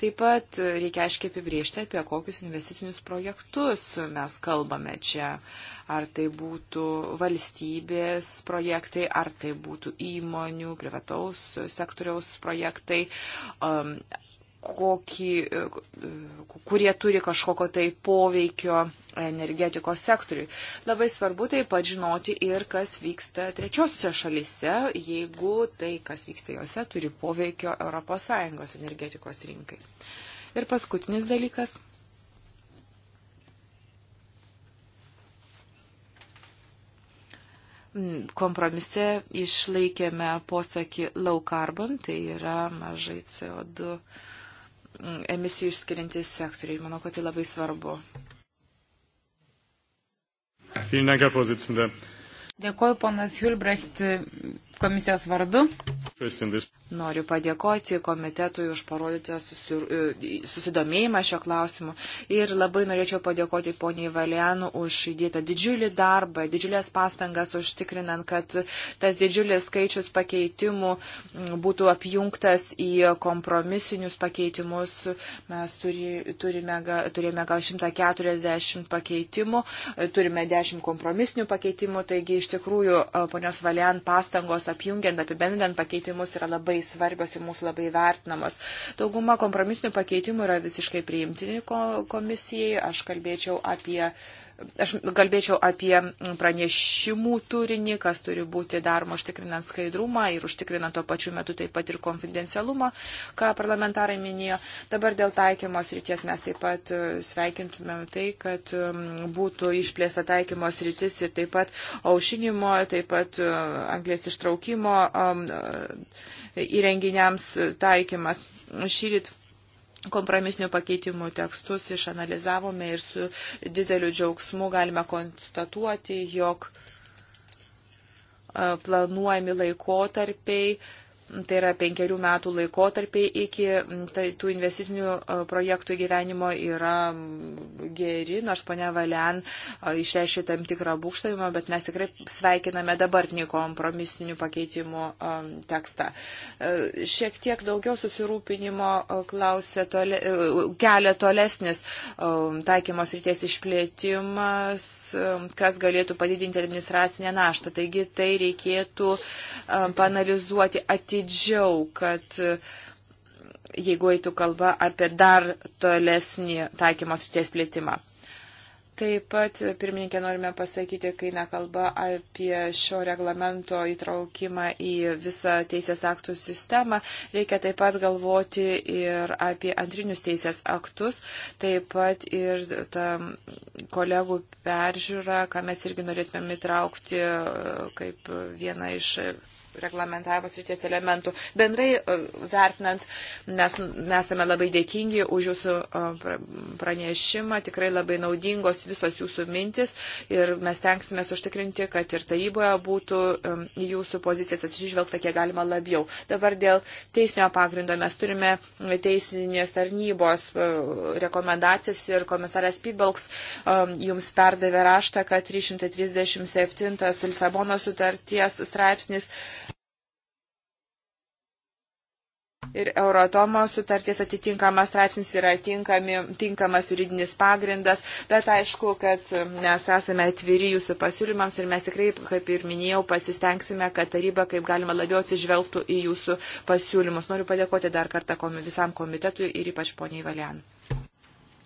Taip pat reikia aiškiai apibriežti, apie kokius investicinius projektus mes kalbame čia. Ar tai būtų valstybės projektai, ar tai būtų įmonių, privataus sektoriaus projektai, um, kokį, kurie turi kažkokio tai poveikio energetikos sektoriui. Labai svarbu taip pat žinoti ir, kas vyksta trečiosiuose šalise, jeigu tai, kas vyksta juose, turi poveikio ES energetikos rinkai. Ir paskutinis dalykas. Kompromise išlaikėme posakį low carbon, tai yra mažai CO2 emisijų išskiriantys sektoriai. Manau, kad tai labai svarbu. Dėkuoju, ponas Hilbrecht komisijos vardu. Noriu padėkoti komitetui už parodytą e, susidomėjimą šio klausimu ir labai norėčiau padėkoti poniai Valianų už įdėtą didžiulį darbą, didžiulės pastangas užtikrinant, kad tas didžiulis skaičius pakeitimų būtų apjungtas į kompromisinius pakeitimus. Mes turi, turime, turime gal 140 pakeitimų, turime 10 kompromisinių pakeitimų, taigi iš tikrųjų e, ponios Valian pastangos apjungiant, apibendrinant pakeitimus yra labai svarbios ir mūsų labai vertinamos. Dauguma kompromisinių pakeitimų yra visiškai priimtini komisijai. Aš kalbėčiau apie Aš kalbėčiau apie pranešimų turinį, kas turi būti daroma užtikrinant skaidrumą ir užtikrinant tuo pačiu metu taip pat ir konfidencialumą, ką parlamentarai minėjo. Dabar dėl taikymos ryties mes taip pat e, sveikintumėm tai, kad būtų išplėsta taikymos rytis ir taip pat aušinimo, taip pat e, anglės ištraukimo e, įrenginiams taikymas. Šyrit kompromisinių pakeitimų tekstus išanalizavome ir su dideliu džiaugsmu galime konstatuoti, jog e, planuojami laikotarpiai tai yra penkerių metų laikotarpiai iki tai, tų investicinių e, projektų gyvenimo yra geri, nors ponia Valian e, išreiškė tam tikrą būkštavimą, bet mes tikrai sveikiname dabartinį kompromisinių pakeitimų e, tekstą. Šiek tiek daugiau susirūpinimo klausė tole, kelia tolesnis taikymos ryties išplėtimas, kas galėtų padidinti administracinę naštą. Taigi tai reikėtų panalizuoti ateityje atidžiau, kad e, jeigu eitų kalba apie dar tolesnį taikymos ryties plėtimą. Taip pat, e, pirmininkė, norime pasakyti, kai nekalba apie šio reglamento įtraukimą į visą teisės aktų sistemą, reikia taip pat galvoti ir apie antrinius teisės aktus, taip pat ir tą kolegų peržiūrą, ką mes irgi norėtume įtraukti e, kaip vieną iš reglamentavimo srities elementų. Bendrai e, vertinant, mes esame labai dėkingi už jūsų e, pranešimą, tikrai labai naudingos visos jūsų mintis ir mes tenksime užtikrinti, kad ir taryboje būtų e, jūsų pozicijas atsižvelgta kiek galima labiau. Dabar dėl teisinio pagrindo mes turime teisinės tarnybos rekomendacijas ir komisarės Pibalks jums perdavė raštą, kad 337 Lisabono sutarties straipsnis ir Euratomo sutarties atitinkamas straipsnis yra tinkami, tinkamas juridinis pagrindas, bet aišku, kad mes esame atviri jūsų pasiūlymams ir mes tikrai, kaip ir minėjau, pasistengsime, kad taryba kaip galima labiau atsižvelgtų į jūsų pasiūlymus. Noriu padėkoti dar kartą komi, visam komitetui ir ypač poniai Valian.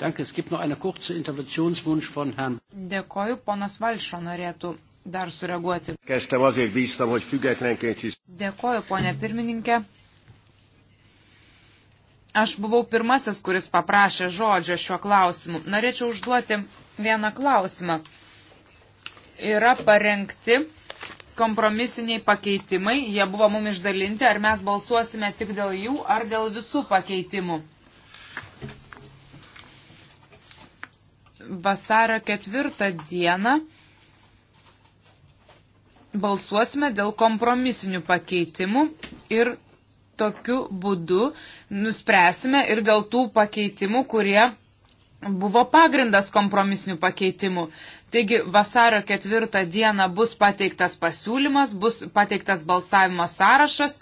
Danke, es gibt noch eine kurze Interventionswunsch von Herrn. Dėkoju, ponas Valšo norėtų dar sureaguoti. Dėkoju, ponė pirmininkė. Aš buvau pirmasis, kuris paprašė žodžio šiuo klausimu. Norėčiau užduoti vieną klausimą. Yra parengti kompromisiniai pakeitimai, jie buvo mum išdalinti, ar mes balsuosime tik dėl jų, ar dėl visų pakeitimų. Vasario ketvirtą dieną balsuosime dėl kompromisinių pakeitimų ir tokiu būdu nuspręsime ir dėl tų pakeitimų, kurie buvo pagrindas kompromisinių pakeitimų. Taigi vasario ketvirtą dieną bus pateiktas pasiūlymas, bus pateiktas balsavimo sąrašas.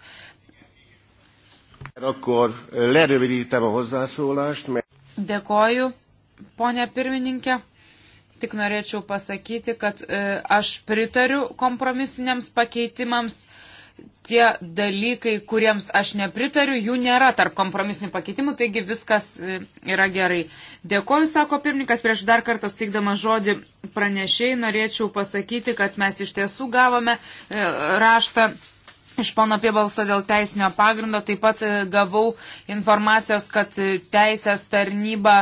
Dėkoju, ponė pirmininkė. Tik norėčiau pasakyti, kad e, aš pritariu kompromisiniams pakeitimams tie dalykai, kuriems aš nepritariu, jų nėra tarp kompromisinių pakeitimų, taigi viskas e, yra gerai. Dėkoju, sako pirmininkas, prieš dar kartą sutikdama žodį pranešiai, norėčiau pasakyti, kad mes iš tiesų gavome e, raštą. Iš pono piebalso dėl teisinio pagrindo taip pat e, gavau informacijos, kad teisės tarnyba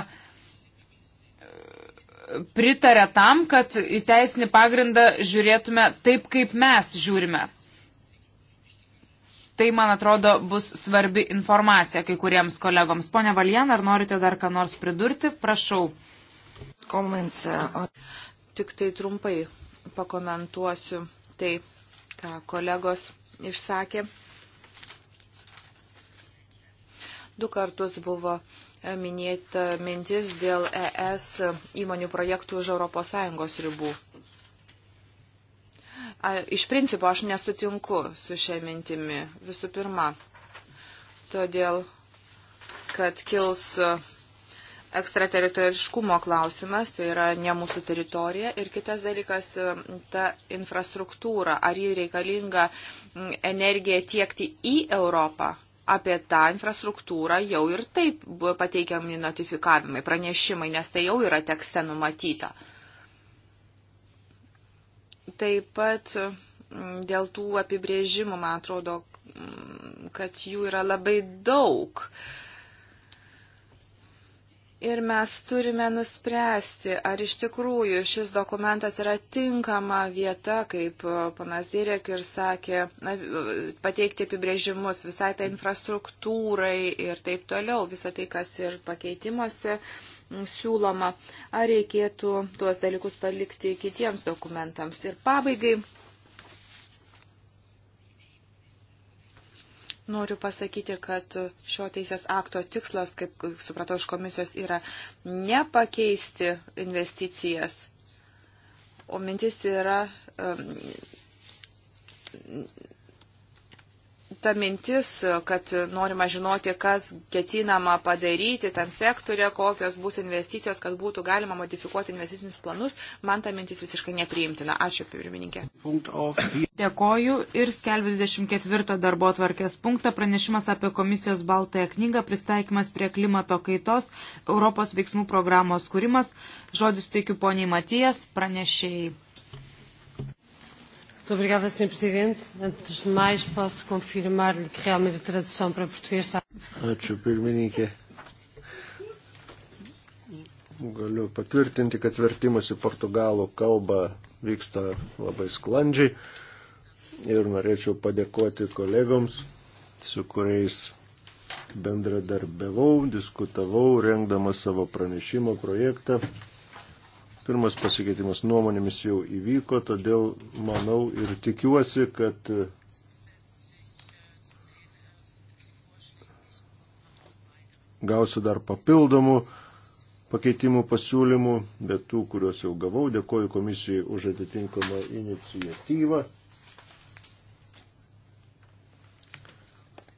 pritarė tam, kad į teisinį pagrindą žiūrėtume taip, kaip mes žiūrime tai, man atrodo, bus svarbi informacija kai kuriems kolegoms. Pone Valjan, ar norite dar ką nors pridurti? Prašau. Uh, Tik tai trumpai pakomentuosiu tai, ką kolegos išsakė. Du kartus buvo minėta mintis dėl ES įmonių projektų už ES ribų. Iš principo aš nesutinku su šia mintimi visų pirma, todėl, kad kils e, ekstrateritoriškumo klausimas, tai yra ne mūsų teritorija. Ir kitas dalykas, e, ta infrastruktūra, ar jį reikalinga energiją tiekti į Europą. Apie tą infrastruktūrą jau ir taip buvo pateikiami notifikavimai, pranešimai, nes tai jau yra tekste numatyta. Taip pat mm, dėl tų apibrėžimų, man atrodo, mm, kad jų yra labai daug. Ir mes turime nuspręsti, ar iš tikrųjų šis dokumentas yra tinkama vieta, kaip e, panas Direk ir sakė, na, pateikti apibrėžimus visai tai infrastruktūrai ir taip toliau, visą tai, kas ir pakeitimuose uh, siūloma, ar reikėtų tuos dalykus palikti kitiems dokumentams. Ir pabaigai Noriu pasakyti, kad šio teisės akto tikslas, kaip supratau iš komisijos, yra nepakeisti investicijas. O mintis yra um, ta mintis, kad norima žinoti, kas ketinama padaryti tam sektorė, kokios bus investicijos, kad būtų galima modifikuoti investicinius planus, man ta mintis visiškai nepriimtina. Ačiū, pirmininkė. Dėkoju ir skelbiu 24 darbo tvarkės punktą pranešimas apie komisijos baltąją knygą pristaikymas prie klimato kaitos, Europos veiksmų programos kūrimas. Žodis teikiu poniai Matijas, pranešėjai. Muito obrigada, Sr. Presidente. Antes de mais, posso confirmar-lhe que realmente a tradução para português está. Ačiū, pirmininkė. Galiu patvirtinti, kad vertimas į portugalų kalbą vyksta labai sklandžiai ir norėčiau padėkoti kolegoms, su kuriais bendradarbiavau, diskutavau, rengdama savo pranešimo projektą. Pirmas pasikeitimas nuomonėmis jau įvyko, todėl manau ir tikiuosi, kad e, gausiu dar papildomų pakeitimų pasiūlymų, bet tų, kuriuos jau gavau, dėkoju komisijai už atitinkamą iniciatyvą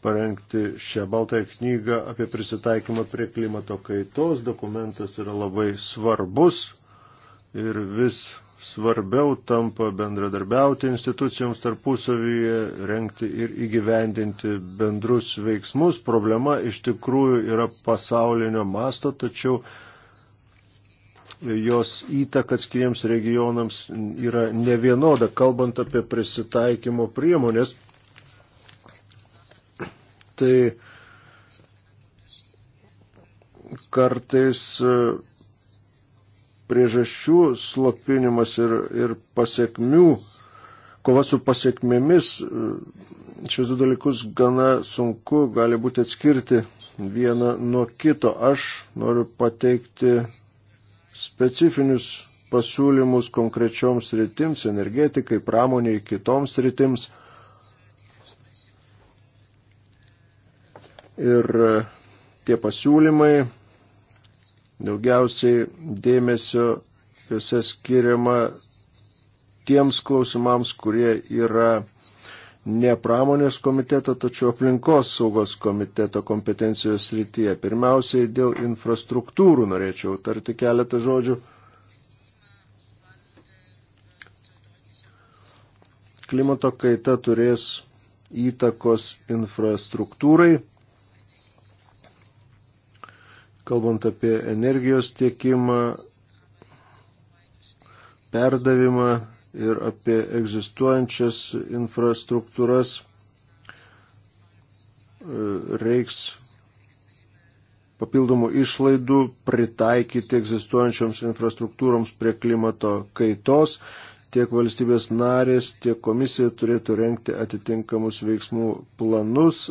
parengti šią baltąją knygą apie prisitaikymą prie klimato kaitos. Dokumentas yra labai svarbus, ir vis svarbiau tampa bendradarbiauti institucijoms tarpusavyje, renkti ir įgyvendinti bendrus veiksmus. Problema iš tikrųjų yra pasaulinio masto, tačiau jos įtaka atskiriems regionams yra nevienoda, kalbant apie prisitaikymo priemonės. Tai kartais priežasčių slopinimas ir, ir pasiekmių, kova su pasiekmėmis, šios du dalykus gana sunku gali būti atskirti vieną nuo kito. Aš noriu pateikti specifinius pasiūlymus konkrečioms rytims, energetikai, pramoniai, kitoms rytims. Ir tie pasiūlymai Daugiausiai dėmesio juose skiriama tiems klausimams, kurie yra ne pramonės komiteto, tačiau aplinkos saugos komiteto kompetencijos srityje. Pirmiausiai dėl infrastruktūrų norėčiau tarti keletą žodžių. Klimato kaita turės įtakos infrastruktūrai kalbant apie energijos tiekimą, perdavimą ir apie egzistuojančias infrastruktūras e, reiks papildomų išlaidų pritaikyti egzistuojančioms infrastruktūroms prie klimato kaitos. Tiek valstybės narės, tiek komisija turėtų renkti atitinkamus veiksmų planus,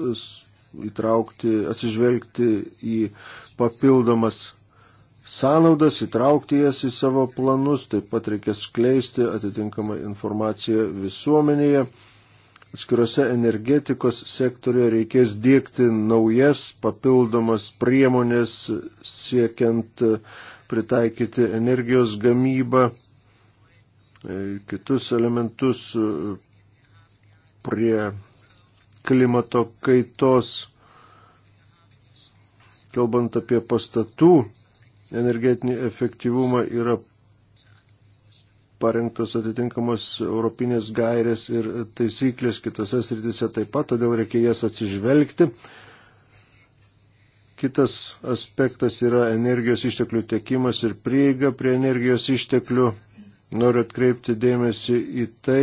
įtraukti, atsižvelgti į papildomas sąnaudas, įtraukti jas į savo planus, taip pat reikės skleisti atitinkamą informaciją visuomenėje. Atskiruose energetikos sektorio reikės dėkti naujas papildomas priemonės siekiant pritaikyti energijos gamybą, kitus elementus prie klimato kaitos, kalbant apie pastatų energetinį efektyvumą, yra parengtos atitinkamos europinės gairės ir taisyklės kitose srityse taip pat, todėl reikia jas atsižvelgti. Kitas aspektas yra energijos išteklių tiekimas ir prieiga prie energijos išteklių. Noriu atkreipti dėmesį į tai,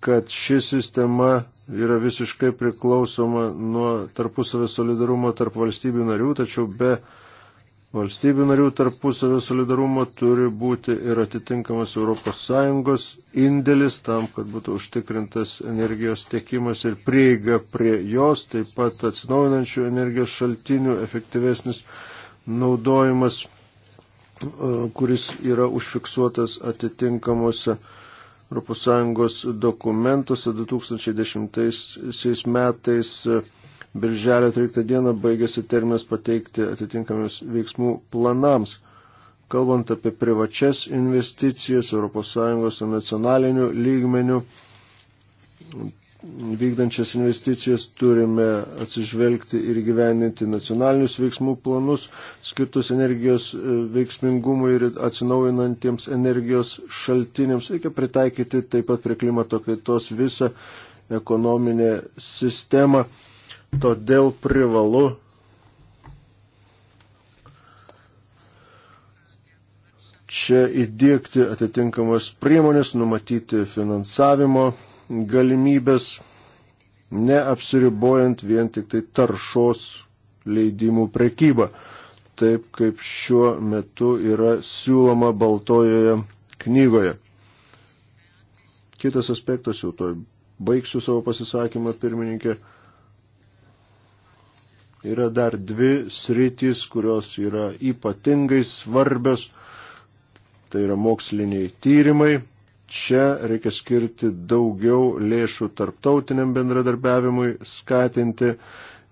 kad ši sistema yra visiškai priklausoma nuo tarpusavio solidarumo tarp valstybių narių, tačiau be valstybių narių tarpusavio solidarumo turi būti ir atitinkamas ES indėlis tam, kad būtų užtikrintas energijos tiekimas ir prieiga prie jos, taip pat atsinaujinančių energijos šaltinių efektyvesnis naudojimas, e, kuris yra užfiksuotas atitinkamuose ES dokumentuose 2010 metais e, Birželio 13 dieną baigėsi terminas pateikti atitinkamus veiksmų planams. Kalbant apie privačias investicijas ES nacionalinių lygmenių, vykdančias investicijas turime atsižvelgti ir gyveninti nacionalinius veiksmų planus, skirtus energijos e, veiksmingumui ir atsinaujinantiems energijos šaltiniams. Reikia pritaikyti taip pat prie klimato kaitos visą ekonominę sistemą. Todėl privalu čia įdėkti atitinkamas priemonės, numatyti finansavimo galimybės, neapsiribojant vien tik tai taršos leidimų prekybą, taip kaip šiuo metu yra siūloma baltojoje knygoje. Kitas aspektas, jau toj baigsiu savo pasisakymą, pirmininkė, yra dar dvi sritys, kurios yra ypatingai svarbios. Tai yra moksliniai tyrimai čia reikia skirti daugiau lėšų tarptautiniam bendradarbiavimui skatinti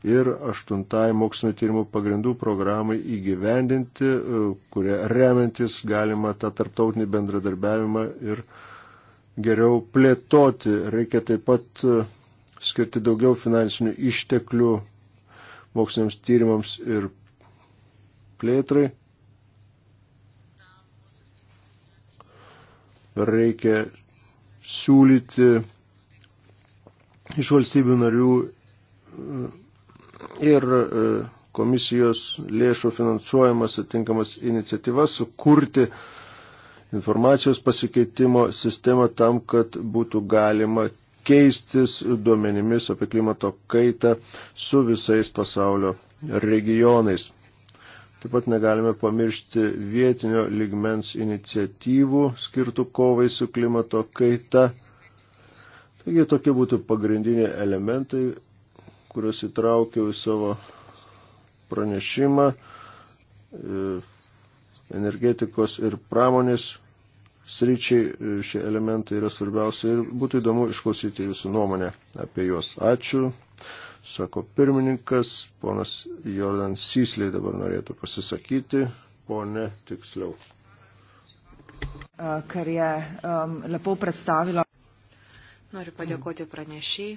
ir aštuntai mokslinio tyrimų pagrindų programai įgyvendinti, e, kurie remiantis galima tą tarptautinį bendradarbiavimą ir geriau plėtoti. Reikia taip pat e, skirti daugiau finansinių išteklių moksliniams tyrimams ir plėtrai. reikia siūlyti iš valstybių narių e, ir e, komisijos lėšų finansuojamas atinkamas iniciatyvas sukurti informacijos pasikeitimo sistemą tam, kad būtų galima keistis duomenimis apie klimato kaitą su visais pasaulio regionais. Taip pat negalime pamiršti vietinio ligmens iniciatyvų skirtų kovai su klimato kaita. Taigi tokie būtų pagrindiniai elementai, kuriuos įtraukiau į savo pranešimą e, energetikos ir pramonės sryčiai e, šie elementai yra svarbiausia ir būtų įdomu išklausyti jūsų nuomonę apie juos. Ačiū sako pirmininkas, ponas Jordan Sysliai dabar norėtų pasisakyti, ponė tiksliau. Kar je um, lepo predstavila. Noriu padėkoti pranešiai.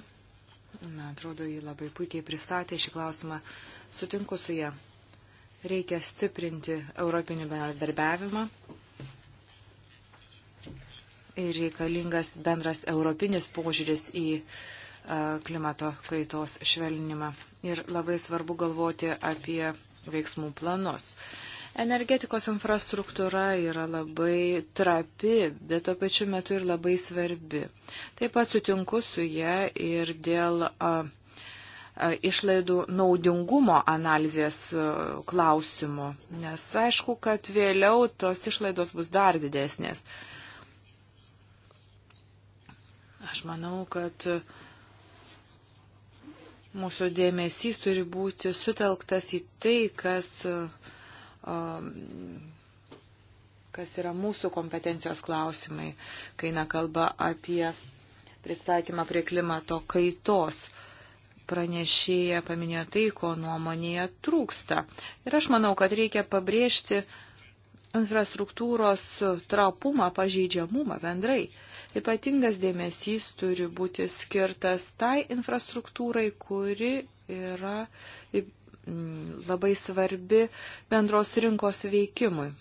Man atrodo, jį labai puikiai pristatė šį klausimą. Sutinku su ją. Reikia stiprinti europinį bendradarbiavimą ir reikalingas bendras europinis požiūris į uh, klimato kaitos švelninimą. Ir labai svarbu galvoti apie veiksmų planus. Energetikos infrastruktūra yra labai trapi, bet tuo pačiu metu ir labai svarbi. Taip pat sutinku su ją ir dėl a, a, išlaidų naudingumo analizės a, klausimų, nes aišku, kad vėliau tos išlaidos bus dar didesnės. Aš manau, kad a, Mūsų dėmesys turi būti sutelktas į tai, kas, um, kas yra mūsų kompetencijos klausimai, kai nekalba apie pristatymą prie klimato kaitos pranešėja paminėjo tai, ko nuomonėje trūksta. Ir aš manau, kad reikia pabrėžti infrastruktūros trapumą, pažeidžiamumą bendrai. Ypatingas dėmesys turi būti skirtas tai infrastruktūrai, kuri yra labai svarbi bendros rinkos veikimui.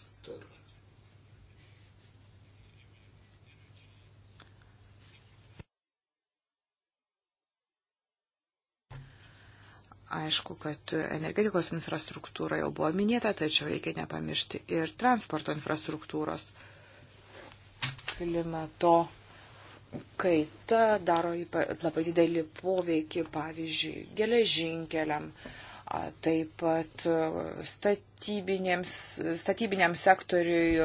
Aišku, kad energetikos infrastruktūra jau buvo minėta, tačiau reikia nepamiršti ir transporto infrastruktūros. Klimato kaita daro labai didelį poveikį, pavyzdžiui, geležinkeliam, taip pat stat statybiniam sektoriui,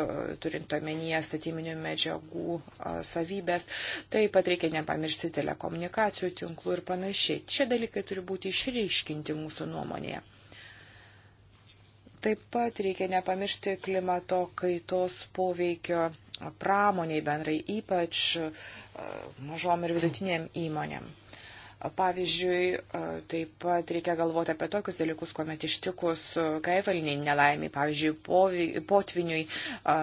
turint omenyje statybinių medžiagų savybės. Taip pat reikia nepamiršti telekomunikacijų tinklų ir panašiai. Šie dalykai turi būti išryškinti mūsų nuomonėje. Taip pat reikia nepamiršti klimato kaitos poveikio pramoniai bendrai, ypač mažom ir vidutiniam įmonėm. Pavyzdžiui, e, taip pat reikia galvoti apie tokius dalykus, kuomet ištikus gaivaliniai e, nelaimiai, pavyzdžiui, potviniui e,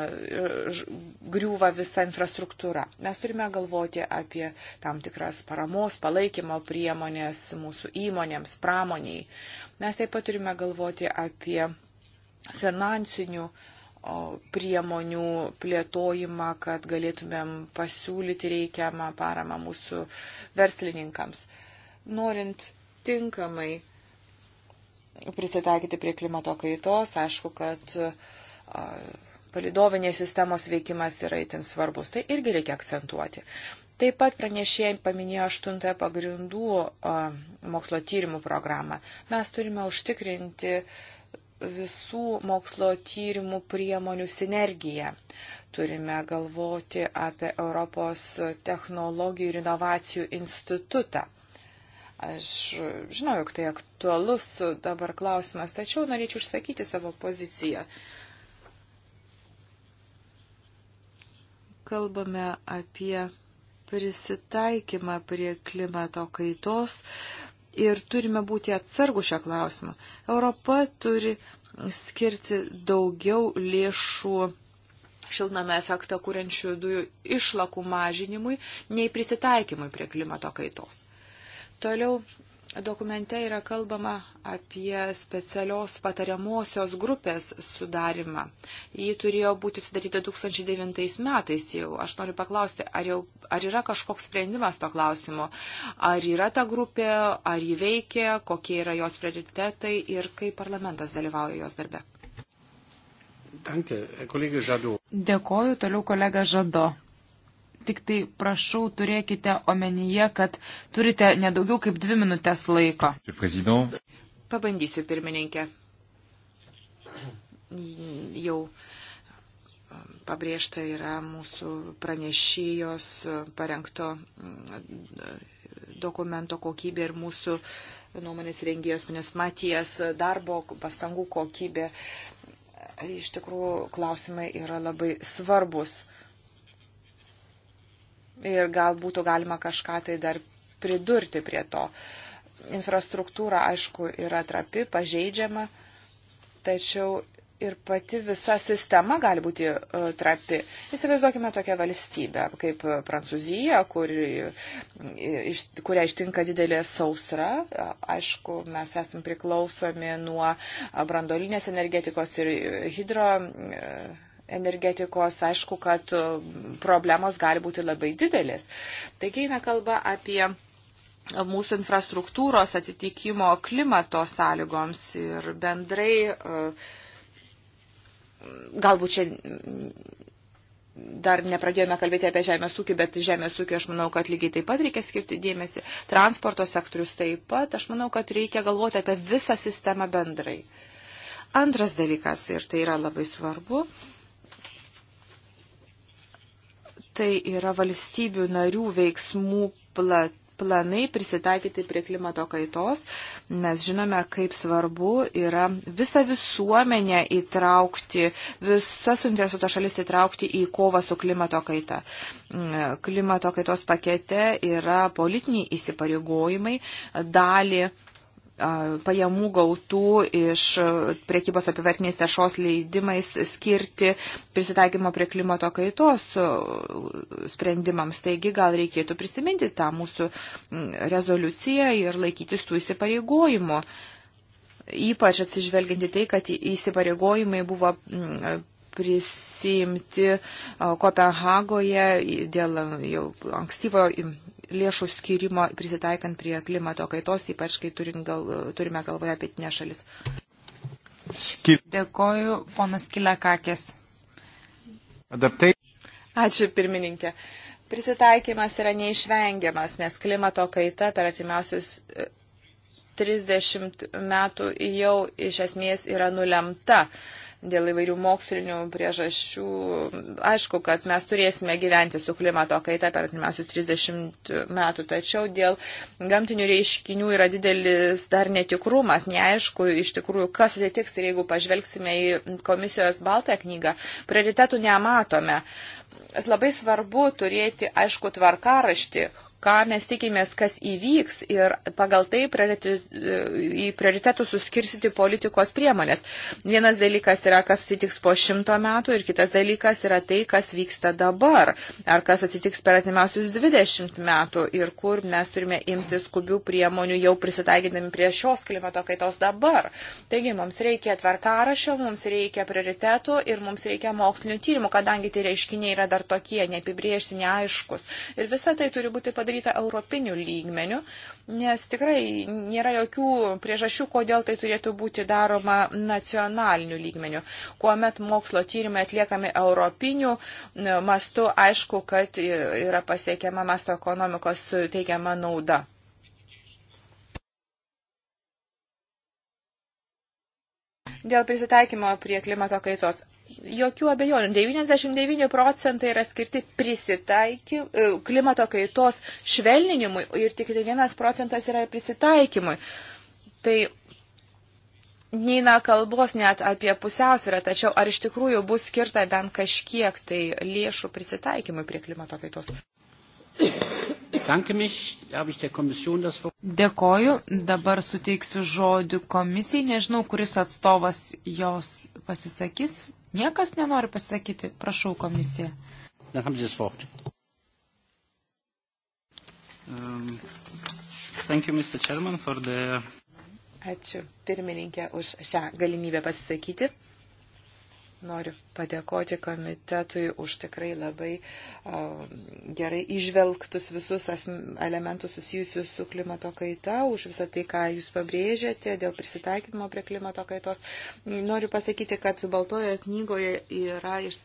griūva visa infrastruktūra. Mes turime galvoti apie tam tikras paramos, palaikymo priemonės mūsų įmonėms, pramoniai. Mes taip pat turime galvoti apie finansinių priemonių plėtojimą, kad galėtumėm pasiūlyti reikiamą paramą mūsų verslininkams norint tinkamai prisitaikyti prie klimato kaitos, aišku, kad palidovinės sistemos veikimas yra itin svarbus. Tai irgi reikia akcentuoti. Taip pat pranešėjai paminėjo aštuntąją pagrindų mokslo tyrimų programą. Mes turime užtikrinti visų mokslo tyrimų priemonių sinergiją. Turime galvoti apie Europos technologijų ir inovacijų institutą. Aš žinau, jog tai aktualus dabar klausimas, tačiau norėčiau išsakyti savo poziciją. Kalbame apie prisitaikymą prie klimato kaitos ir turime būti atsargų šią klausimą. Europa turi skirti daugiau lėšų šiltnamą efektą kūrenčių dujų išlakų mažinimui nei prisitaikymui prie klimato kaitos. Toliau dokumente yra kalbama apie specialios patariamosios grupės sudarimą. Ji turėjo būti sudaryta 2009 metais jau. Aš noriu paklausti, ar, jau, ar yra kažkoks sprendimas to klausimo, ar yra ta grupė, ar ji veikia, kokie yra jos prioritetai ir kaip parlamentas dalyvauja jos darbe. Dėkoju, toliau kolega Žado. Tik tai prašau, turėkite omenyje, kad turite nedaugiau kaip dvi minutės laiko. Pabandysiu, pirmininkė. Jau pabrėžta yra mūsų pranešėjos parengto dokumento kokybė ir mūsų nuomonės rengėjos, nes Matijas darbo pastangų kokybė. Iš tikrųjų, klausimai yra labai svarbus ir gal būtų galima kažką tai dar pridurti prie to. Infrastruktūra, aišku, yra trapi, pažeidžiama, tačiau ir pati visa sistema gali būti e, trapi. Įsivaizduokime tokią valstybę kaip e, Prancūzija, kur, e, iš, kuria ištinka didelė sausra. Aišku, mes esam priklausomi nuo brandolinės energetikos ir hidro energetikos, aišku, kad e, problemos gali būti labai didelės. Taigi eina kalba apie mūsų infrastruktūros atitikimo klimato sąlygoms ir bendrai e, galbūt čia dar nepradėjome kalbėti apie žemės ūkį, bet žemės ūkį aš manau, kad lygiai taip pat reikia skirti dėmesį. Transporto sektorius taip pat, aš manau, kad reikia galvoti apie visą sistemą bendrai. Antras dalykas, ir tai yra labai svarbu, uh, tai yra valstybių narių veiksmų plat planai prisitaikyti prie klimato kaitos. Mes žinome, kaip svarbu yra visą visuomenę įtraukti, visas suinteresuotas šalis įtraukti į kovą su klimato kaita. Mm, klimato kaitos pakete yra politiniai įsipareigojimai, dalį pajamų gautų iš priekybos apivartiniais tešos leidimais skirti prisitaikymo prie klimato kaitos sprendimams. Taigi gal reikėtų prisiminti tą mūsų rezoliuciją ir laikytis tų įsipareigojimų. Ypač atsižvelginti tai, kad įsipareigojimai buvo prisimti Kopenhagoje dėl jau ankstyvo lėšų skirimo prisitaikant prie klimato kaitos, ypač kai turim gal, turime galvoje pietinę šalis. Skil... Dėkoju, ponas Kilekakės. Adaptai. Ačiū, pirmininkė. Prisitaikymas yra neišvengiamas, nes klimato kaita per atimiausius 30 e, metų jau iš esmės yra nulemta dėl įvairių mokslinių priežasčių. Aišku, kad mes turėsime gyventi su klimato kaita per atimiausius 30 metų, tačiau dėl gamtinių reiškinių yra didelis dar netikrumas, neaišku iš tikrųjų, kas atsitiks ir jeigu pažvelgsime į komisijos baltą knygą, prioritetų nematome. Labai svarbu turėti, aišku, tvarkaraštį, ką mes tikimės, kas įvyks ir pagal tai priorite, į prioritetus suskirsyti politikos priemonės. Vienas dalykas yra, kas atsitiks po šimto metų ir kitas dalykas yra tai, kas vyksta dabar, ar kas atsitiks per atimiausius 20 metų ir kur mes turime imti skubių priemonių jau prisitaikydami prie šios klimato kaitos dabar. Taigi mums reikia tvarkarašio, mums reikia prioritetų ir mums reikia mokslinių tyrimų, kadangi tai reiškiniai yra dar tokie neapibriežti, neaiškus. Ir visa tai turi būti padaryta padaryta europiniu lygmeniu, nes tikrai nėra jokių priežasčių, kodėl tai turėtų būti daroma nacionaliniu lygmeniu. Kuomet mokslo tyrimai atliekami europiniu e, mastu, aišku, kad yra pasiekiama masto ekonomikos teigiama nauda. Dėl prisitaikymo prie klimato kaitos jokių abejonių. 99 procentai yra skirti prisitaiky, e, klimato kaitos švelninimui ir tik 1 tai procentas yra prisitaikymui. Tai neina kalbos net apie pusiausvyrą, tačiau ar iš tikrųjų bus skirta bent kažkiek tai lėšų prisitaikymui prie klimato kaitos? Dėkoju, dabar suteiksiu žodį komisijai, nežinau, kuris atstovas jos pasisakys. Niekas nenori pasakyti, prašau komisiją. Um, you, the... Ačiū pirmininkė už šią galimybę pasisakyti. Noriu padėkoti komitetui už tikrai labai uh, gerai išvelgtus visus elementus susijusius su klimato kaita, už visą tai, ką jūs pabrėžėte dėl prisitaikymo prie klimato kaitos. Noriu pasakyti, kad Baltojoje knygoje yra iš,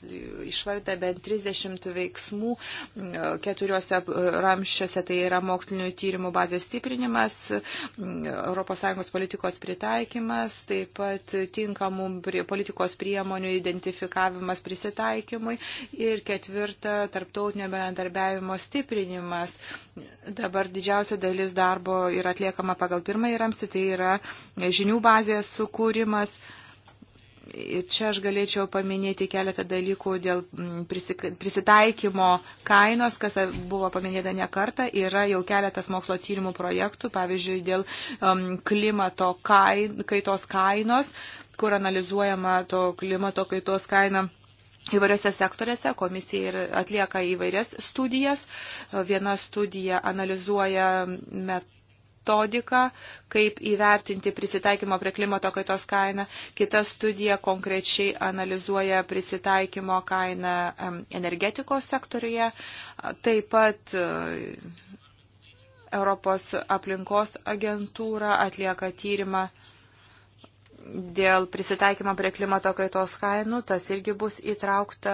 išvarta bent 30 veiksmų keturiuose ramščiuose, tai yra mokslinių tyrimų bazės stiprinimas, ES politikos pritaikymas, taip pat tinkamų politikos priemonių identifikavimas adaptavimas prisitaikymui ir ketvirta tarptautinio bendradarbiavimo stiprinimas. Dabar didžiausia dalis darbo yra atliekama pagal pirmąjį ramstį, tai yra žinių bazės sukūrimas. Ir čia aš galėčiau paminėti keletą dalykų dėl mm, prisitaikymo kainos, kas buvo paminėta ne kartą. Yra jau keletas mokslo tyrimų projektų, pavyzdžiui, dėl mm, klimato kaitos kainos. kainos kur analizuojama to klimato kaitos kaina įvairiose sektoriuose, komisija ir atlieka įvairias studijas. Viena studija analizuoja met metodiką, kaip įvertinti prisitaikymo prie klimato kaitos kainą. Kita studija konkrečiai analizuoja prisitaikymo kainą energetikos sektoriuje. Taip pat Europos aplinkos agentūra atlieka tyrimą dėl prisitaikymo prie klimato kaitos kainų, tas irgi bus įtraukta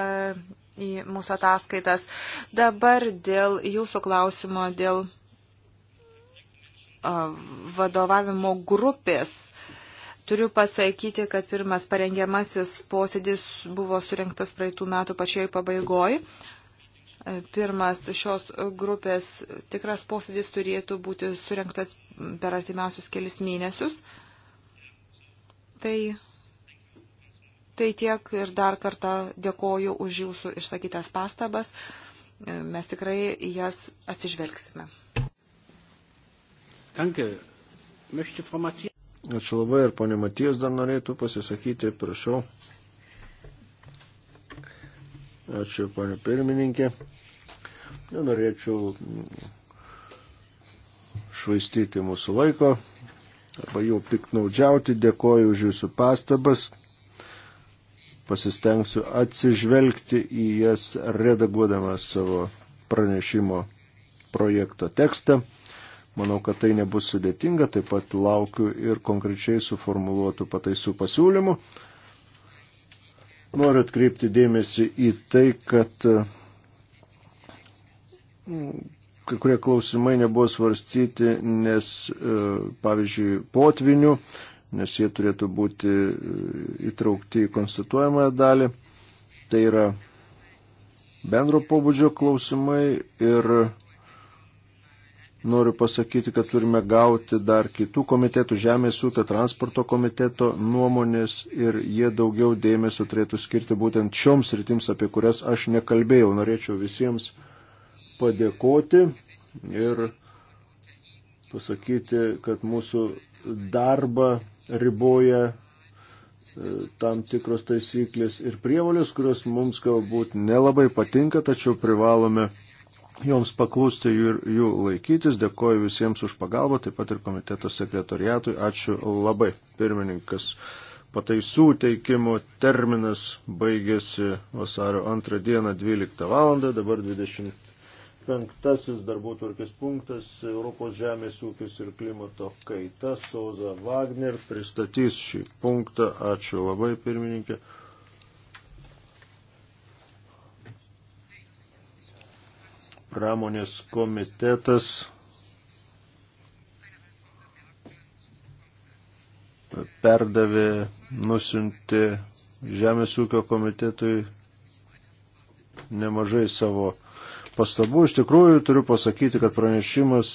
į mūsų ataskaitas. Dabar dėl jūsų klausimo, dėl vadovavimo grupės. Turiu pasakyti, kad pirmas parengiamasis posėdis buvo surinktas praeitų metų pačioj pabaigoj. Pirmas šios grupės tikras posėdis turėtų būti surinktas per artimiausius kelis mėnesius. Uh, Tai, tai tiek ir dar kartą dėkoju už jūsų išsakytas pastabas. Mes tikrai jas atsižvelgsime. Danke. Möchte Frau Matthias. Ačiū labai ir ponė Matijas dar norėtų pasisakyti, prašau. Ačiū ponė pirmininkė. Nenorėčiau švaistyti mūsų laiko arba jau piknaudžiauti. Dėkoju už jūsų pastabas. Pasistengsiu atsižvelgti į jas, redaguodamas savo pranešimo projekto tekstą. Manau, kad tai nebus sudėtinga, taip pat laukiu ir konkrečiai suformuluotų pataisų pasiūlymų. Noriu atkreipti dėmesį į tai, kad mm, kai kurie klausimai nebuvo svarstyti, nes, e, pavyzdžiui, potvinių, nes jie turėtų būti e, įtraukti į konstatuojamąją dalį. Tai yra bendro pobūdžio klausimai ir noriu pasakyti, kad turime gauti dar kitų komitetų, Žemės ūkio transporto komiteto nuomonės ir jie daugiau dėmesio turėtų skirti būtent šioms rytims, apie kurias aš nekalbėjau. Norėčiau visiems padėkoti ir pasakyti, kad mūsų darbą riboja e, tam tikros taisyklės ir prievalės, kurios mums galbūt nelabai patinka, tačiau privalome joms paklusti ir jų laikytis. Dėkoju visiems už pagalbą, taip pat ir komiteto sekretoriatui. Ačiū labai. Pirmininkas pataisų teikimo terminas baigėsi vasario 2 dieną 12 val. dabar 20. Penktasis darbų tvarkės punktas - Europos žemės ūkis ir klimato kaita. Sauza Wagner pristatys šį punktą. Ačiū labai, pirmininkė. Pramonės komitetas perdavė, nusinti Žemės ūkio komitetui nemažai savo pastabų. Iš tikrųjų turiu pasakyti, kad pranešimas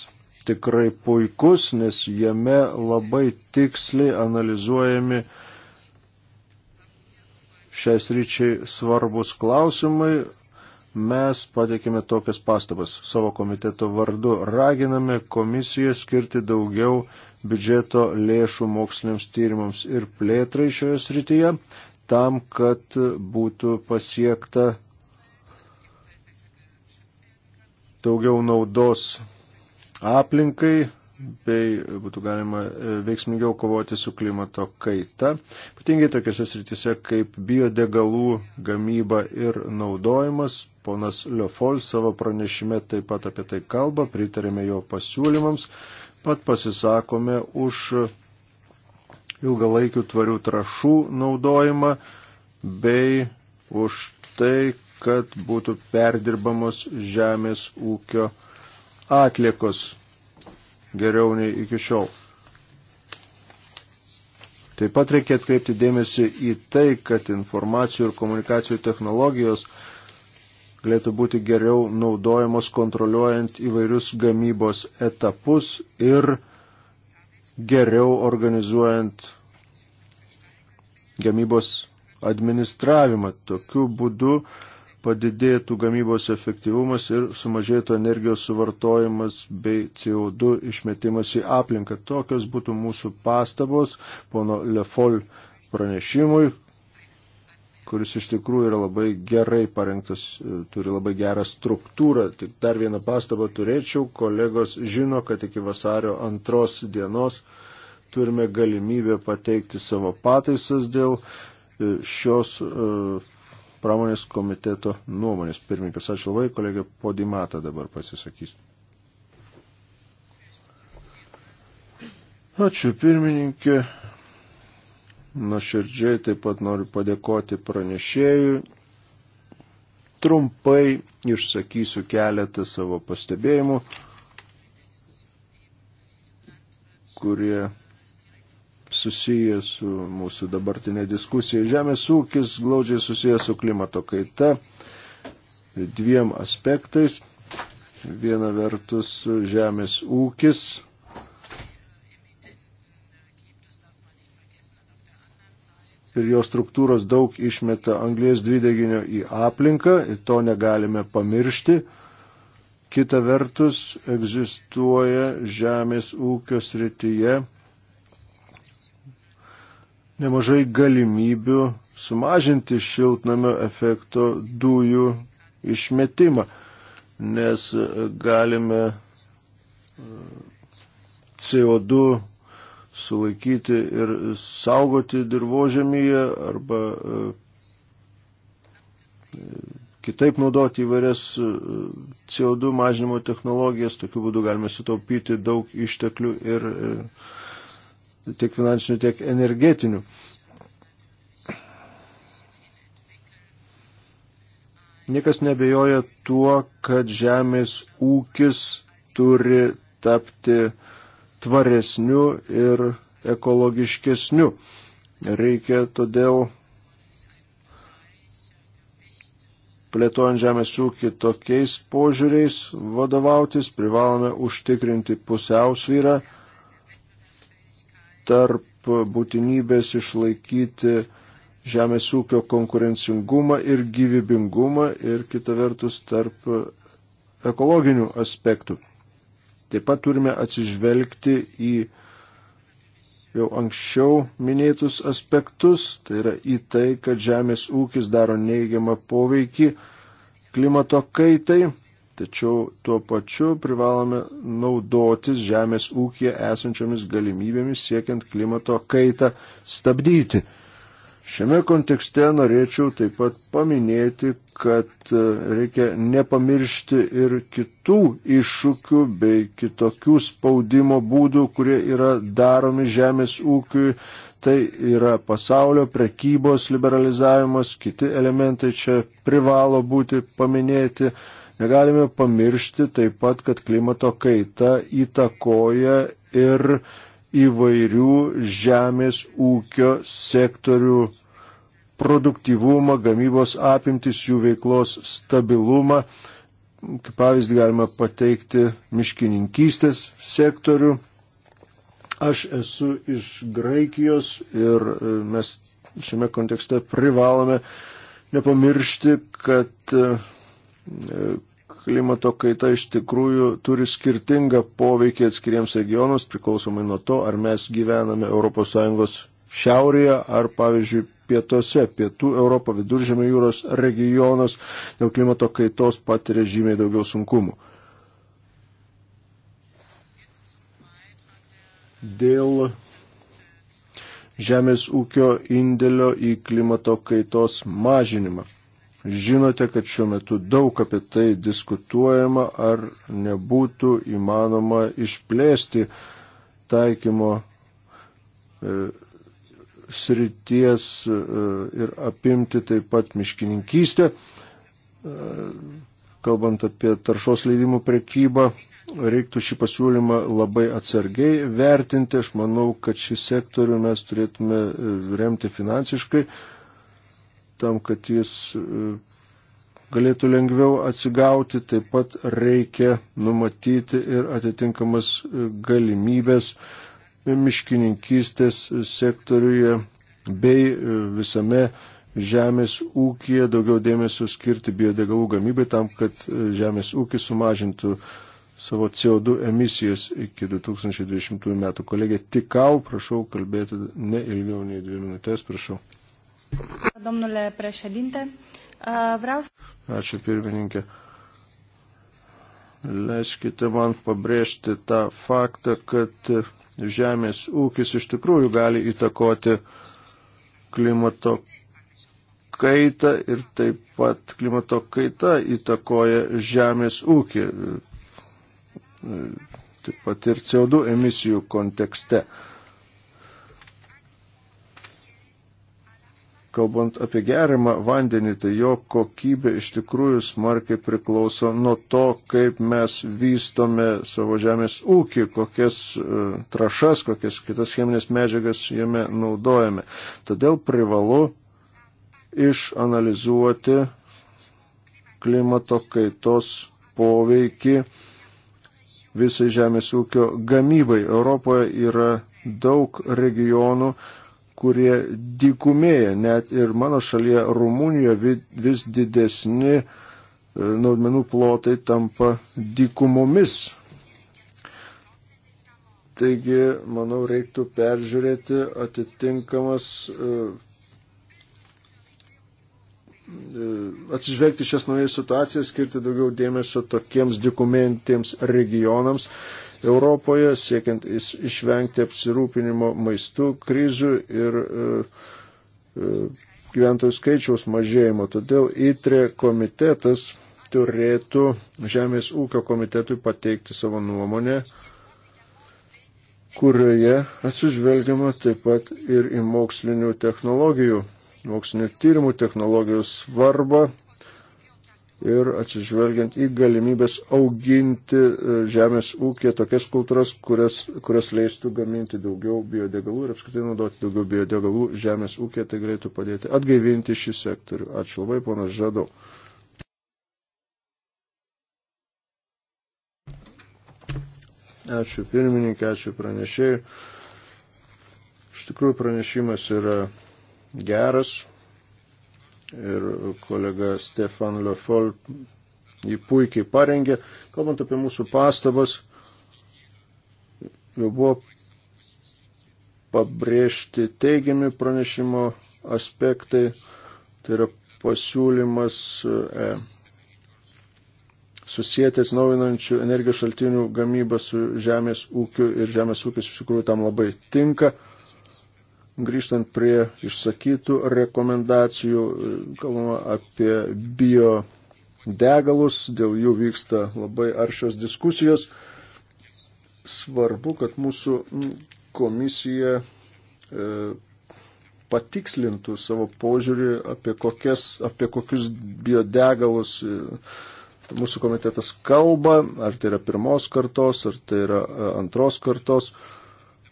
tikrai puikus, nes jame labai tiksliai analizuojami šiais ryčiai svarbus klausimai. Mes pateikėme tokias pastabas savo komiteto vardu. Raginame komisiją skirti daugiau biudžeto lėšų moksliniams tyrimams ir plėtrai šioje srityje, tam, kad būtų pasiekta daugiau naudos aplinkai bei būtų galima e, veiksmingiau kovoti su klimato kaita, ypatingai tokiuose srityse kaip biodegalų gamyba ir naudojimas. Ponas Liofol savo pranešime taip pat apie tai kalba, pritarėme jo pasiūlymams, pat pasisakome už ilgalaikių tvarių trašų naudojimą bei už tai, kad būtų perdirbamos žemės ūkio atliekos geriau nei iki šiol. Taip pat reikia atkreipti dėmesį į tai, kad informacijų ir komunikacijų technologijos galėtų būti geriau naudojamos kontroliuojant įvairius gamybos etapus ir geriau organizuojant gamybos administravimą. Tokiu būdu padidėtų gamybos efektyvumas ir sumažėtų energijos suvartojimas bei CO2 išmetimas į aplinką. Tokios būtų mūsų pastabos pono Lefol pranešimui, kuris iš tikrųjų yra labai gerai parengtas, e, turi labai gerą struktūrą. Tik dar vieną pastabą turėčiau. Kolegos žino, kad iki vasario antros dienos turime galimybę pateikti savo pataisas dėl e, šios uh, pramonės komiteto nuomonės. Pirmininkas, ačiū labai, kolegė Podimata dabar pasisakys. Ačiū pirmininkė. Nuoširdžiai taip pat noriu padėkoti pranešėjui. Trumpai išsakysiu keletą savo pastebėjimų, kurie susijęs su mūsų dabartinė diskusija. Žemės ūkis glaudžiai susijęs su klimato kaita dviem aspektais. Viena vertus žemės ūkis ir jo struktūros daug išmeta anglės dvideginio į aplinką, ir to negalime pamiršti. Kita vertus, egzistuoja žemės ūkio srityje nemažai galimybių sumažinti šiltnamio efekto dujų išmetimą, nes e, galime e, CO2 sulaikyti ir saugoti dirbožemyje arba e, kitaip naudoti įvairias CO2 mažinimo technologijas, tokiu būdu galime sutaupyti daug išteklių ir tiek finansinių, tiek energetinių. Niekas nebejoja tuo, kad žemės ūkis turi tapti tvaresniu ir ekologiškesniu. Reikia todėl plėtojant žemės ūkį tokiais požiūriais vadovautis, privalome užtikrinti pusiausvyrą tarp būtinybės išlaikyti žemės ūkio konkurencingumą ir gyvybingumą ir kita vertus tarp ekologinių aspektų. Taip pat turime atsižvelgti į jau anksčiau minėtus aspektus, tai yra į tai, kad žemės ūkis daro neigiamą poveikį klimato kaitai Tačiau tuo pačiu privalome naudotis žemės ūkija esančiomis galimybėmis siekiant klimato kaitą stabdyti. Šiame kontekste norėčiau taip pat paminėti, kad e, reikia nepamiršti ir kitų iššūkių bei kitokių spaudimo būdų, kurie yra daromi žemės ūkiui. Tai yra pasaulio prekybos liberalizavimas, kiti elementai čia privalo būti paminėti Negalime pamiršti taip pat, kad klimato kaita įtakoja ir įvairių žemės ūkio sektorių produktyvumą, gamybos apimtis, jų veiklos stabilumą. Kaip pavyzdį galima pateikti miškininkystės sektorių. Aš esu iš Graikijos ir e, mes šiame kontekste privalome nepamiršti, kad e, klimato kaita iš tikrųjų turi skirtingą poveikį atskiriems regionams, priklausomai nuo to, ar mes gyvename ES šiaurėje ar, pavyzdžiui, pietuose, pietų Europo viduržėmio jūros regionas dėl klimato kaitos patiria žymiai daugiau sunkumų. Dėl žemės ūkio indėlio į klimato kaitos mažinimą. Žinote, kad šiuo metu daug apie tai diskutuojama, ar nebūtų įmanoma išplėsti taikymo e, srities e, ir apimti taip pat miškininkystę, e, kalbant apie taršos leidimų prekybą, reiktų šį pasiūlymą labai atsargiai vertinti. Aš manau, kad šį sektorių mes turėtume remti finansiškai tam, kad jis e, galėtų lengviau atsigauti, taip pat reikia numatyti ir atitinkamas e, galimybės miškininkystės sektoriuje bei e, visame žemės ūkija daugiau dėmesio skirti biodegalų gamybai tam, kad žemės ūkis sumažintų savo CO2 emisijas iki 2020 metų. Kolegė Tikau, prašau kalbėti ne ilgiau nei dvi minutės, prašau. Domnule președinte, uh, vreau să... Ačiū pirmininkė. Leiskite man pabrėžti tą faktą, kad žemės ūkis iš tikrųjų gali įtakoti klimato kaitą ir taip pat klimato kaita įtakoja žemės ūkį, e, taip pat ir CO2 emisijų kontekste. kalbant apie gerimą vandenį, tai jo kokybė iš tikrųjų smarkiai priklauso nuo to, kaip mes vystome savo žemės ūkį, kokias e, trašas, kokias kitas cheminės medžiagas jame naudojame. Todėl privalu išanalizuoti klimato kaitos poveikį visai žemės ūkio gamybai. Europoje yra daug regionų, kurie dykumėja, net ir mano šalyje Rumunijoje vis didesni e, naudmenų plotai tampa dykumomis. Taigi, manau, reiktų peržiūrėti atitinkamas, e, e, atsižvelgti šias naujas situacijas, skirti daugiau dėmesio tokiems dykumėjantiems regionams Europoje, siekiant išvengti apsirūpinimo maistų krizių ir e, e, gyventojų skaičiaus mažėjimo. Todėl ITRE komitetas turėtų Žemės ūkio komitetui pateikti savo nuomonę, kurioje atsižvelgiama taip pat ir į mokslinių technologijų, mokslinių tyrimų technologijų svarbą ir atsižvelgiant į galimybės auginti e, žemės ūkė tokias kultūras, kurias, kurias leistų gaminti daugiau biodegalų ir apskritai naudoti daugiau biodegalų žemės ūkė, tai galėtų padėti atgaivinti šį sektorių. Ačiū labai, ponas Žadau. Ačiū pirmininkai, ačiū pranešėjai. Iš tikrųjų pranešimas yra geras, ir kolega Stefan Lefol jį puikiai parengė. Kalbant apie mūsų pastabas, jau buvo pabrėžti teigiami pranešimo aspektai, tai yra pasiūlymas e, susijęs naujinančių energijos šaltinių gamybą su žemės ūkiu ir žemės ūkis iš tikrųjų tam labai tinka. Grįžtant prie išsakytų rekomendacijų, kalbama apie bio degalus, dėl jų vyksta labai aršios diskusijos. Svarbu, kad mūsų komisija e, patikslintų savo požiūrį, apie, kokias, apie kokius biodegalus e, mūsų komitetas kalba, ar tai yra pirmos kartos, ar tai yra e, antros kartos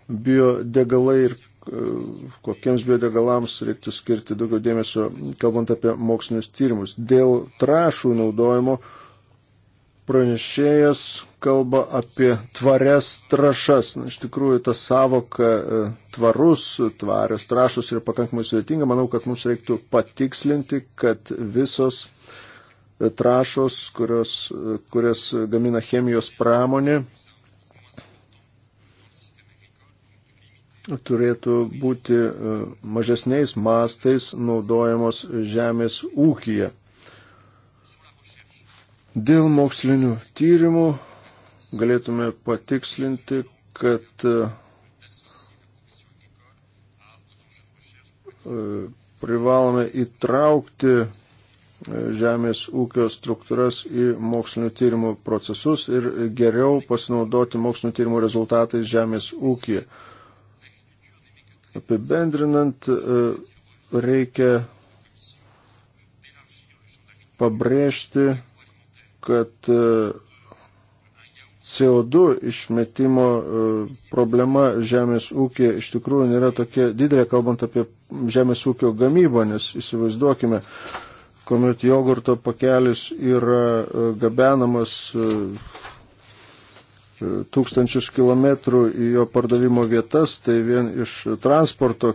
biodegalai ir kokiems biodegalams reiktų skirti daugiau dėmesio, kalbant apie mokslinius tyrimus. Dėl trašų naudojimo pranešėjas kalba apie tvarias trašas. Na, iš tikrųjų, ta savoka e, tvarus, tvarios trašus yra pakankamai sudėtinga. Manau, kad mums reiktų patikslinti, kad visos e, trašos, kurios, e, kurias gamina chemijos pramonė, turėtų būti e, mažesniais mastais naudojamos žemės ūkija. Dėl mokslinių tyrimų galėtume patikslinti, kad e, privalome įtraukti e, žemės ūkio struktūras į mokslinio tyrimų procesus ir geriau pasinaudoti mokslinio tyrimų rezultatais žemės ūkiją. Apibendrinant, e, reikia pabrėžti, kad e, CO2 išmetimo e, problema žemės ūkė iš tikrųjų nėra tokia didelė, kalbant apie žemės ūkio gamybą, nes įsivaizduokime, kuomet jogurto pakelis yra gabenamas tūkstančius kilometrų į jo pardavimo vietas, tai vien iš transporto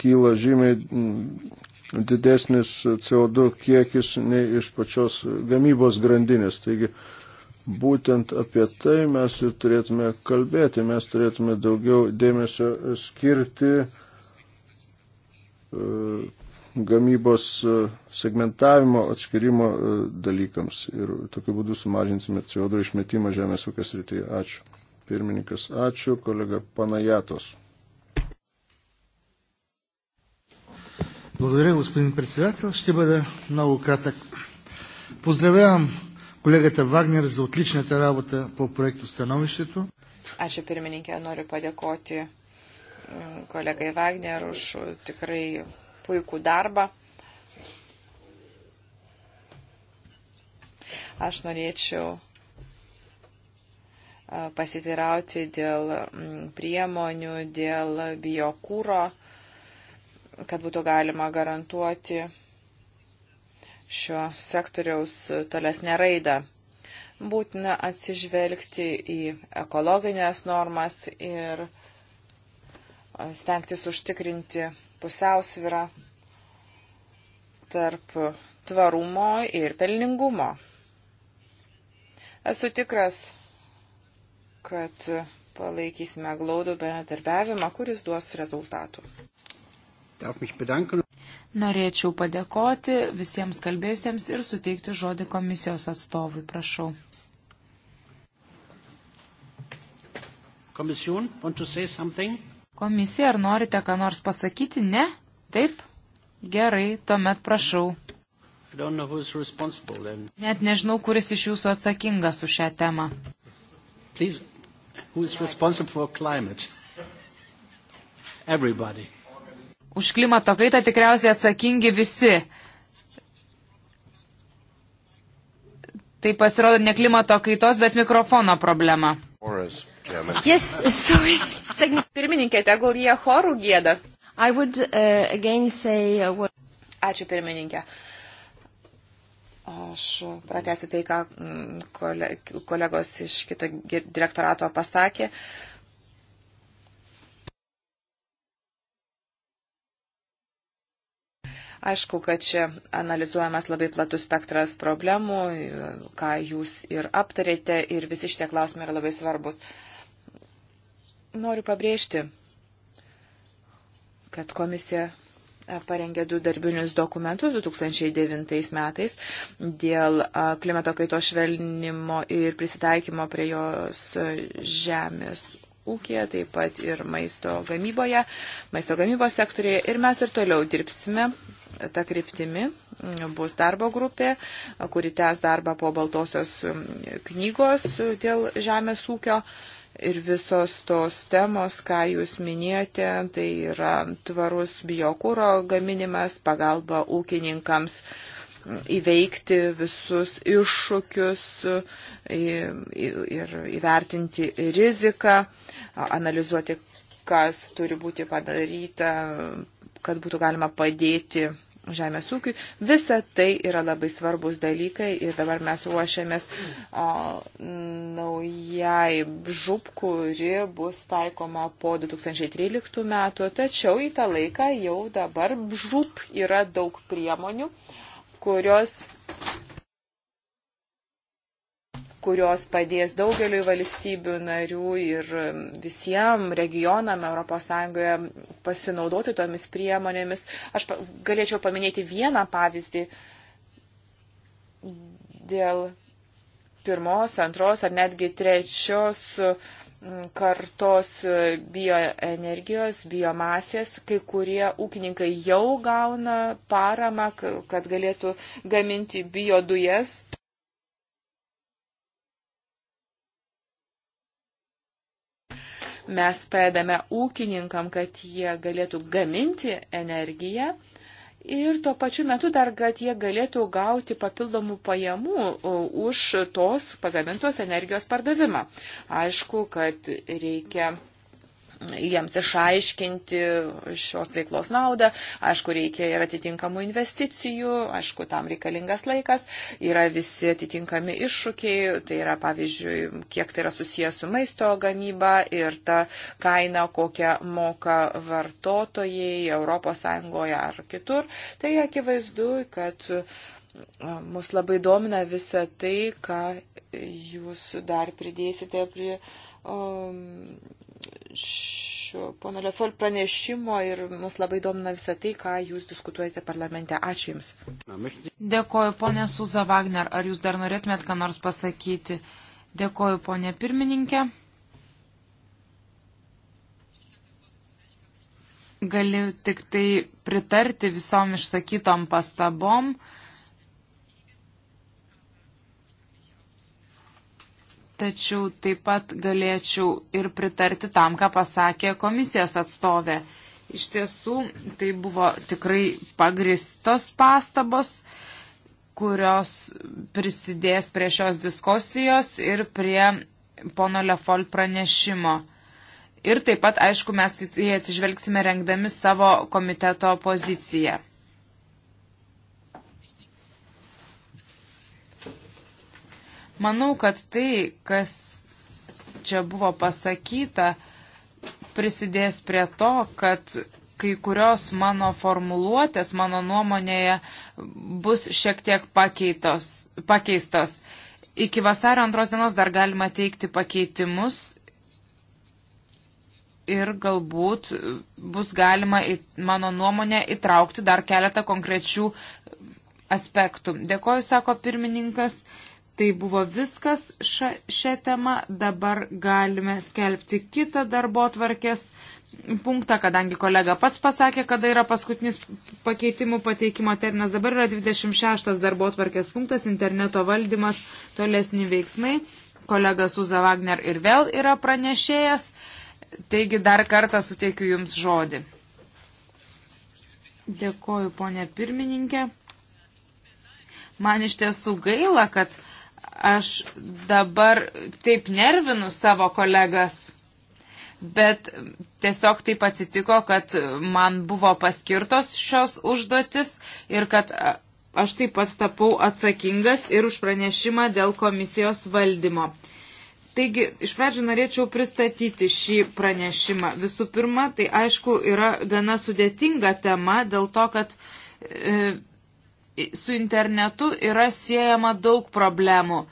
kyla žymiai mm, didesnis CO2 kiekis nei iš pačios gamybos grandinės. Taigi būtent apie tai mes ir turėtume kalbėti, mes turėtume daugiau dėmesio skirti e, gamybos e, segmentavimo atskirimo e, dalykams ir tokiu būdu sumažinsime CO2 išmetimą žemės ūkės rytyje. Ačiū. Pirmininkas, ačiū. Kolega Panajatos. Благодаря, господин председател. Ще бъда много кратък. Поздравявам колегата Вагнер за отличната работа по проекто становището. Ačiū pirmininkė, noriu padėkoti kolegai Wagner už tikrai puikų darbą. Aš norėčiau pasitirauti dėl priemonių, dėl biokūro, kad būtų galima garantuoti šio sektoriaus tolesnę raidą. Būtina atsižvelgti į ekologinės normas ir stengtis užtikrinti pusiausvyrą tarp tvarumo ir pelningumo. Esu tikras, kad palaikysime glaudų bendradarbiavimą, kuris duos rezultatų. Norėčiau padėkoti visiems kalbėjusiems ir suteikti žodį komisijos atstovui. Prašau. Komisijon, want to say something? Komisija, ar norite ką nors pasakyti? Ne? Taip? Gerai, tuomet prašau. Net nežinau, kuris iš jūsų atsakingas už šią temą. Please, už klimato kaitą tikriausiai atsakingi visi. Tai pasirodo ne klimato kaitos, bet mikrofono problema. Oras. Yes, sorry. Pirmininkė, tegul jie chorų gėda. I would uh, again say uh, what... Ačiū pirmininkė. Aš pratęsiu tai, ką mm, kolegos iš kito direktorato pasakė. Aišku, kad čia analizuojamas labai platus spektras problemų, ką jūs ir aptarėte, ir visi šitie klausimai yra labai svarbus. Uh, Noriu pabrėžti, kad komisija parengė du darbinius dokumentus 2009 metais dėl klimato kaito švelnimo ir prisitaikymo prie jos žemės ūkėje, taip pat ir maisto gamyboje, maisto gamybos sektorėje. Ir mes ir toliau dirbsime tą kryptimį. Bus darbo grupė, kuri tęs darbą po Baltosios knygos dėl žemės ūkio ir visos tos temos, ką jūs minėjote, tai yra tvarus biokūro gaminimas, pagalba ūkininkams įveikti visus iššūkius ir įvertinti riziką, analizuoti, kas turi būti padaryta, kad būtų galima padėti žemės ūkiui. Visa tai yra labai svarbus dalykai ir dabar mes ruošiamės o, naujai žup, kuri bus taikoma po 2013 metų. Tačiau į tą laiką jau dabar žup yra daug priemonių, kurios kurios padės daugeliu valstybių narių ir visiems regionam ES pasinaudoti tomis priemonėmis. Aš galėčiau paminėti vieną pavyzdį dėl pirmos, antros ar netgi trečios mm, kartos bioenergijos, biomasės, kai kurie ūkininkai jau gauna paramą, kad galėtų gaminti biodujas Mes padame ūkininkam, kad jie galėtų gaminti energiją ir tuo pačiu metu dar, kad jie galėtų gauti papildomų pajamų už tos pagamintos energijos pardavimą. Aišku, kad reikia jiems išaiškinti šios veiklos naudą. Aišku, reikia ir atitinkamų investicijų, aišku, tam reikalingas laikas, yra visi atitinkami iššūkiai, tai yra, pavyzdžiui, kiek tai yra susijęs su maisto gamyba ir ta kaina, kokią moka vartotojai ES ar kitur. Tai akivaizdu, kad mus labai domina visa tai, ką jūs dar pridėsite prie. Um, šio pono Lefol pranešimo ir mus labai domina visą tai, ką jūs diskutuojate parlamente. Ačiū Jums. Dėkoju, ponė Suza Wagner. Ar Jūs dar norėtumėt ką nors pasakyti? Dėkoju, ponė pirmininkė. Galiu tik tai pritarti visom išsakytom pastabom. tačiau taip pat galėčiau ir pritarti tam, ką pasakė komisijos atstovė. Iš tiesų, tai buvo tikrai pagristos pastabos, kurios prisidės prie šios diskusijos ir prie pono Lefol pranešimo. Ir taip pat, aišku, mes į tai atsižvelgsime rengdami savo komiteto poziciją. Manau, kad tai, kas čia buvo pasakyta, prisidės prie to, kad kai kurios mano formuluotės, mano nuomonėje, bus šiek tiek pakeitos, pakeistos. Iki vasario antros dienos dar galima teikti pakeitimus ir galbūt bus galima, mano nuomonė, įtraukti dar keletą konkrečių aspektų. Dėkoju, sako pirmininkas. Tai buvo viskas ša, šią temą. Dabar galime skelbti kitą darbo tvarkės punktą, kadangi kolega pats pasakė, kada yra paskutinis pakeitimų pateikimo terminas. Dabar yra 26 darbo tvarkės punktas - interneto valdymas, tolesni veiksmai. Kolega Suza Wagner ir vėl yra pranešėjas. Taigi dar kartą suteikiu Jums žodį. Dėkoju, ponė pirmininkė. Man iš tiesų gaila, kad aš dabar taip nervinu savo kolegas, bet tiesiog taip atsitiko, kad man buvo paskirtos šios užduotis ir kad aš taip pat tapau atsakingas ir už pranešimą dėl komisijos valdymo. Taigi, iš pradžių norėčiau pristatyti šį pranešimą. Visų pirma, tai aišku yra gana sudėtinga tema dėl to, kad e, su internetu yra siejama daug problemų.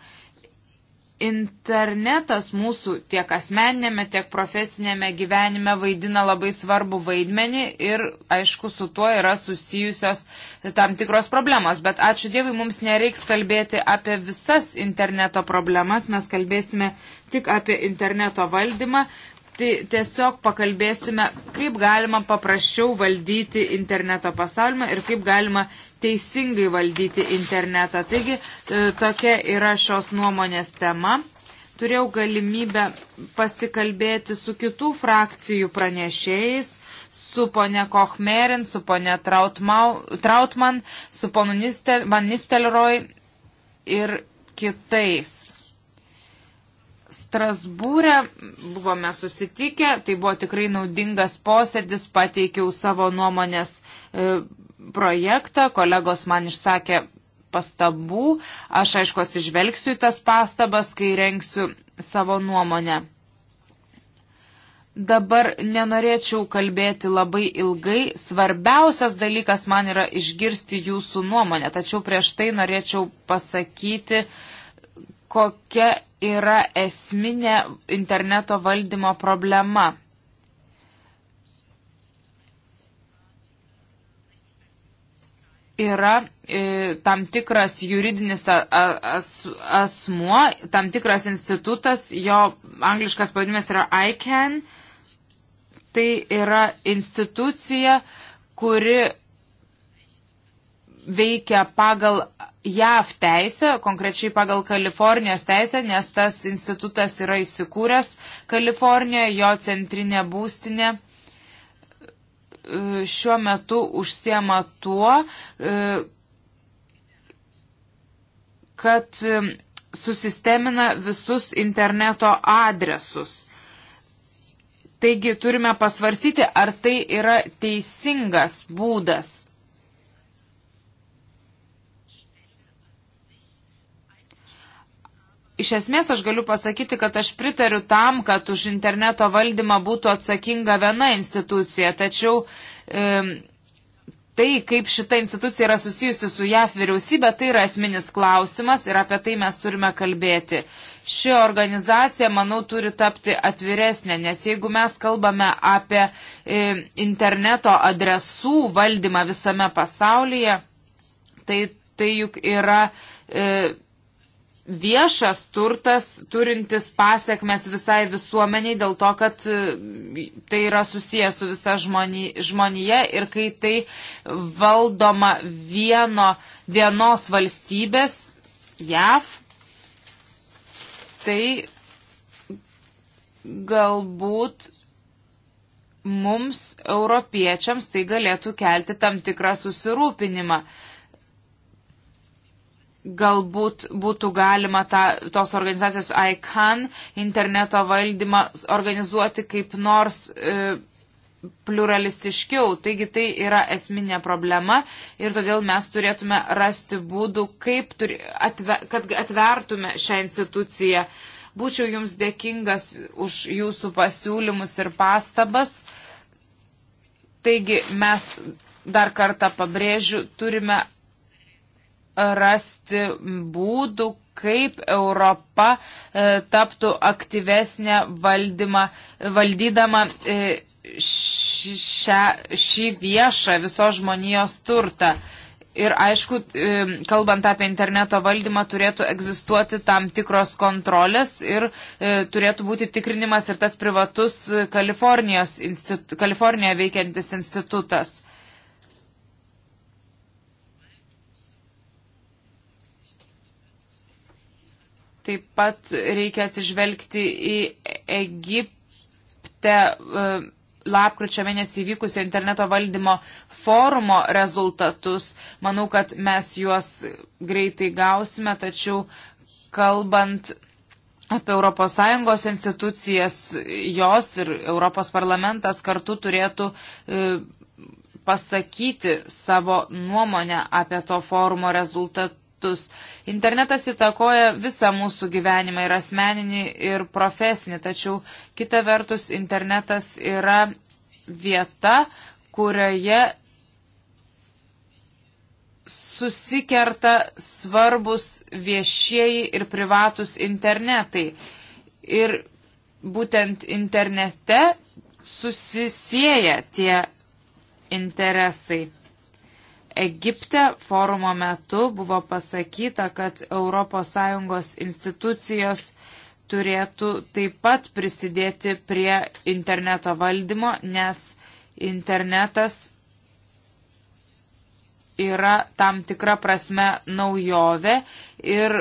Internetas mūsų tiek asmeninėme, tiek profesinėme gyvenime vaidina labai svarbu vaidmenį ir, aišku, su tuo yra susijusios tam tikros problemos. Bet ačiū Dievui, mums nereiks kalbėti apie visas interneto problemas, mes kalbėsime tik apie interneto valdymą. Tai tiesiog pakalbėsime, kaip galima paprasčiau valdyti interneto pasaulymą ir kaip galima teisingai valdyti internetą. Taigi e, tokia yra šios nuomonės tema. Turėjau galimybę pasikalbėti su kitų frakcijų pranešėjais, su ponė Kochmerin, su ponė Trautman, su ponu Nistel, Van Nistelroj ir kitais. Strasbūrė buvome susitikę, tai buvo tikrai naudingas posėdis, pateikiau savo nuomonės e, projektą, kolegos man išsakė pastabų, aš aišku atsižvelgsiu į tas pastabas, kai renksiu savo nuomonę. Dabar nenorėčiau kalbėti labai ilgai. Svarbiausias dalykas man yra išgirsti jūsų nuomonę. Tačiau prieš tai norėčiau pasakyti, kokia yra esminė interneto valdymo problema. Yra e, tam tikras juridinis a, as, asmuo, tam tikras institutas, jo angliškas pavadinimas yra ICANN. Tai yra institucija, kuri veikia pagal JAV teisę, konkrečiai pagal Kalifornijos teisę, nes tas institutas yra įsikūręs Kalifornijoje, jo centrinė būstinė e, šiuo metu užsiema tuo, e, kad e, susistemina visus interneto adresus. Taigi turime pasvarstyti, ar tai yra teisingas būdas iš esmės aš galiu pasakyti, kad aš pritariu tam, kad už interneto valdymą būtų atsakinga viena institucija, tačiau e, tai, kaip šita institucija yra susijusi su JAF vyriausybė, tai yra esminis klausimas ir apie tai mes turime kalbėti. Ši organizacija, manau, turi tapti atviresnė, nes jeigu mes kalbame apie e, interneto adresų valdymą visame pasaulyje, tai tai juk yra. E, viešas turtas turintis pasiekmes visai visuomeniai dėl to, kad e, tai yra susijęs su visa žmonija ir kai tai valdoma vieno, vienos valstybės, JAV, tai galbūt mums, europiečiams, tai galėtų kelti tam tikrą susirūpinimą. Uh, galbūt būtų galima ta, tos organizacijos ICAN interneto valdymą organizuoti kaip nors e, pluralistiškiau. Taigi tai yra esminė problema ir todėl mes turėtume rasti būdų, kaip turi, atve, kad atvertume šią instituciją. Būčiau jums dėkingas už jūsų pasiūlymus ir pastabas. Taigi mes dar kartą pabrėžiu, turime rasti būdų, kaip Europa e, taptų aktyvesnė valdymą, valdydama e, šią, šį viešą visos žmonijos turtą. Ir aišku, e, kalbant apie interneto valdymą, turėtų egzistuoti tam tikros kontrolės ir e, turėtų būti tikrinimas ir tas privatus Kalifornijos institu, Kalifornijoje veikiantis institutas. Taip pat reikia atsižvelgti į Egipte e, lapkričio mėnesį vykusio interneto valdymo forumo rezultatus. Manau, kad mes juos greitai gausime, tačiau kalbant apie ES institucijas, jos ir Europos parlamentas kartu turėtų e, pasakyti savo nuomonę apie to forumo rezultatus aspektus. Internetas įtakoja visą mūsų gyvenimą ir asmeninį, ir profesinį, tačiau kita vertus internetas yra vieta, kurioje susikerta svarbus viešieji ir privatus internetai. Ir būtent internete susisieja tie interesai. Egipte forumo metu buvo pasakyta, kad ES institucijos turėtų taip pat prisidėti prie interneto valdymo, nes internetas yra tam tikra prasme naujovė ir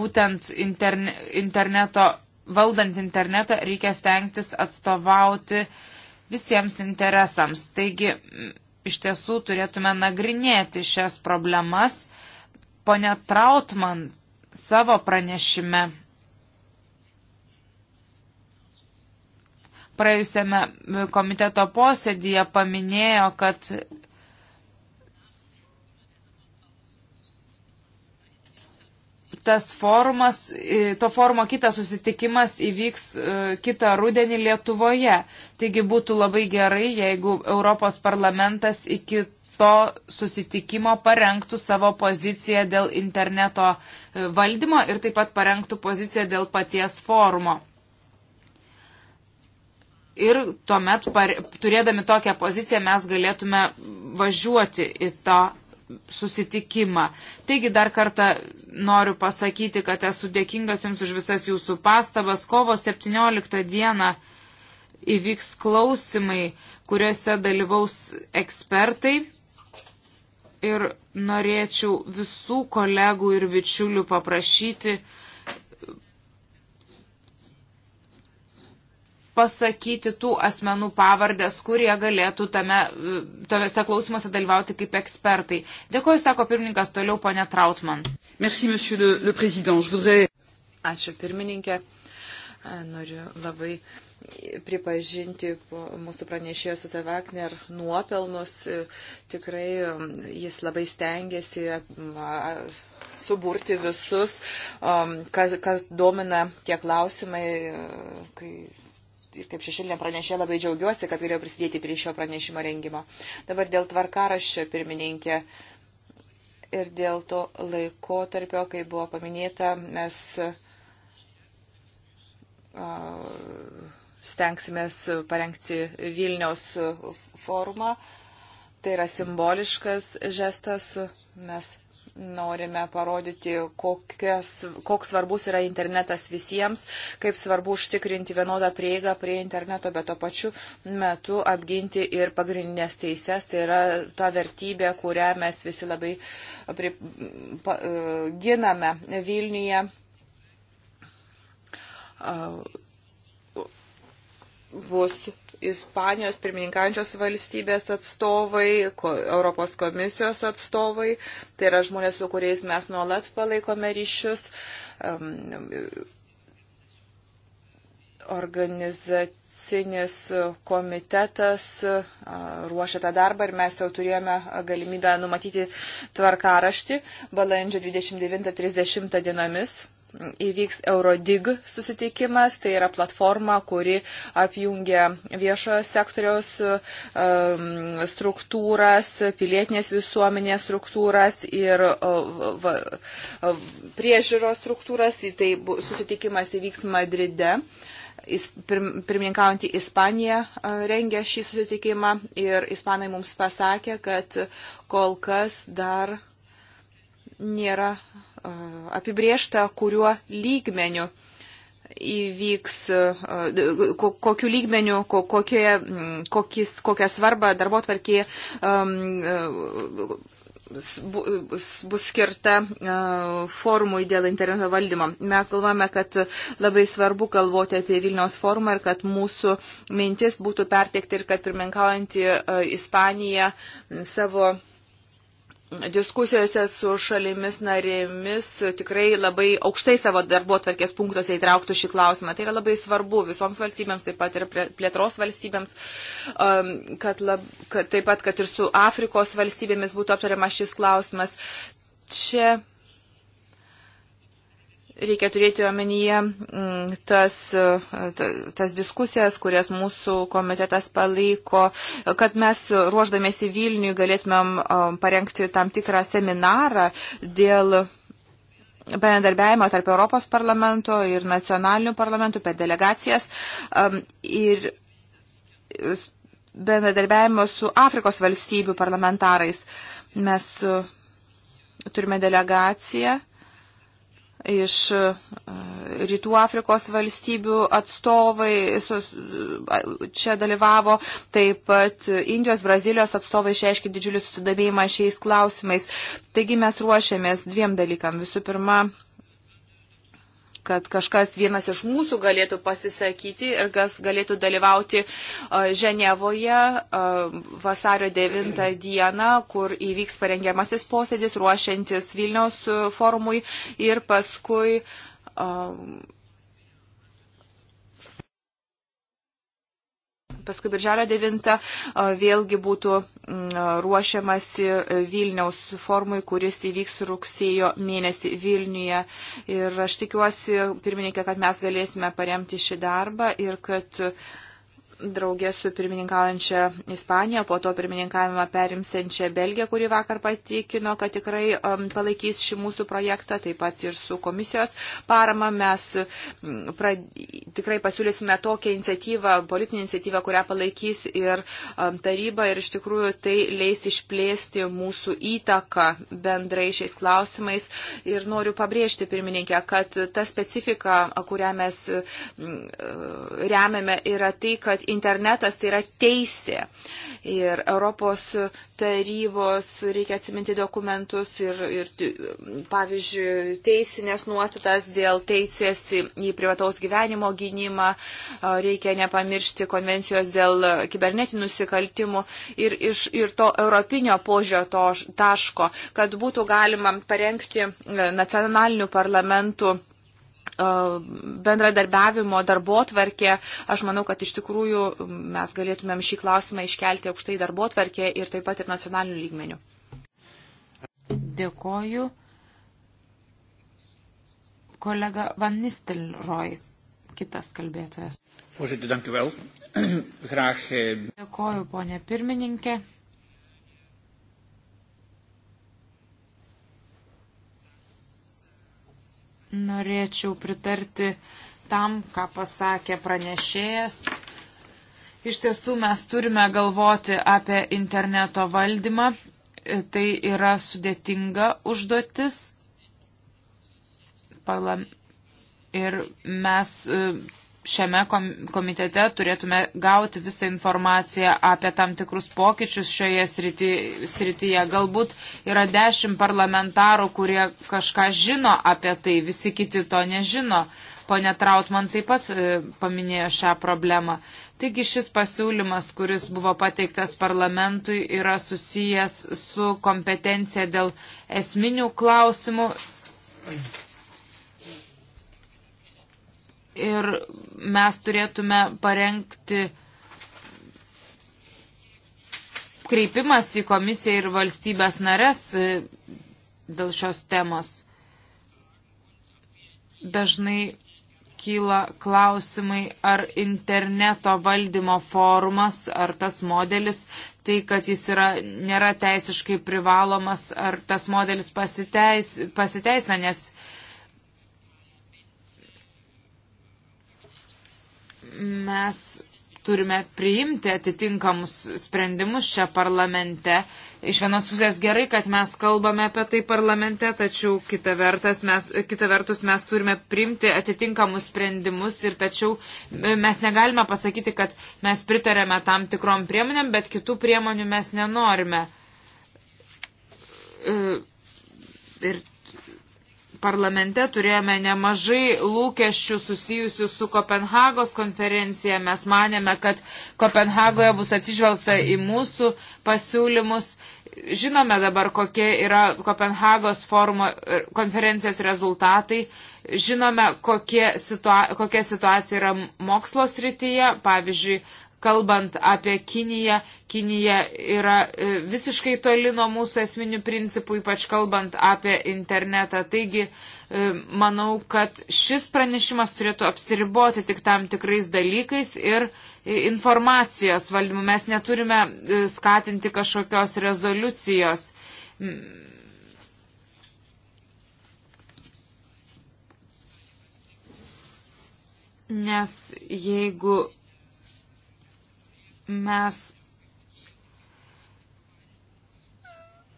būtent interne, interneto, valdant internetą reikia stengtis atstovauti visiems interesams. Taigi iš tiesų turėtume nagrinėti šias problemas. Pone Trautman savo pranešime praėjusiame komiteto posėdėje paminėjo, kad tas forumas, to forumo kitas susitikimas įvyks e, kitą rudenį Lietuvoje. Taigi būtų labai gerai, jeigu Europos parlamentas iki to susitikimo parengtų savo poziciją dėl interneto e, valdymo ir taip pat parengtų poziciją dėl paties forumo. Ir tuomet, turėdami tokią poziciją, mes galėtume važiuoti į tą susitikimą. Taigi dar kartą noriu pasakyti, kad esu dėkingas Jums už visas Jūsų pastabas. Kovo 17 dieną įvyks klausimai, kuriuose dalyvaus ekspertai. Ir norėčiau visų kolegų ir bičiulių paprašyti, pasakyti tų asmenų pavardės, kurie galėtų tame, tose klausimuose dalyvauti kaip ekspertai. Dėkuoju, sako pirmininkas, toliau ponė Trautman. Merci, le, le voudrais... Ačiū, pirmininkė. Noriu labai pripažinti mūsų pranešėjo Suze Wagner nuopelnus. Tikrai um, jis labai stengiasi um, suburti visus, um, kas, kas domina tie klausimai, kai ir kaip šešėlinė pranešė labai džiaugiuosi, kad galėjau prisidėti prie šio pranešimo rengimo. Dabar dėl tvarkaraščio pirmininkė ir dėl to laikotarpio, kai buvo paminėta, mes stengsimės parengti Vilniaus forumą. Tai yra simboliškas žestas. Mes norime parodyti, kokias, koks svarbus yra internetas visiems, kaip svarbu užtikrinti vienodą prieigą prie interneto, bet to pačiu metu apginti ir pagrindinės teises. Tai yra ta vertybė, kurią mes visi labai pri, pa, e, giname Vilniuje. Bus Ispanijos pirmininkaujančios valstybės atstovai, Europos komisijos atstovai, tai yra žmonės, su kuriais mes nuolat palaikome ryšius, organizacinis komitetas ruošia tą darbą ir mes jau turėjome galimybę numatyti tvarkaraštį balandžio 29-30 dienomis įvyks Eurodig susitikimas, tai yra platforma, kuri apjungia viešojo sektoriaus um, struktūras, pilietinės visuomenės struktūras ir priežiūros struktūras. Tai susitikimas įvyks Madride pirmininkaujantį Ispaniją rengia šį susitikimą ir ispanai mums pasakė, kad kol kas dar nėra apibriešta, kuriuo lygmeniu įvyks, kokiu lygmeniu, kokie, kokis, kokią svarbą darbo tvarkėje um, bus skirta forumui dėl interneto valdymo. Mes galvojame, kad labai svarbu galvoti apie Vilniaus forumą ir kad mūsų mintis būtų pertekti ir kad pirmininkaujantį Ispaniją savo diskusijose su šalimis narėmis tikrai labai aukštai savo darbo tvarkės punktuose įtrauktų šį klausimą. Tai yra labai svarbu visoms valstybėms, taip pat ir plėtros valstybėms, um, kad, lab, kad taip pat, kad ir su Afrikos valstybėmis būtų aptariamas šis klausimas. Čia Reikia turėti omenyje mm, tas, tas diskusijas, kurias mūsų komitetas palaiko, kad mes ruoždamėsi Vilniui galėtumėm um, parengti tam tikrą seminarą dėl bendarbiavimo tarp Europos parlamento ir nacionalinių parlamentų per delegacijas um, ir bendradarbiavimo su Afrikos valstybių parlamentarais. Mes uh, turime delegaciją iš e, Rytų Afrikos valstybių atstovai čia dalyvavo, taip pat Indijos, Brazilijos atstovai išreiškė didžiulį susidomėjimą šiais klausimais. Taigi mes ruošiamės dviem dalykam. Visų pirma, kad kažkas vienas iš mūsų galėtų pasisakyti ir kas galėtų dalyvauti Ženevoje vasario 9 dieną, kur įvyks parengiamasis posėdis ruošiantis Vilniaus forumui ir paskui Paskui birželio 9 vėlgi būtų ruošiamasi e, Vilniaus formui, kuris įvyks rugsėjo mėnesį Vilniuje. Ir aš tikiuosi, pirmininkė, kad mes galėsime paremti šį darbą ir kad uh, draugė su pirmininkaujančia Ispanija, po to pirmininkavimą perimsiančia Belgija, kuri vakar patikino, kad tikrai um, palaikys šį mūsų projektą, taip pat ir su komisijos parama mes mm, prad... tikrai pasiūlysime tokią iniciatyvą, politinę iniciatyvą, kurią palaikys ir um, taryba ir iš tikrųjų tai leis išplėsti mūsų įtaką bendrai šiais klausimais. Ir noriu pabrėžti, pirmininkė, kad ta specifika, kurią mes mm, remiame, yra tai, kad kad internetas tai yra teisė. Ir Europos tarybos reikia atsiminti dokumentus ir, ir pavyzdžiui, teisinės nuostatas dėl teisės į privataus gyvenimo gynimą. Reikia nepamiršti konvencijos dėl kibernetinių nusikaltimų ir, iš, ir to europinio požio to taško, kad būtų galima parengti e, nacionalinių parlamentų bendradarbiavimo darbo tvarkė. Aš manau, kad iš tikrųjų mes galėtumėm šį klausimą iškelti aukštai darbo tvarkė ir taip pat ir nacionalinių lygmenių. Dėkoju. Kolega Van Nistelrooy, kitas kalbėtojas. Eh, Dėkoju, ponė pirmininkė. Norėčiau pritarti tam, ką pasakė pranešėjas. Iš tiesų mes turime galvoti apie interneto valdymą. Tai yra sudėtinga užduotis. Parlam... Ir mes e, šiame komitete turėtume gauti visą informaciją apie tam tikrus pokyčius šioje srity, srityje. Galbūt yra dešimt parlamentarų, kurie kažką žino apie tai, visi kiti to nežino. Pone Trautman taip pat e, paminėjo šią problemą. Taigi šis pasiūlymas, kuris buvo pateiktas parlamentui, yra susijęs su kompetencija dėl esminių klausimų ir mes turėtume parengti kreipimas į komisiją ir valstybės nares e, dėl šios temos. Dažnai kyla klausimai, ar interneto valdymo formas, ar tas modelis, tai kad jis yra, nėra teisiškai privalomas, ar tas modelis pasiteis, pasiteisina, nes mes turime priimti atitinkamus sprendimus čia parlamente. Iš vienos pusės gerai, kad mes kalbame apie tai parlamente, tačiau kita, mes, kita vertus mes turime priimti atitinkamus sprendimus ir tačiau e, mes negalime pasakyti, kad mes pritarėme tam tikrom priemonėm, bet kitų priemonių mes nenorime. E, ir parlamente turėjome nemažai lūkesčių susijusių su Kopenhagos konferencija. Mes manėme, kad Kopenhagoje bus atsižvelgta į mūsų pasiūlymus. Žinome dabar, kokie yra Kopenhagos forumo e, konferencijos rezultatai. Žinome, kokia situa kokia situacija yra mokslo srityje. Pavyzdžiui, kalbant apie Kiniją, Kinija yra e, visiškai toli nuo mūsų esminių principų, ypač kalbant apie internetą. Taigi, e, manau, kad šis pranešimas turėtų apsiriboti tik tam tikrais dalykais ir e, informacijos valdymu. Mes neturime skatinti kažkokios rezoliucijos. Nes jeigu mes,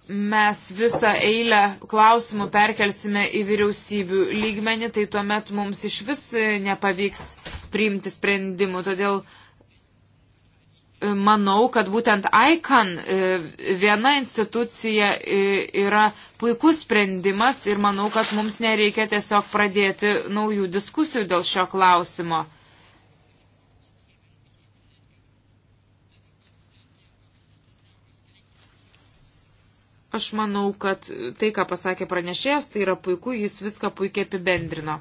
mes visą eilę klausimų perkelsime į vyriausybių lygmenį, tai tuomet mums iš vis nepavyks priimti sprendimų. Todėl e, manau, kad būtent ICAN e, viena institucija e, yra puikus sprendimas ir manau, kad mums nereikia tiesiog pradėti naujų diskusijų dėl šio klausimo. Aš manau, kad tai, ką pasakė pranešėjas, tai yra puiku, jis viską puikiai apibendrino.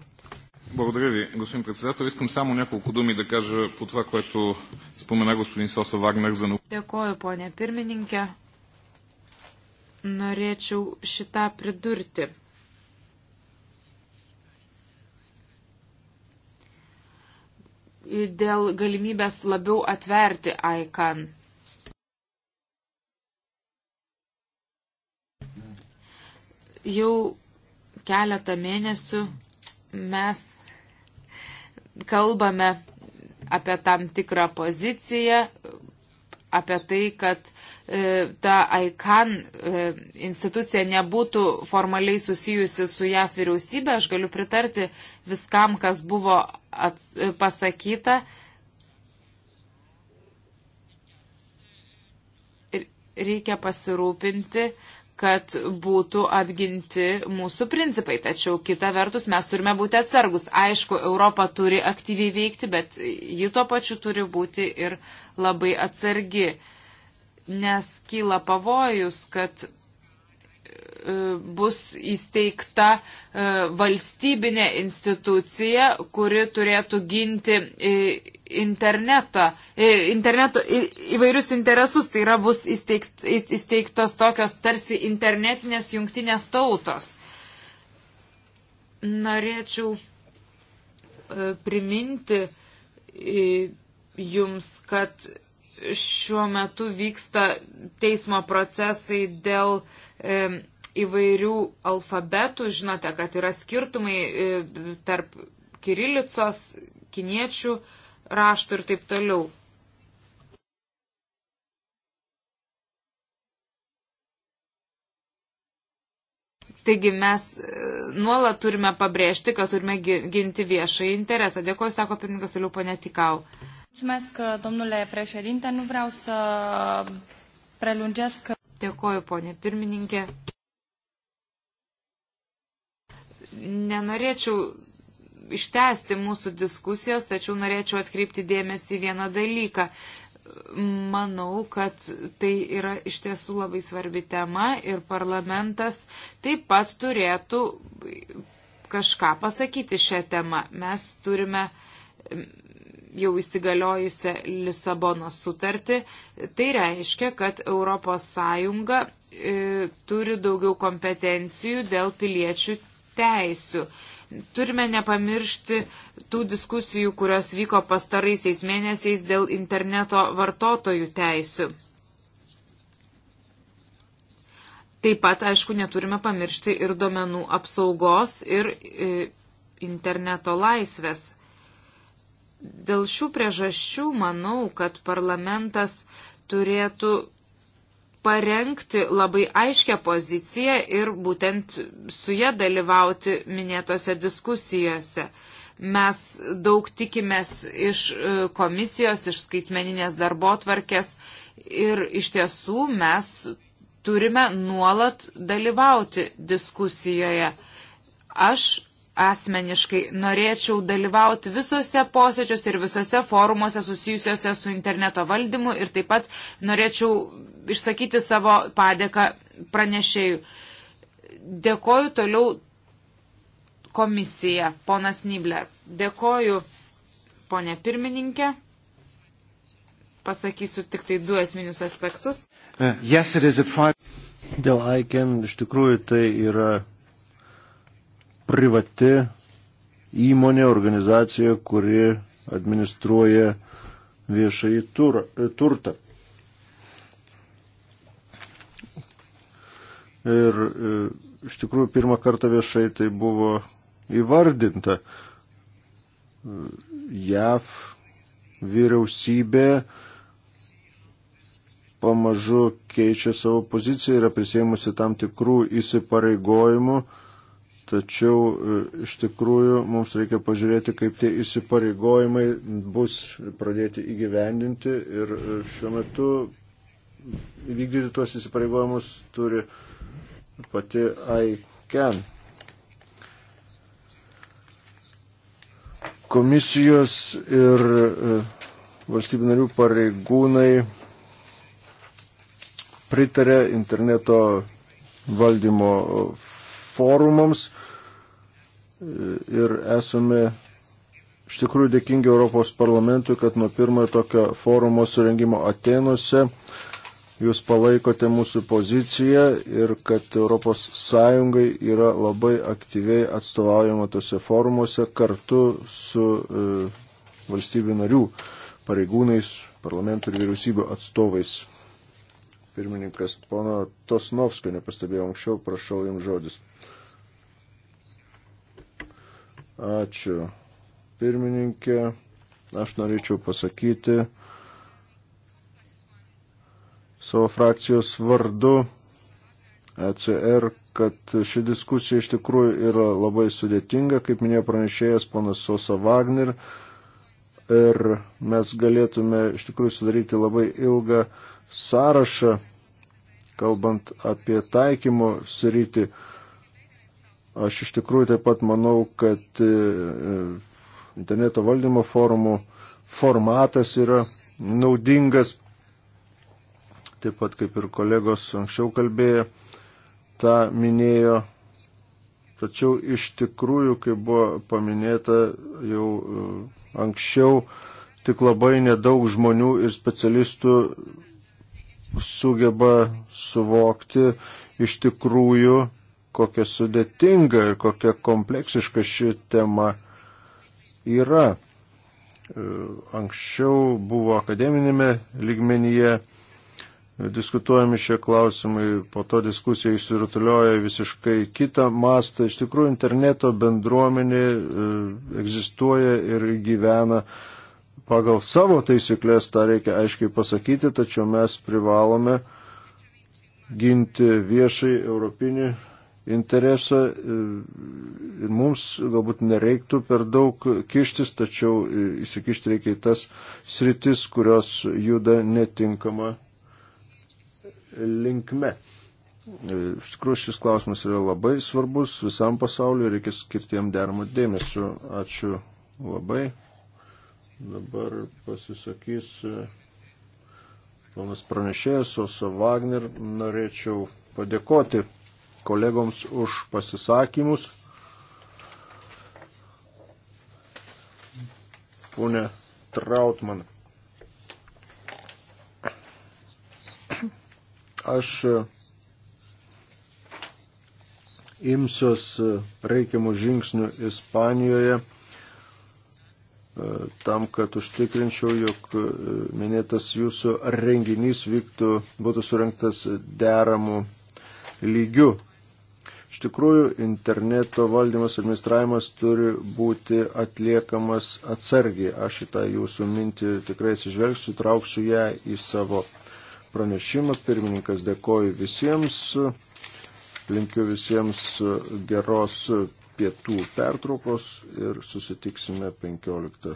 Благодаря ви, господин председател. Искам само няколко думи да кажа по това, което спомена господин Соса Вагнер за наука. Дякую, поне пирмininkė. Norėčiau šitą pridurti. Dėl galimybės labiau atverti ICAN. jau keletą mėnesių mes kalbame apie tam tikrą poziciją, apie tai, kad e, ta ICAN e, institucija nebūtų formaliai susijusi su JAF vyriausybė. Aš galiu pritarti viskam, kas buvo ats, pasakyta. Ir reikia pasirūpinti, kad būtų apginti mūsų principai. Tačiau kita vertus mes turime būti atsargus. Aišku, Europa turi aktyviai veikti, bet ji tuo pačiu turi būti ir labai atsargi, nes kyla pavojus, kad E, bus įsteigta e, valstybinė institucija, kuri turėtų ginti e, internetą, interneto, įvairius interesus. Tai yra bus įsteigt, įsteigtos tokios tarsi internetinės jungtinės tautos. Norėčiau priminti jums, kad šiuo metu vyksta teismo procesai dėl įvairių alfabetų, žinote, kad yra skirtumai e, tarp kirilicos, kiniečių raštų ir taip toliau. Taigi mes e, nuolat turime pabrėžti, kad turime ginti viešą interesą. Dėkuoju, sako pirmininkas, toliau panetikau. Mulțumesc, domnule președinte. Nu vreau să prelungesc. Dėkuoju, ponė pirmininkė nenorėčiau ištesti mūsų diskusijos, tačiau norėčiau atkreipti dėmesį vieną dalyką. Manau, kad tai yra iš tiesų labai svarbi tema ir parlamentas taip pat turėtų kažką pasakyti šią temą. Mes turime jau įsigaliojusią Lisabono sutartį. Tai reiškia, kad ES e, turi daugiau kompetencijų dėl piliečių teisių. Turime nepamiršti tų diskusijų, kurios vyko pastaraisiais mėnesiais dėl interneto vartotojų teisių. Taip pat, aišku, neturime pamiršti ir domenų apsaugos ir e, interneto laisvės. Dėl šių priežasčių manau, kad parlamentas turėtų parengti labai aiškę poziciją ir būtent su ją dalyvauti minėtose diskusijose. Mes daug tikimės iš e, komisijos, iš skaitmeninės darbo tvarkės ir iš tiesų mes turime nuolat dalyvauti diskusijoje. Aš asmeniškai norėčiau dalyvauti visose posėdžiuose ir visose forumuose susijusiuose su interneto valdymu ir taip pat norėčiau išsakyti savo padėką pranešėjų. Dėkoju toliau komisija, ponas Nibler. Dėkoju, ponė pirmininkė. Pasakysiu tik tai du esminius aspektus. Uh, yes, Dėl ICAN iš tikrųjų tai yra privati įmonė, organizacija, kuri administruoja viešai tur, turtą. Ir e, iš tikrųjų pirmą kartą viešai tai buvo įvardinta. JAV vyriausybė pamažu keičia savo poziciją ir yra prisėmusi tam tikrų įsipareigojimų Tačiau e, iš tikrųjų mums reikia pažiūrėti, kaip tie įsipareigojimai bus pradėti įgyvendinti ir e, šiuo metu vykdyti tuos įsipareigojimus turi pati ICAN. Komisijos ir e, valstybių narių pareigūnai pritarė interneto valdymo forumams ir esame iš tikrųjų dėkingi Europos parlamentui, kad nuo pirmojo tokio forumo surengimo Atenuose jūs palaikote mūsų poziciją ir kad Europos Sąjungai yra labai aktyviai atstovaujama tose forumuose kartu su e, valstybių narių pareigūnais, parlamentų ir vyriausybių atstovais. Pirmininkas pono Tosnovskio nepastebėjau anksčiau, prašau jums žodis. Ačiū. Pirmininkė, aš norėčiau pasakyti savo frakcijos vardu ECR, kad ši diskusija iš tikrųjų yra labai sudėtinga, kaip minėjo pranešėjas ponas Sosa Wagner, ir mes galėtume iš tikrųjų sudaryti labai ilgą sąrašą, kalbant apie taikymo sritį. Aš iš tikrųjų taip pat manau, kad e, e, interneto valdymo forumų formatas yra naudingas, taip pat kaip ir kolegos anksčiau kalbėjo, tą minėjo. Tačiau iš tikrųjų, kaip buvo paminėta jau e, anksčiau, tik labai nedaug žmonių ir specialistų sugeba suvokti iš tikrųjų kokia sudėtinga ir kokia kompleksiška ši tema yra. E, anksčiau buvo akademinėme lygmenyje diskutuojami šie klausimai, po to diskusija išsirutulioja visiškai kitą mastą. Iš tikrųjų, interneto bendruomenė e, egzistuoja ir gyvena pagal savo taisyklės, tą reikia aiškiai pasakyti, tačiau mes privalome ginti viešai europinį interesą ir mums galbūt nereiktų per daug kištis, tačiau įsikišti reikia į tas sritis, kurios juda netinkama linkme. Iš tikrųjų šis klausimas yra labai svarbus visam pasauliu, reikia skirti jam dermą dėmesio. Ačiū labai. Dabar pasisakys eh, ponas pranešėjas Osa Wagner. Norėčiau padėkoti kolegoms už pasisakymus. Pone Trautman. Aš e, imsiuos e, reikiamų žingsnių Ispanijoje e, tam, kad užtikrinčiau, jog minėtas jūsų renginys vyktų, būtų surinktas deramų lygių. Iš tikrųjų, interneto valdymas, administravimas turi būti atliekamas atsargiai. Aš šitą jūsų mintį tikrai atsižvelgsiu, trauksiu ją į savo pranešimą. Pirmininkas dėkoju visiems, linkiu visiems geros pietų pertraukos ir susitiksime 15.